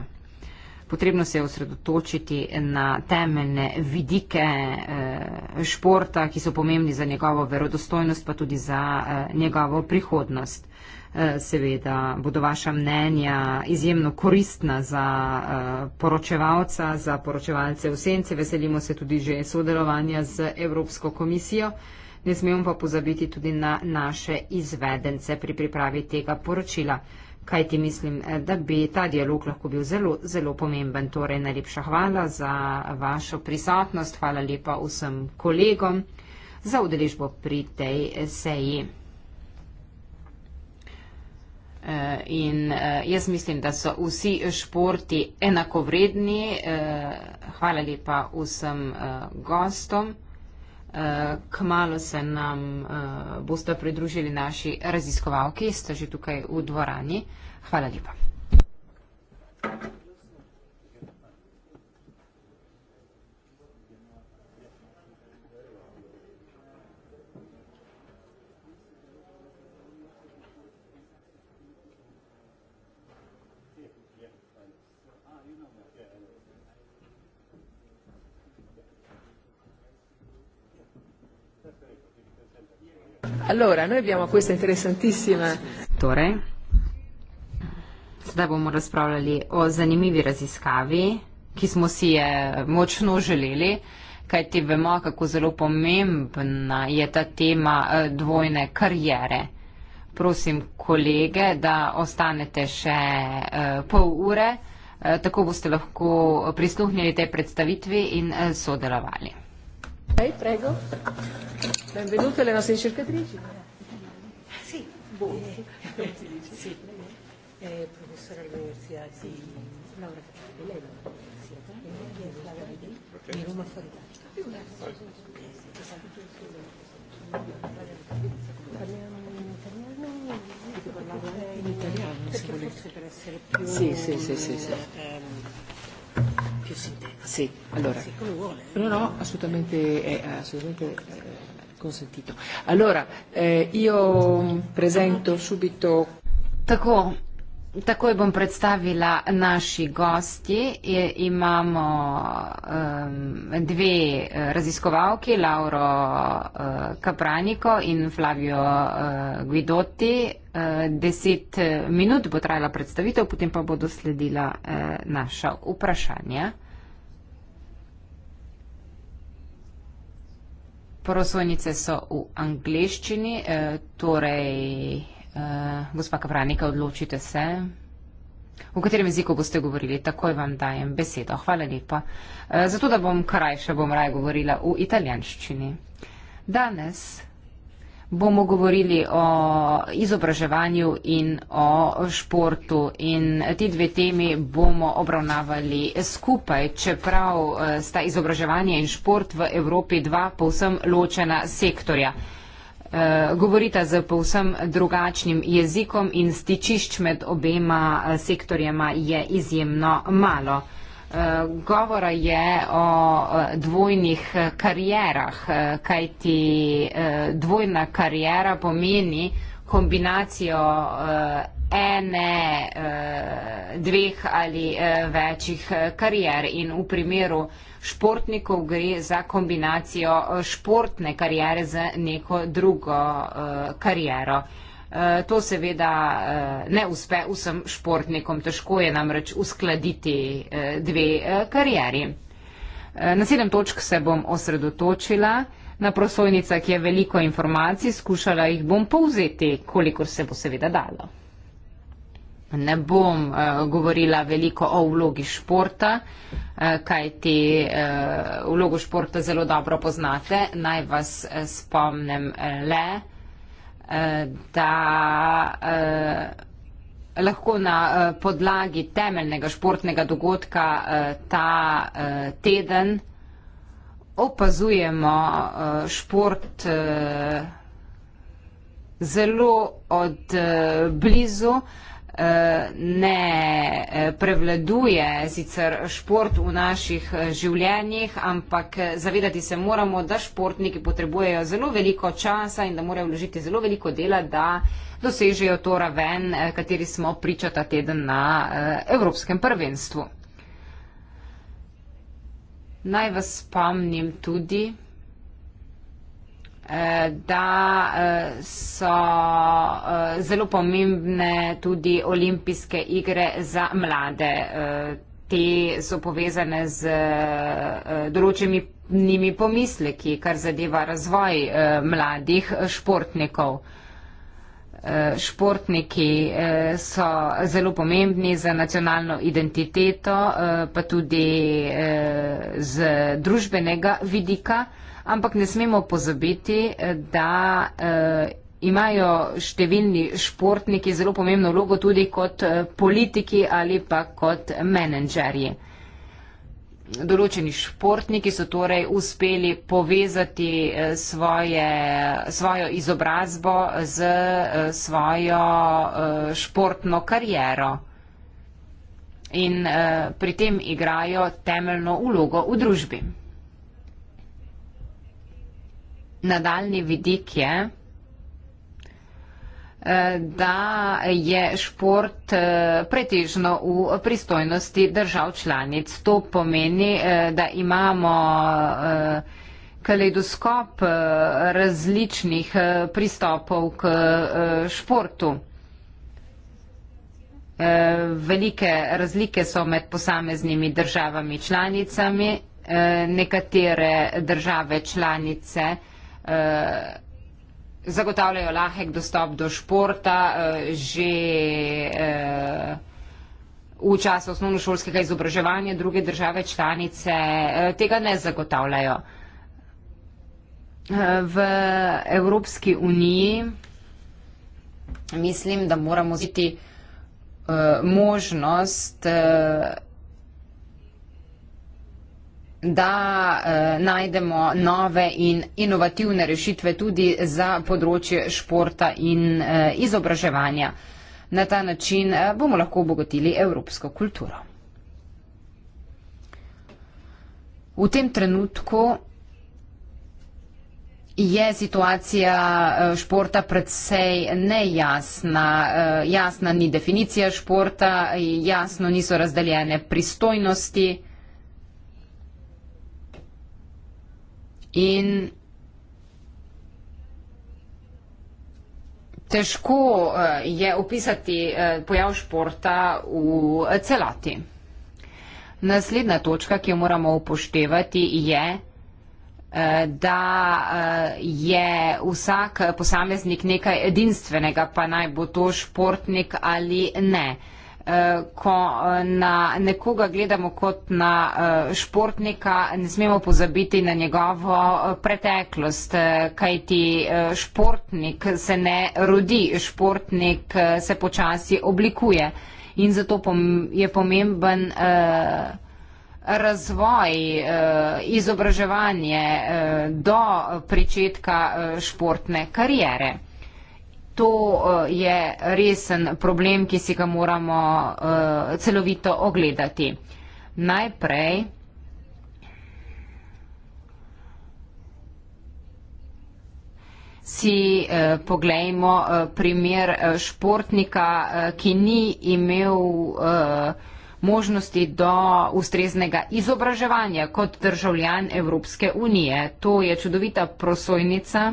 Potrebno se je osredotočiti na temeljne vidike eh, športa, ki so pomembni za njegovo verodostojnost, pa tudi za njegovo prihodnost. Eh, seveda bodo vaša mnenja izjemno koristna za eh, poročevalca, za poročevalce v senci. Veselimo se tudi že sodelovanja z Evropsko komisijo. Ne smemo pa pozabiti tudi na naše izvedence pri pripravi tega poročila. Kaj ti mislim, eh, da bi ta dialog lahko bil zelo, zelo pomemben. Torej, najlepša hvala za vašo prisotnost, hvala lepa vsem kolegom za udeležbo pri tej seji. Eh, in eh, jaz mislim, da so vsi športi enakovredni. Eh, hvala lepa vsem gostom. Kmalo se nam boste pridružili naši raziskovalki, sta že tukaj v dvorani. Hvala lepa. Thank you. Allora, noi abbiamo questa interessantissima... Torej, zdaj bomo razpravljali o zanimivi raziskavi, ki smo si je močno želeli, kaj ti vemo, kako zelo pomembna je ta tema eh, dvojne karijere. Prosim kolege, da ostanete še eh, pol ure, eh, tako boste lahko prisluhnili tej predstavitvi in sodelovali. Okay, prego. Benvenute le nostre ricercatrici. Sì, buon. Eh, sì, eh, professore all'Università di Laura Cattolica, eh, lei è all'Università di Laura Cattolica, eh, di Roma Fuori Parliamo in italiano? Parliamo in italiano, se volete. Perché forse per essere più... Sì, sì, sì, sì. sì. Ehm, più si intenda. Sì, allora, come vuole. No, no, assolutamente, eh, eh, assolutamente eh, consentito. Allora, eh, io presento subito... Tako. Takoj bom predstavila naši gosti. Imamo um, dve eh, raziskovalki, Lauro uh, eh, Kapraniko in Flavio uh, Guidotti. Uh, deset minut bo trajala predstavitev, potem pa bodo sledila uh, naša vprašanja. Prosojnice so v angleščini, uh, torej. Eh, gospa Kapranika, odločite se, v katerem jeziku boste govorili. Takoj vam dajem besedo. Hvala lepa. Eh, zato, da bom krajša, bom raje govorila v italijanščini. Danes bomo govorili o izobraževanju in o športu in ti dve temi bomo obravnavali skupaj, čeprav eh, sta izobraževanje in šport v Evropi dva povsem ločena sektorja. Eh, govorita z povsem drugačnim jezikom in stičišč med obema eh, sektorjema je izjemno malo. Eh, govora je o dvojnih karjerah, kajti dvojna karjera pomeni kombinacijo ene, dveh ali večjih karier in v primeru športnikov gre za kombinacijo eh, športne karijere z neko drugo eh, kariero. Eh, to seveda ne uspe vsem športnikom, težko je namreč uskladiti dve karieri. Na sedem točk se bom osredotočila. Na prosojnicah je veliko informacij, skušala jih bom povzeti, kolikor se bo seveda dalo ne bom eh, govorila veliko o vlogi športa, eh, kaj ti eh, vlogo športa zelo dobro poznate. Naj vas spomnem le, da lahko na podlagi temeljnega športnega dogodka ta teden opazujemo šport zelo od blizu, ne eh, prevladuje sicer šport v naših eh, življenjih, ampak eh, zavedati se moramo, da športniki potrebujejo zelo veliko časa in da morajo vložiti zelo veliko dela, da dosežejo to raven, kateri smo pričata teden na Evropskem prvenstvu. Naj vas spomnim tudi, da eh, so eh, zelo pomembne tudi olimpijske igre za mlade. Eh, te so povezane z določenimi njimi pomisleki, kar zadeva razvoj mladih športnikov. Športniki so zelo pomembni za nacionalno identiteto, pa tudi z družbenega vidika ampak ne smemo pozabiti, da eh, imajo številni športniki zelo pomembno vlogo tudi kot eh, politiki ali pa kot menedžerji. Določeni športniki so torej uspeli povezati eh, svoje, svojo izobrazbo z svojo športno kariero in pri tem igrajo temeljno vlogo v družbi nadaljni vidik je, eh, da je šport eh, pretežno v pristojnosti držav članic. To pomeni, eh, da imamo kaleidoskop različnih pristopov k športu. Velike razlike so med posameznimi državami članicami. Nekatere države članice eh, zagotavljajo lahek dostop do športa eh, že eh, v času osnovnošolskega izobraževanja, druge države članice eh, tega ne zagotavljajo. Eh, v Evropski uniji mislim, da moramo ziti uh, eh, možnost uh, da eh, najdemo nove in inovativne rešitve tudi za področje športa in eh, izobraževanja. Na ta način eh, bomo lahko obogatili evropsko kulturo. V tem trenutku je situacija eh, športa predvsej nejasna. Eh, jasna ni definicija športa, jasno niso razdeljene pristojnosti. In težko eh, je opisati eh, pojav športa v celoti. Naslednja točka, ki jo moramo upoštevati, je, eh, da je vsak posameznik nekaj edinstvenega, pa naj bo to športnik ali ne. Eh, ko eh, na nekoga gledamo kot na eh, športnika, ne smemo pozabiti na njegovo preteklost, kajti športnik se ne rodi, športnik se počasi oblikuje in zato je pomemben razvoj, izobraževanje do pričetka športne karijere to eh, je resen problem, ki si ga moramo eh, celovito ogledati. Najprej si eh, poglejmo primer športnika, ki ni imel možnosti do ustreznega izobraževanja kot državljan Evropske unije. To je čudovita prosojnica.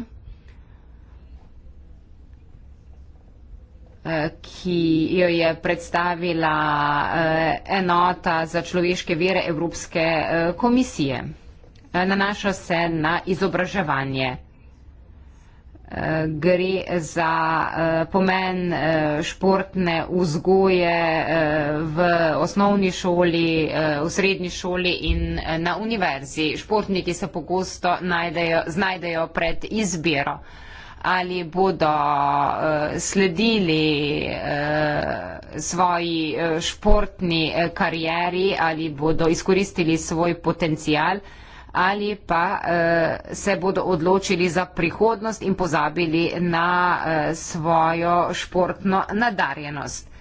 Eh, ki jo je predstavila eh, enota za človeške vere Evropske eh, komisije. Nanaša se na izobraževanje. Gre za pomen športne vzgoje v osnovni šoli, v srednji šoli in na univerzi. Športniki se pogosto najdejo, znajdejo pred izbiro ali bodo uh, sledili uh, svoji uh, športni uh, karieri, ali bodo izkoristili svoj potencial, ali pa uh, se bodo odločili za prihodnost in pozabili na uh, svojo športno nadarjenost.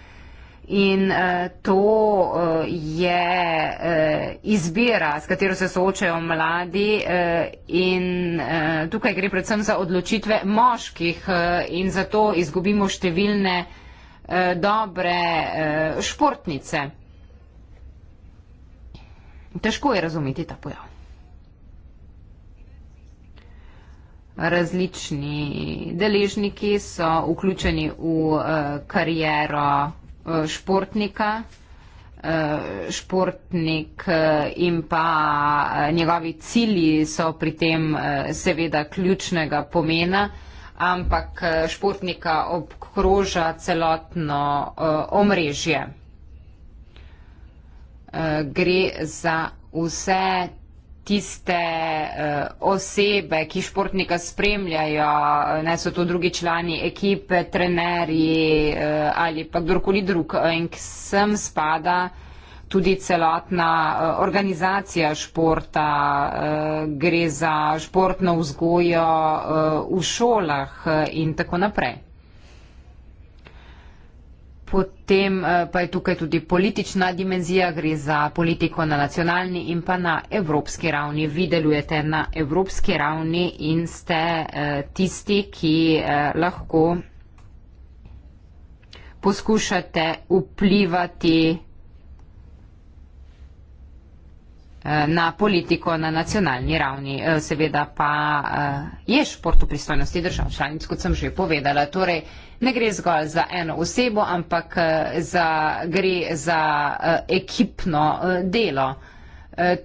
In uh, to uh, je uh, izbira, s katero se soočajo mladi uh, in uh, tukaj gre predvsem za odločitve moških uh, in zato izgubimo številne uh, dobre uh, športnice. Težko je razumeti ta pojav. Različni deležniki so vključeni v uh, kariero Eh, športnika, eh, športnik eh, in pa njegovi cilji so pri tem seveda ključnega pomena, ampak športnika obkroža celotno omrežje. Gre za vse tiste uh, osebe, ki športnika spremljajo, ne so to drugi člani ekipe, trenerji uh, ali pa kdorkoli drug. In sem spada tudi celotna uh, organizacija športa, uh, gre za športno vzgojo uh, v šolah uh, in tako naprej. Potem eh, pa je tukaj tudi politična dimenzija, gre za politiko na nacionalni in pa na evropski ravni. Vi delujete na evropski ravni in ste eh, tisti, ki eh, lahko poskušate vplivati na politiko na nacionalni ravni. Seveda pa je šport v pristojnosti držav članic, kot sem že povedala. Torej, ne gre zgolj za eno osebo, ampak eh, za, gre za eh, ekipno eh, delo.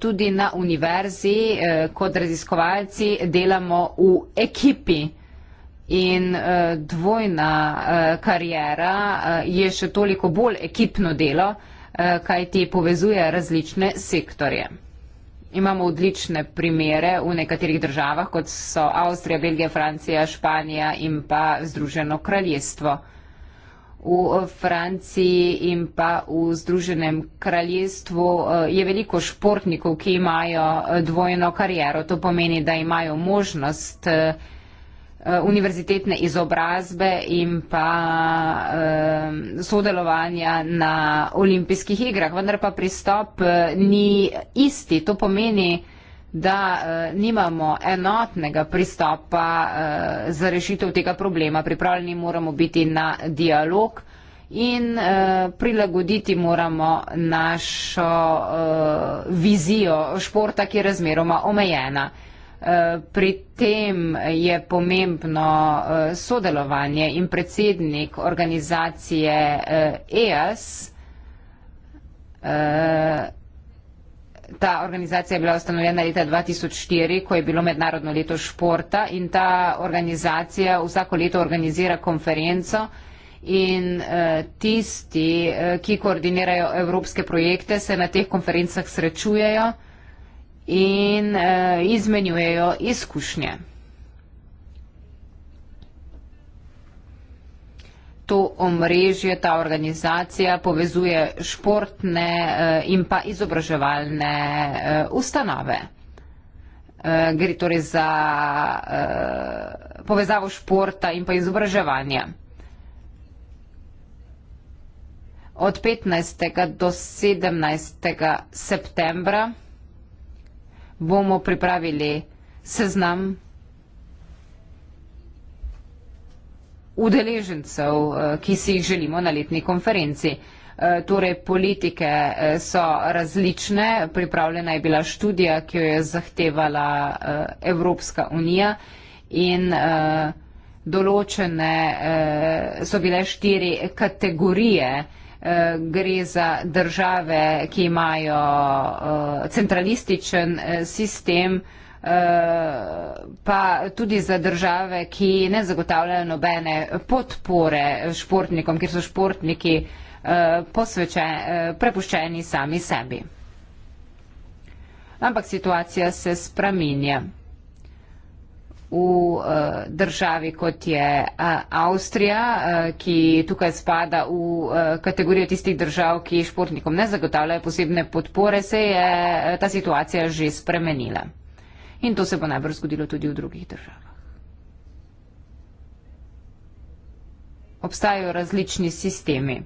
Tudi na univerzi kot raziskovalci delamo v ekipi in dvojna karijera je še toliko bolj ekipno delo, kaj ti povezuje različne sektorje. Imamo odlične primere v nekaterih državah, kot so Avstrija, Belgija, Francija, Španija in pa Združeno kraljestvo. V eh, Franciji in pa v Združenem kraljestvu eh, je veliko športnikov, ki imajo eh, dvojno kariero. To pomeni, da imajo možnost Eh, univerzitetne izobrazbe in pa eh, sodelovanja na olimpijskih igrah. Vendar pa pristop eh, ni isti. To pomeni, da nimamo enotnega pristopa za rešitev tega problema. Pripravljeni moramo biti na dialog in prilagoditi moramo našo vizijo športa, ki je razmeroma omejena. Pri tem je pomembno eh, sodelovanje in predsednik organizacije EAS. Eh, e eh, ta organizacija je bila ustanovljena leta 2004, ko je bilo mednarodno leto športa in ta organizacija vsako leto organizira konferenco in tisti, ki koordinirajo evropske projekte, se na teh konferencah srečujejo in uh, izmenjujejo izkušnje. To omrežje, ta organizacija povezuje športne uh, in pa izobraževalne uh, ustanove. Uh, gre torej za uh, povezavo športa in pa izobraževanja. Od 15. do 17. septembra bomo pripravili seznam udeležencev, eh, ki si jih želimo na letni konferenci. Eh, torej, politike eh, so različne, pripravljena je bila študija, ki jo je zahtevala Evropska unija in določene so bile štiri kategorije, Eh, gre za države, ki imajo eh, centralističen eh, sistem, pa tudi za države, ki ne zagotavljajo nobene podpore športnikom, kjer so športniki prepuščeni sami sebi. Ampak situacija se spreminja v eh, državi, kot je eh, Avstrija, eh, ki tukaj spada v kategorijo tistih držav, ki športnikom ne zagotavljajo posebne podpore, se je ta situacija že spremenila. In to se bo najbrž zgodilo tudi v drugih državah. Obstajajo različni sistemi.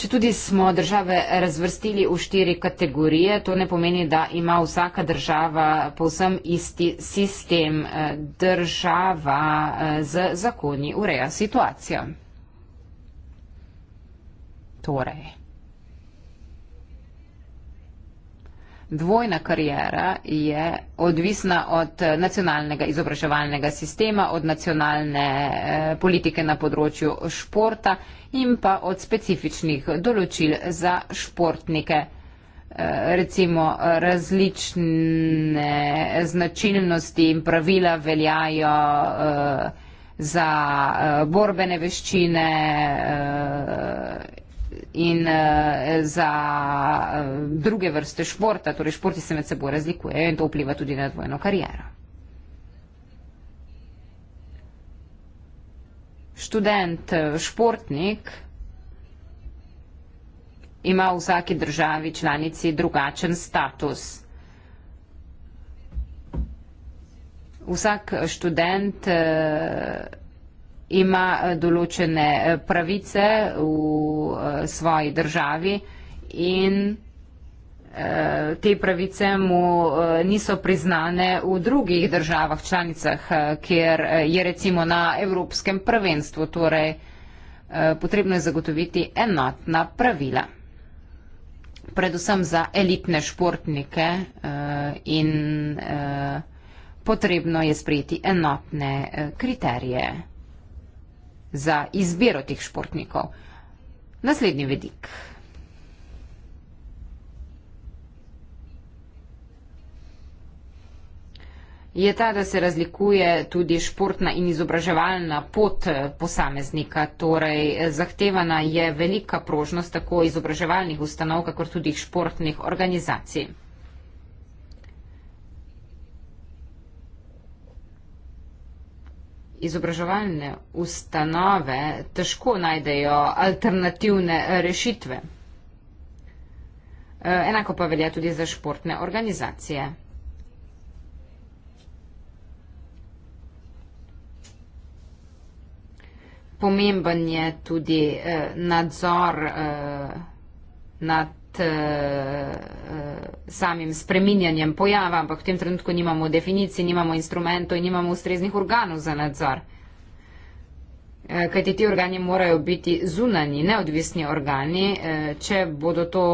Če tudi smo države razvrstili v štiri kategorije, to ne pomeni, da ima vsaka država povsem isti sistem. Eh, država eh, z zakoni ureja situacijo. Torej. dvojna karijera je odvisna od eh, nacionalnega izobraževalnega sistema, od nacionalne eh, politike na področju športa in pa od specifičnih določil za športnike. Eh, recimo različne značilnosti in pravila veljajo za borbene veščine in uh, za uh, druge vrste športa, torej športi se med seboj razlikujejo in to vpliva tudi na dvojno kariero. Študent, eh, športnik ima v vsaki državi članici drugačen status. Vsak študent uh, ima eh, določene eh, pravice v eh, svoji državi in te pravice mu niso priznane v drugih državah, članicah, kjer je recimo na evropskem prvenstvu, torej potrebno je zagotoviti enotna pravila. Predvsem za elitne športnike in potrebno je sprejeti enotne kriterije za izbiro teh športnikov. Naslednji vedik. Je ta, da se razlikuje tudi športna in izobraževalna pot eh, posameznika, torej eh, zahtevana je velika prožnost tako izobraževalnih ustanov, kakor tudi športnih organizacij. izobraževalne ustanove težko najdejo alternativne rešitve. E, enako pa velja tudi za športne organizacije. Pomemben je tudi e, nadzor e, nad Eh, eh, samim spreminjanjem pojava, ampak v tem trenutku nimamo definicij, nimamo instrumentov in nimamo ustreznih organov za nadzor. Eh, kajti ti organi morajo biti zunani, neodvisni organi, če bodo to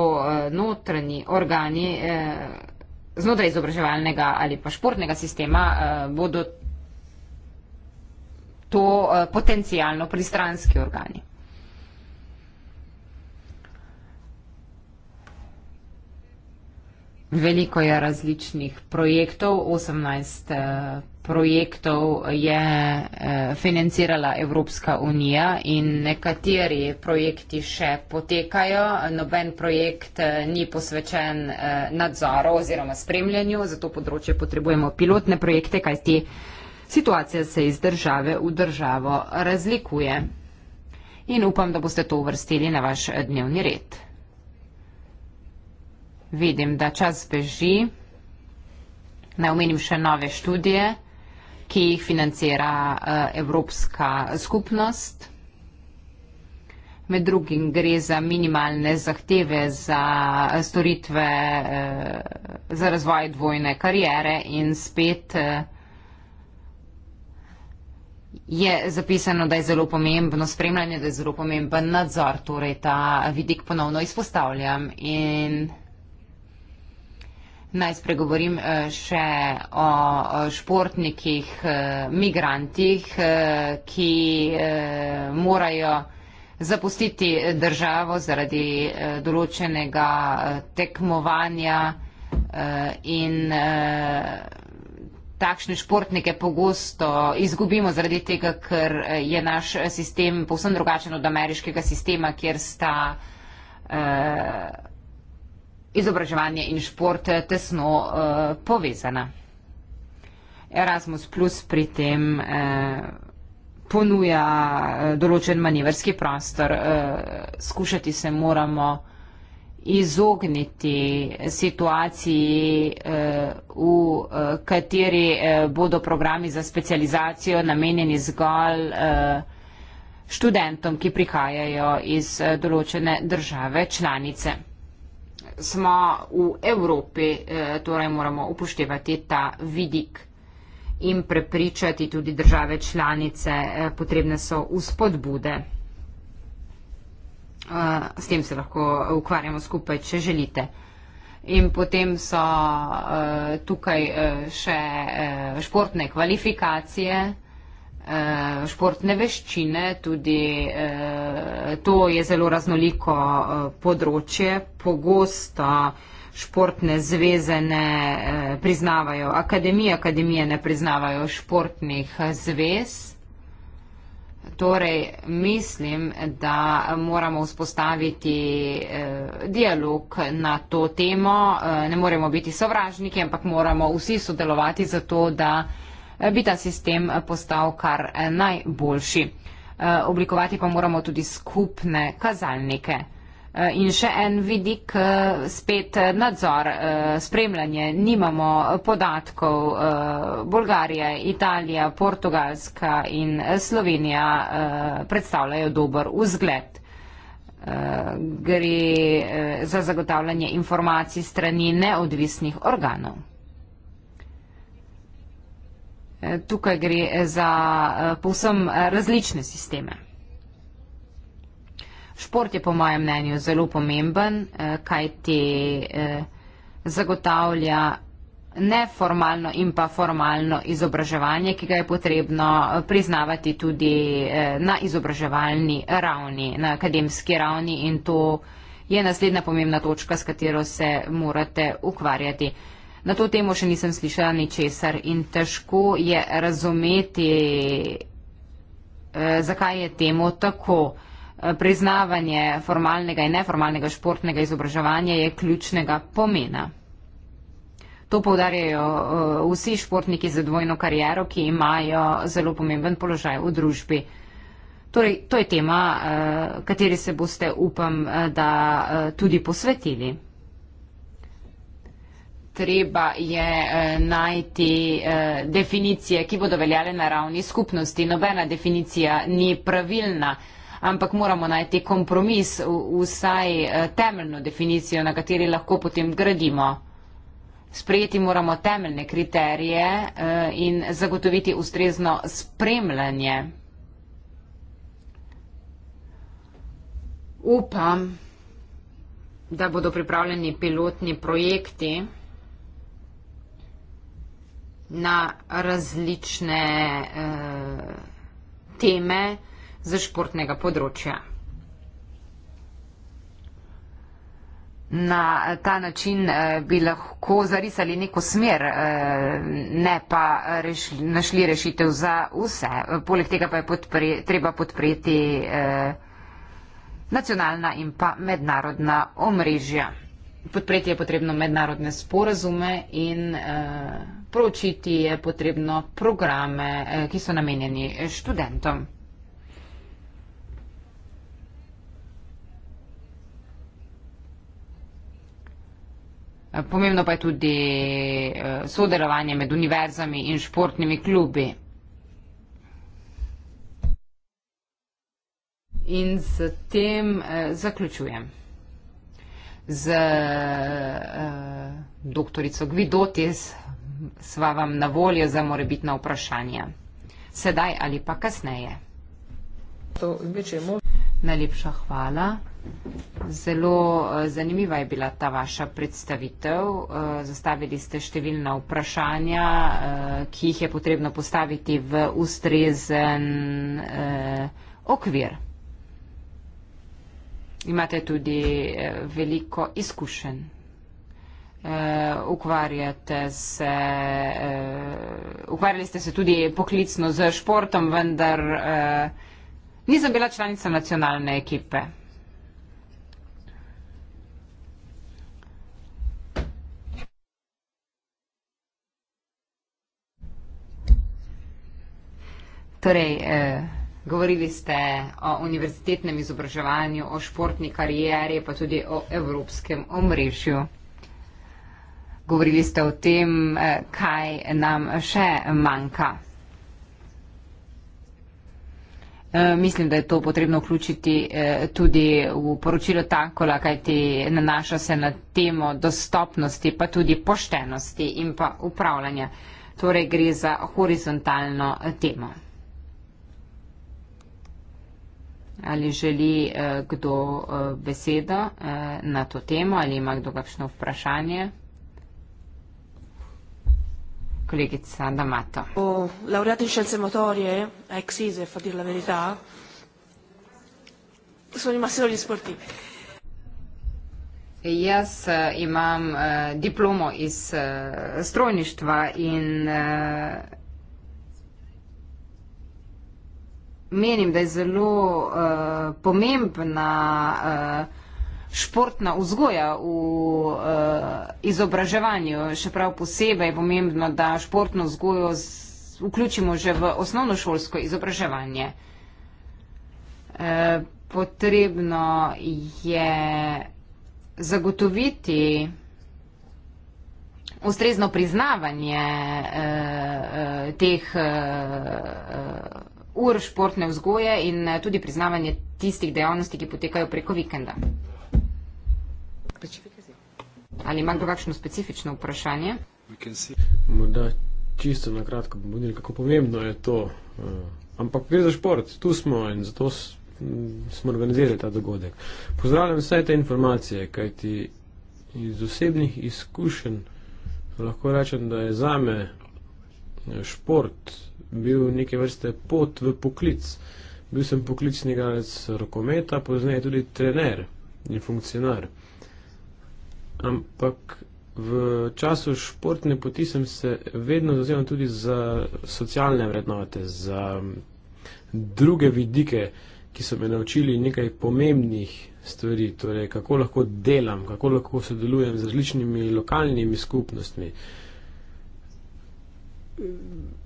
notranji organi znotraj izobraževalnega ali pa športnega sistema, bodo to potencijalno pristranski organi. Veliko je različnih projektov, 18 eh, projektov je eh, financirala Evropska unija in nekateri projekti še potekajo. Noben projekt eh, ni posvečen nadzoru oziroma spremljanju, zato področje potrebujemo pilotne projekte, kaj ti situacija se iz države v državo razlikuje. In upam, da boste to uvrstili na vaš dnevni red vidim, da čas beži. Naj omenim še nove študije, ki jih financira eh, Evropska skupnost. Med drugim gre za minimalne zahteve za eh, storitve, eh, za razvoj dvojne karijere in spet je zapisano, da je zelo pomembno spremljanje, da je zelo pomemben nadzor, torej ta vidik ponovno izpostavljam in vidim. Naj spregovorim eh, še o športnikih, eh, migrantih, eh, ki morajo zapustiti državo zaradi določenega tekmovanja in takšne športnike pogosto izgubimo zaradi tega, ker je naš sistem povsem drugačen od ameriškega sistema, kjer sta izobraževanje in šport tesno uh, povezana. Erasmus Plus pri tem uh, ponuja eh, določen manevrski prostor. Uh, skušati se moramo izogniti situaciji, uh, v uh, kateri uh, bodo programi za specializacijo namenjeni zgolj uh, študentom, ki prihajajo iz uh, določene države članice smo v Evropi, eh, torej moramo upoštevati ta vidik in prepričati tudi države članice, eh, potrebne so vzpodbude. Eh, s tem se lahko ukvarjamo skupaj, če želite. In potem so tukaj še športne kvalifikacije. Eh, športne veščine, tudi eh, to je zelo raznoliko eh, področje. Pogosto športne zveze ne priznavajo akademije, akademije ne priznavajo športnih zvez. Torej, mislim, da moramo vzpostaviti eh, dialog na to temo. Eh, ne moremo biti sovražniki, ampak moramo vsi sodelovati za to, da eh, Eh, bi ta sistem eh, postal kar eh, najboljši. Oblikovati pa moramo tudi skupne kazalnike. In še en vidik, spet nadzor, spremljanje, nimamo podatkov. Bolgarija, Italija, Portugalska in Slovenija predstavljajo dober vzgled. Gre za zagotavljanje informacij strani neodvisnih organov tukaj gre za eh, povsem eh, različne sisteme. Šport je po mojem mnenju zelo pomemben, eh, kaj ti zagotavlja neformalno in pa formalno izobraževanje, ki ga je potrebno priznavati tudi na izobraževalni ravni, na akademski ravni in to je naslednja pomembna točka, s katero se morate ukvarjati. Na to temo še nisem slišala ničesar in težko je razumeti, eh, zakaj je temu tako. Eh, priznavanje formalnega in neformalnega športnega izobraževanja je ključnega pomena. To povdarjajo eh, vsi športniki za dvojno kariero, ki imajo zelo pomemben položaj v družbi. Torej, to je tema, kateri se boste, upam, da tudi posvetili treba je eh, najti eh, definicije, ki bodo veljale na ravni skupnosti. Nobena definicija ni pravilna, ampak moramo najti kompromis, vsaj eh, temeljno definicijo, na kateri lahko potem gradimo. Sprejeti moramo temeljne kriterije in zagotoviti ustrezno spremljanje. Upam, da bodo pripravljeni pilotni projekti na različne eh, teme za športnega področja. Na ta način eh, bi lahko zarisali neko smer, eh, ne pa reš, našli rešitev za vse. Poleg tega pa je podpre, treba podpreti eh, nacionalna in pa mednarodna omrežja. Podpreti je potrebno mednarodne sporazume in eh, proučiti je potrebno programe, eh, ki so namenjeni študentom. Pomembno pa je tudi eh, sodelovanje med univerzami in športnimi klubi. In s tem eh, zaključujem. Z doktorico Gvidotis sva vam na voljo za morebitna vprašanja. Sedaj ali pa kasneje. Najlepša hvala. Zelo eh, zanimiva je bila ta vaša predstavitev. Eh, zastavili ste številna vprašanja, eh, ki jih je potrebno postaviti v ustrezen okvir. Imate tudi veliko izkušenj. Uh, ukvarjate se, uh, ukvarjali ste se tudi poklicno z športom, vendar uh, nisem bila članica nacionalne ekipe. Torej, uh, govorili ste o univerzitetnem izobraževanju, o športni karieri, pa tudi o evropskem omrežju govorili ste o tem, eh, kaj nam še manjka. Eh, mislim, da je to potrebno vključiti eh, tudi v poročilo Takola, kajti nanaša se na temo dostopnosti, pa tudi poštenosti in pa upravljanja. Torej gre za horizontalno temo. Ali želi kdo besedo na to temo ali ima kdo kakšno vprašanje? kolegica D'Amato. Ho laureato in scienze motorie, ex ISEF a dire la verità, sono rimasto solo gli sportivi. E jaz uh, imam uh, diplomo iz uh, strojništva in uh, menim, da je zelo uh, pomembna uh, športna vzgoja v uh, izobraževanju. Še prav posebej je pomembno, da športno vzgojo vključimo že v osnovnošolsko izobraževanje. E, potrebno je zagotoviti ustrezno priznavanje e, e, teh e, ur športne vzgoje in tudi priznavanje tistih dejavnosti, ki potekajo preko vikenda. Ali ima kdo kakšno specifično vprašanje? Morda čisto na kratko bomo videli, kako pomembno je to. Eh, ampak gre za šport, tu smo in zato mm, smo organizirali ta dogodek. Pozdravljam vse te informacije, kajti iz osebnih izkušenj lahko rečem, da je zame eh, šport bil neke vrste pot v poklic. Bil sem poklicni igralec rokometa, pozneje tudi trener in funkcionar ampak v času športne poti sem se vedno zauzemal tudi za socialne vrednote, za druge vidike, ki so me naučili nekaj pomembnih stvari, torej kako lahko delam, kako lahko sodelujem z različnimi lokalnimi skupnostmi.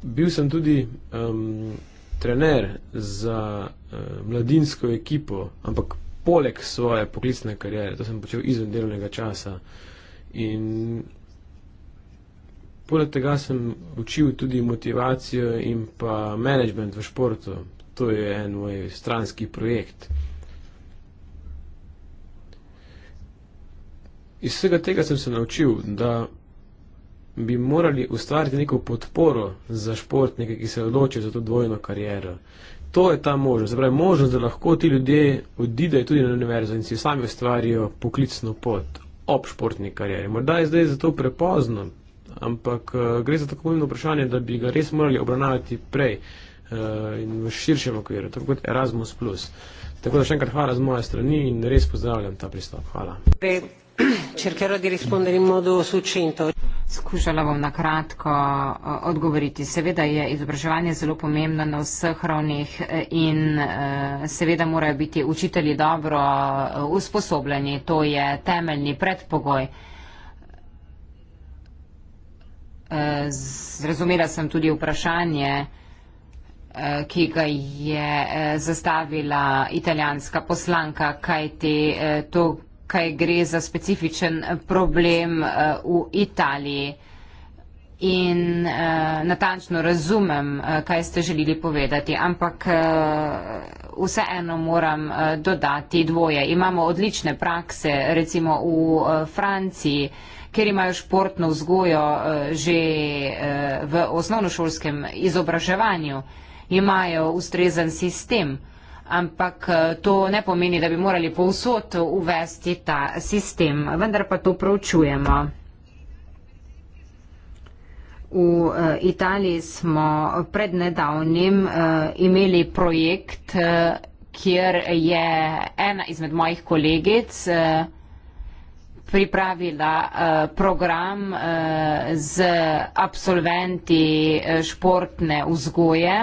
Bil sem tudi um, trener za uh, mladinsko ekipo, ampak poleg svoje poklicne karijere, to sem počel izven delovnega časa. In poleg tega sem učil tudi motivacijo in pa management v športu. To je en moj stranski projekt. Iz vsega tega sem se naučil, da bi morali ustvariti neko podporo za športnike, ki se odločijo za to dvojno kariero to je ta možnost, pravi, možnost, da lahko ti ljudje odidejo tudi na univerzo in si sami ustvarijo poklicno pot ob športni karieri. Morda je zdaj za to prepozno, ampak uh, gre za tako pomembno vprašanje, da bi ga res morali obravnavati prej uh, in v širšem okviru, tako kot Erasmus. Tako da še enkrat hvala z moje strani in res pozdravljam ta pristop. Hvala. Pre, skušala bom na kratko eh, odgovoriti. Seveda je izobraževanje zelo pomembno na vseh ravnih eh, in eh, seveda morajo biti učitelji dobro usposobljeni. To je temeljni predpogoj. Zrazumela sem tudi vprašanje, ki ga je zastavila italijanska poslanka, kaj te to kaj gre za specifičen eh, problem eh, v Italiji. In uh, natančno razumem, uh, kaj ste želeli povedati, ampak uh, vseeno moram uh, dodati dvoje. Imamo odlične prakse, recimo v uh, Franciji, kjer imajo športno vzgojo uh, že uh, v osnovnošolskem izobraževanju, imajo ustrezen sistem. Uh, ampak eh, to ne pomeni, da bi morali povsod uvesti ta sistem. Vendar pa to pravčujemo. V eh, Italiji smo prednedavnim eh, imeli projekt, kjer je ena izmed mojih kolegic pripravila program z absolventi športne vzgoje.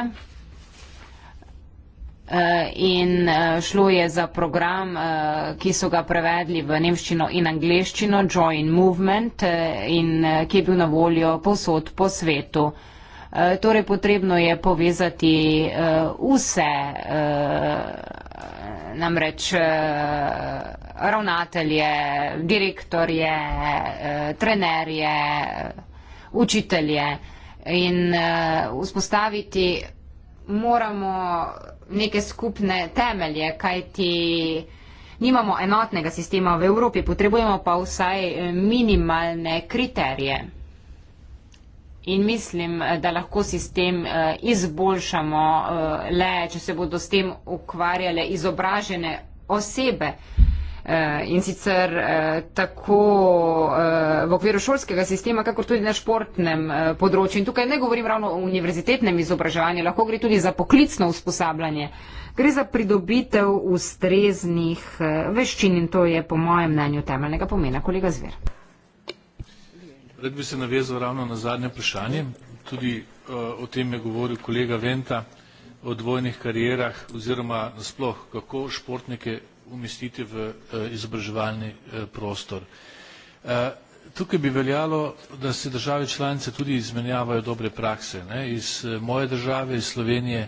Eh, in eh, šlo je za program, eh, ki so ga prevedli v nemščino in angliščino, Join Movement, in ki je bil na voljo posod po svetu. Torej, potrebno je povezati vse, namreč ravnatelje, direktorje, trenerje, učitelje in uh, vzpostaviti moramo neke skupne temelje, kajti nimamo enotnega sistema v Evropi, potrebujemo pa vsaj minimalne kriterije. In mislim, da lahko sistem eh, izboljšamo eh, le, če se bodo s tem ukvarjale izobražene osebe, Eh, in sicer eh, tako eh, v okviru šolskega sistema, kakor tudi na športnem področju. In tukaj ne govorim ravno o univerzitetnem izobraževanju, lahko gre tudi za poklicno usposabljanje. Gre za pridobitev ustreznih veščin in to je po mojem mnenju temeljnega pomena. Kolega Zver. Rad bi se navezal ravno na zadnje vprašanje. Tudi uh, o tem je govoril kolega Venta o dvojnih karierah oziroma nasploh, kako športnike umestiti v eh, izobraževalni eh, prostor. Eh, tukaj bi veljalo, da se države članice tudi izmenjavajo dobre prakse. Ne? Iz moje države, iz Slovenije,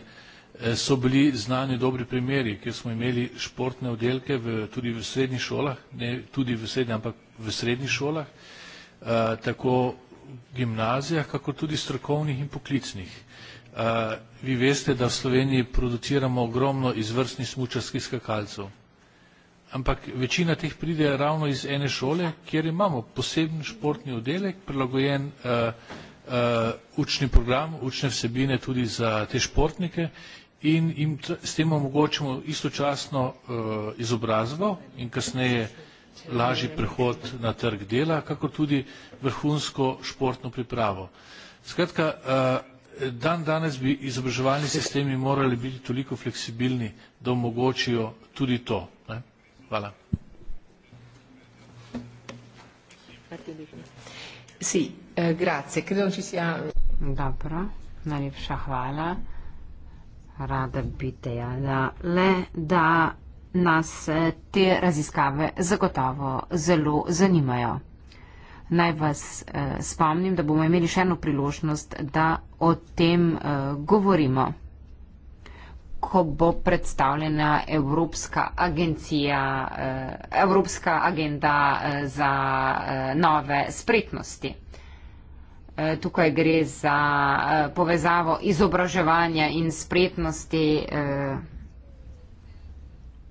so bili znani dobri primeri, kjer smo imeli športne oddelke v, tudi v srednjih šolah, ne tudi v srednjih, ampak v srednjih šolah, tako v gimnazijah, kako tudi strokovnih in poklicnih. Vi veste, da v Sloveniji produciramo ogromno izvrstnih smučarskih skakalcev ampak večina teh pride ravno iz ene šole, kjer imamo poseben športni oddelek, prilagojen uh, uh, učni program, učne vsebine tudi za te športnike in jim s tem omogočimo istočasno uh, izobrazbo in kasneje lažji prehod na trg dela, kako tudi vrhunsko športno pripravo. Skratka, dan danes bi izobraževalni sistemi morali biti toliko fleksibilni, da omogočijo tudi to. Ne? Hvala. Sì, eh, grazie, credo ci sia. Dobro, najlepša hvala. Rada bi dejala le, da nas eh, te raziskave zagotovo zelo zanimajo. Naj vas eh, spomnim, da bomo imeli še eno priložnost, da o tem eh, govorimo ko bo predstavljena Evropska agencija, eh, Evropska agenda eh, za eh, nove spretnosti. Tukaj gre za povezavo izobraževanja in spretnosti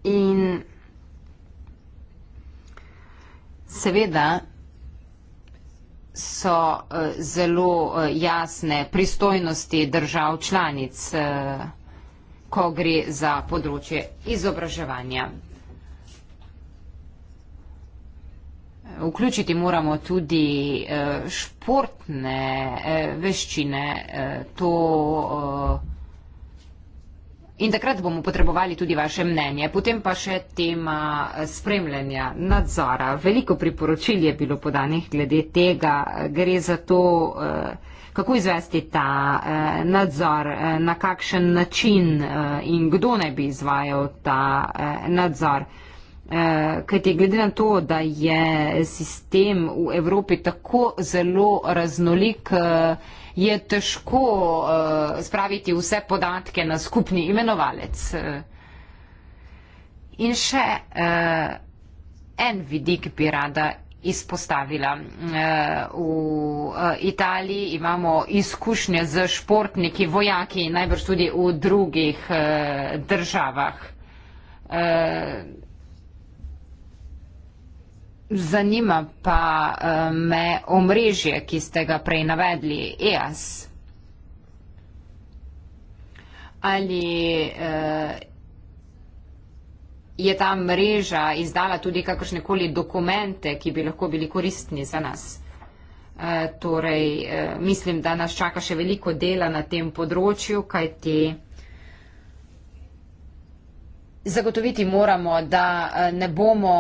in seveda so zelo jasne pristojnosti držav članic članic ko gre za področje izobraževanja. Vključiti moramo tudi eh, športne eh, veščine. Eh, to, uh, In takrat bomo potrebovali tudi vaše mnenje. Potem pa še tema eh, spremljanja, nadzora. Veliko priporočil je bilo podanih glede tega. Gre za to, eh, kako izvesti ta eh, nadzor, na kakšen način in kdo naj bi izvajal ta nadzor. Kaj ti glede na to, da je sistem v Evropi tako zelo raznolik, je težko uh, spraviti vse podatke na skupni imenovalec. In še uh, en vidik bi rada izpostavila. Uh, v uh, Italiji imamo izkušnje z športniki, vojaki, najbrž tudi v drugih uh, državah. Uh, Zanima pa eh, me omrežje, ki ste ga prej navedli, EAS. Ali eh, je ta mreža izdala tudi kakršnekoli dokumente, ki bi lahko bili koristni za nas? Eh, torej, mislim, da nas čaka še veliko dela na tem področju, kajti zagotoviti moramo, da ne bomo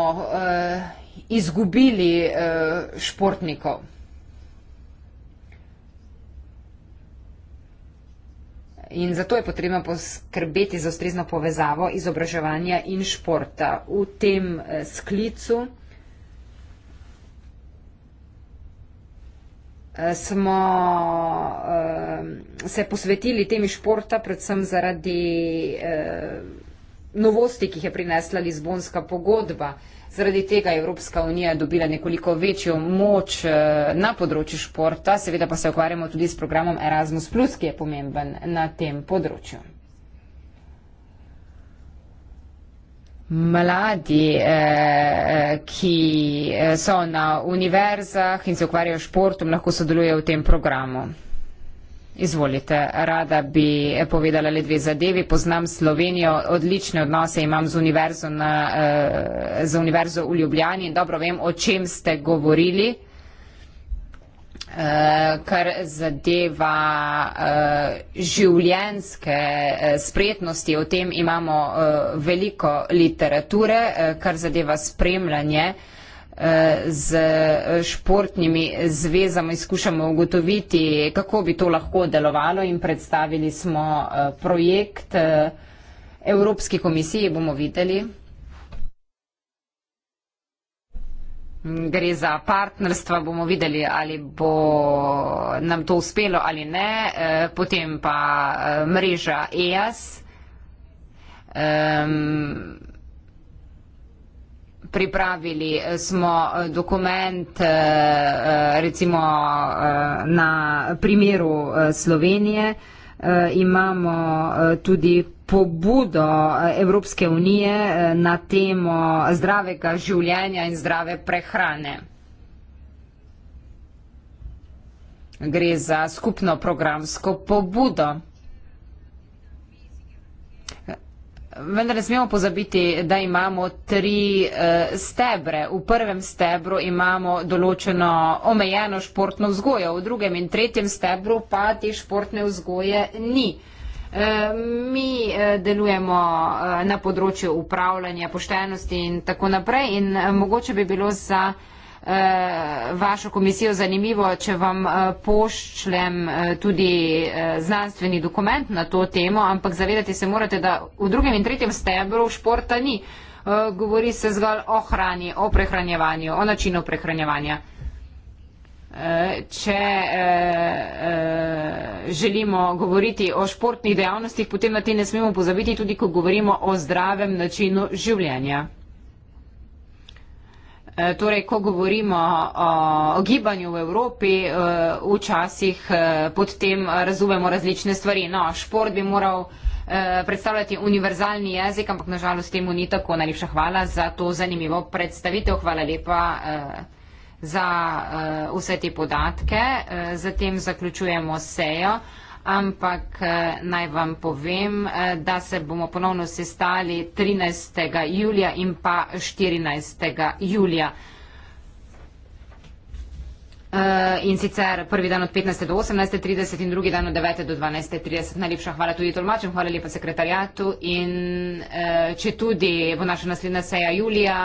izgubili uh, športnikov. In zato je potrebno poskrbeti za ustrezno povezavo izobraževanja in športa. V tem eh, sklicu eh, smo se posvetili temi športa, predvsem zaradi novosti, ki jih je prinesla Lizbonska pogodba. Zaradi tega je Evropska unija dobila nekoliko večjo moč eh, na področju športa, seveda pa se ukvarjamo tudi s programom Erasmus, ki je pomemben na tem področju. Mladi, eh, ki eh, so na univerzah in se ukvarjajo s športom, lahko sodelujejo v tem programu. Izvolite, rada bi povedala le dve zadevi. Poznam Slovenijo, odlične odnose imam z univerzo, na, eh, z univerzo v Ljubljani in dobro vem, o čem ste govorili. Eh, kar zadeva eh, življenske spretnosti, o tem imamo veliko literature, kar zadeva spremljanje z eh, športnimi zvezami skušamo ugotoviti, kako bi to lahko delovalo in predstavili smo eh, projekt eh, Evropski komisiji, bomo videli. Gre za partnerstva, bomo videli, ali bo nam to uspelo ali ne, potem pa mreža EAS pripravili eh, smo eh, dokument eh, recimo na primeru Slovenije. Imamo tudi pobudo Evropske unije na temo zdravega življenja in zdrave prehrane. Gre za skupno programsko pobudo. Vendar ne smemo pozabiti, da imamo tri eh, stebre. V prvem stebru imamo določeno omejeno športno vzgojo, v drugem in tretjem stebru pa te športne vzgoje ni. Eh, mi eh, delujemo na področju upravljanja poštenosti in tako naprej in mogoče bi bilo za. Eh, vašo komisijo zanimivo, če vam eh, pošljem eh, tudi znanstveni dokument na to temo, ampak zavedati se morate, da v drugem in tretjem stebru športa ni. Govori se zgolj o hrani, o prehranjevanju, o načinu prehranjevanja. Če želimo govoriti o športnih dejavnostih, potem na te ne smemo pozabiti tudi, ko govorimo o zdravem načinu življenja. Eh, torej, ko govorimo o, o gibanju v Evropi, eh, včasih eh, pod tem razumemo različne stvari. No, šport bi moral predstavljati univerzalni jezik, ampak nažalost temu ni tako. Najlepša hvala za to zanimivo predstavitev. Hvala lepa za vse te podatke. Zatem zaključujemo sejo ampak eh, naj vam povem, eh, da se bomo ponovno sestali 13. julija in pa 14. julija. Eh, in sicer prvi dan od 15. do 18.30 in drugi dan od 9. do 12.30. Najlepša hvala tudi tolmačem, hvala lepa sekretarjatu in če tudi bo naša naslednja seja julija,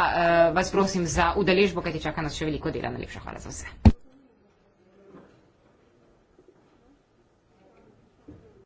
vas prosim za udeležbo, kajti čaka nas še veliko dela. Najlepša hvala za vse.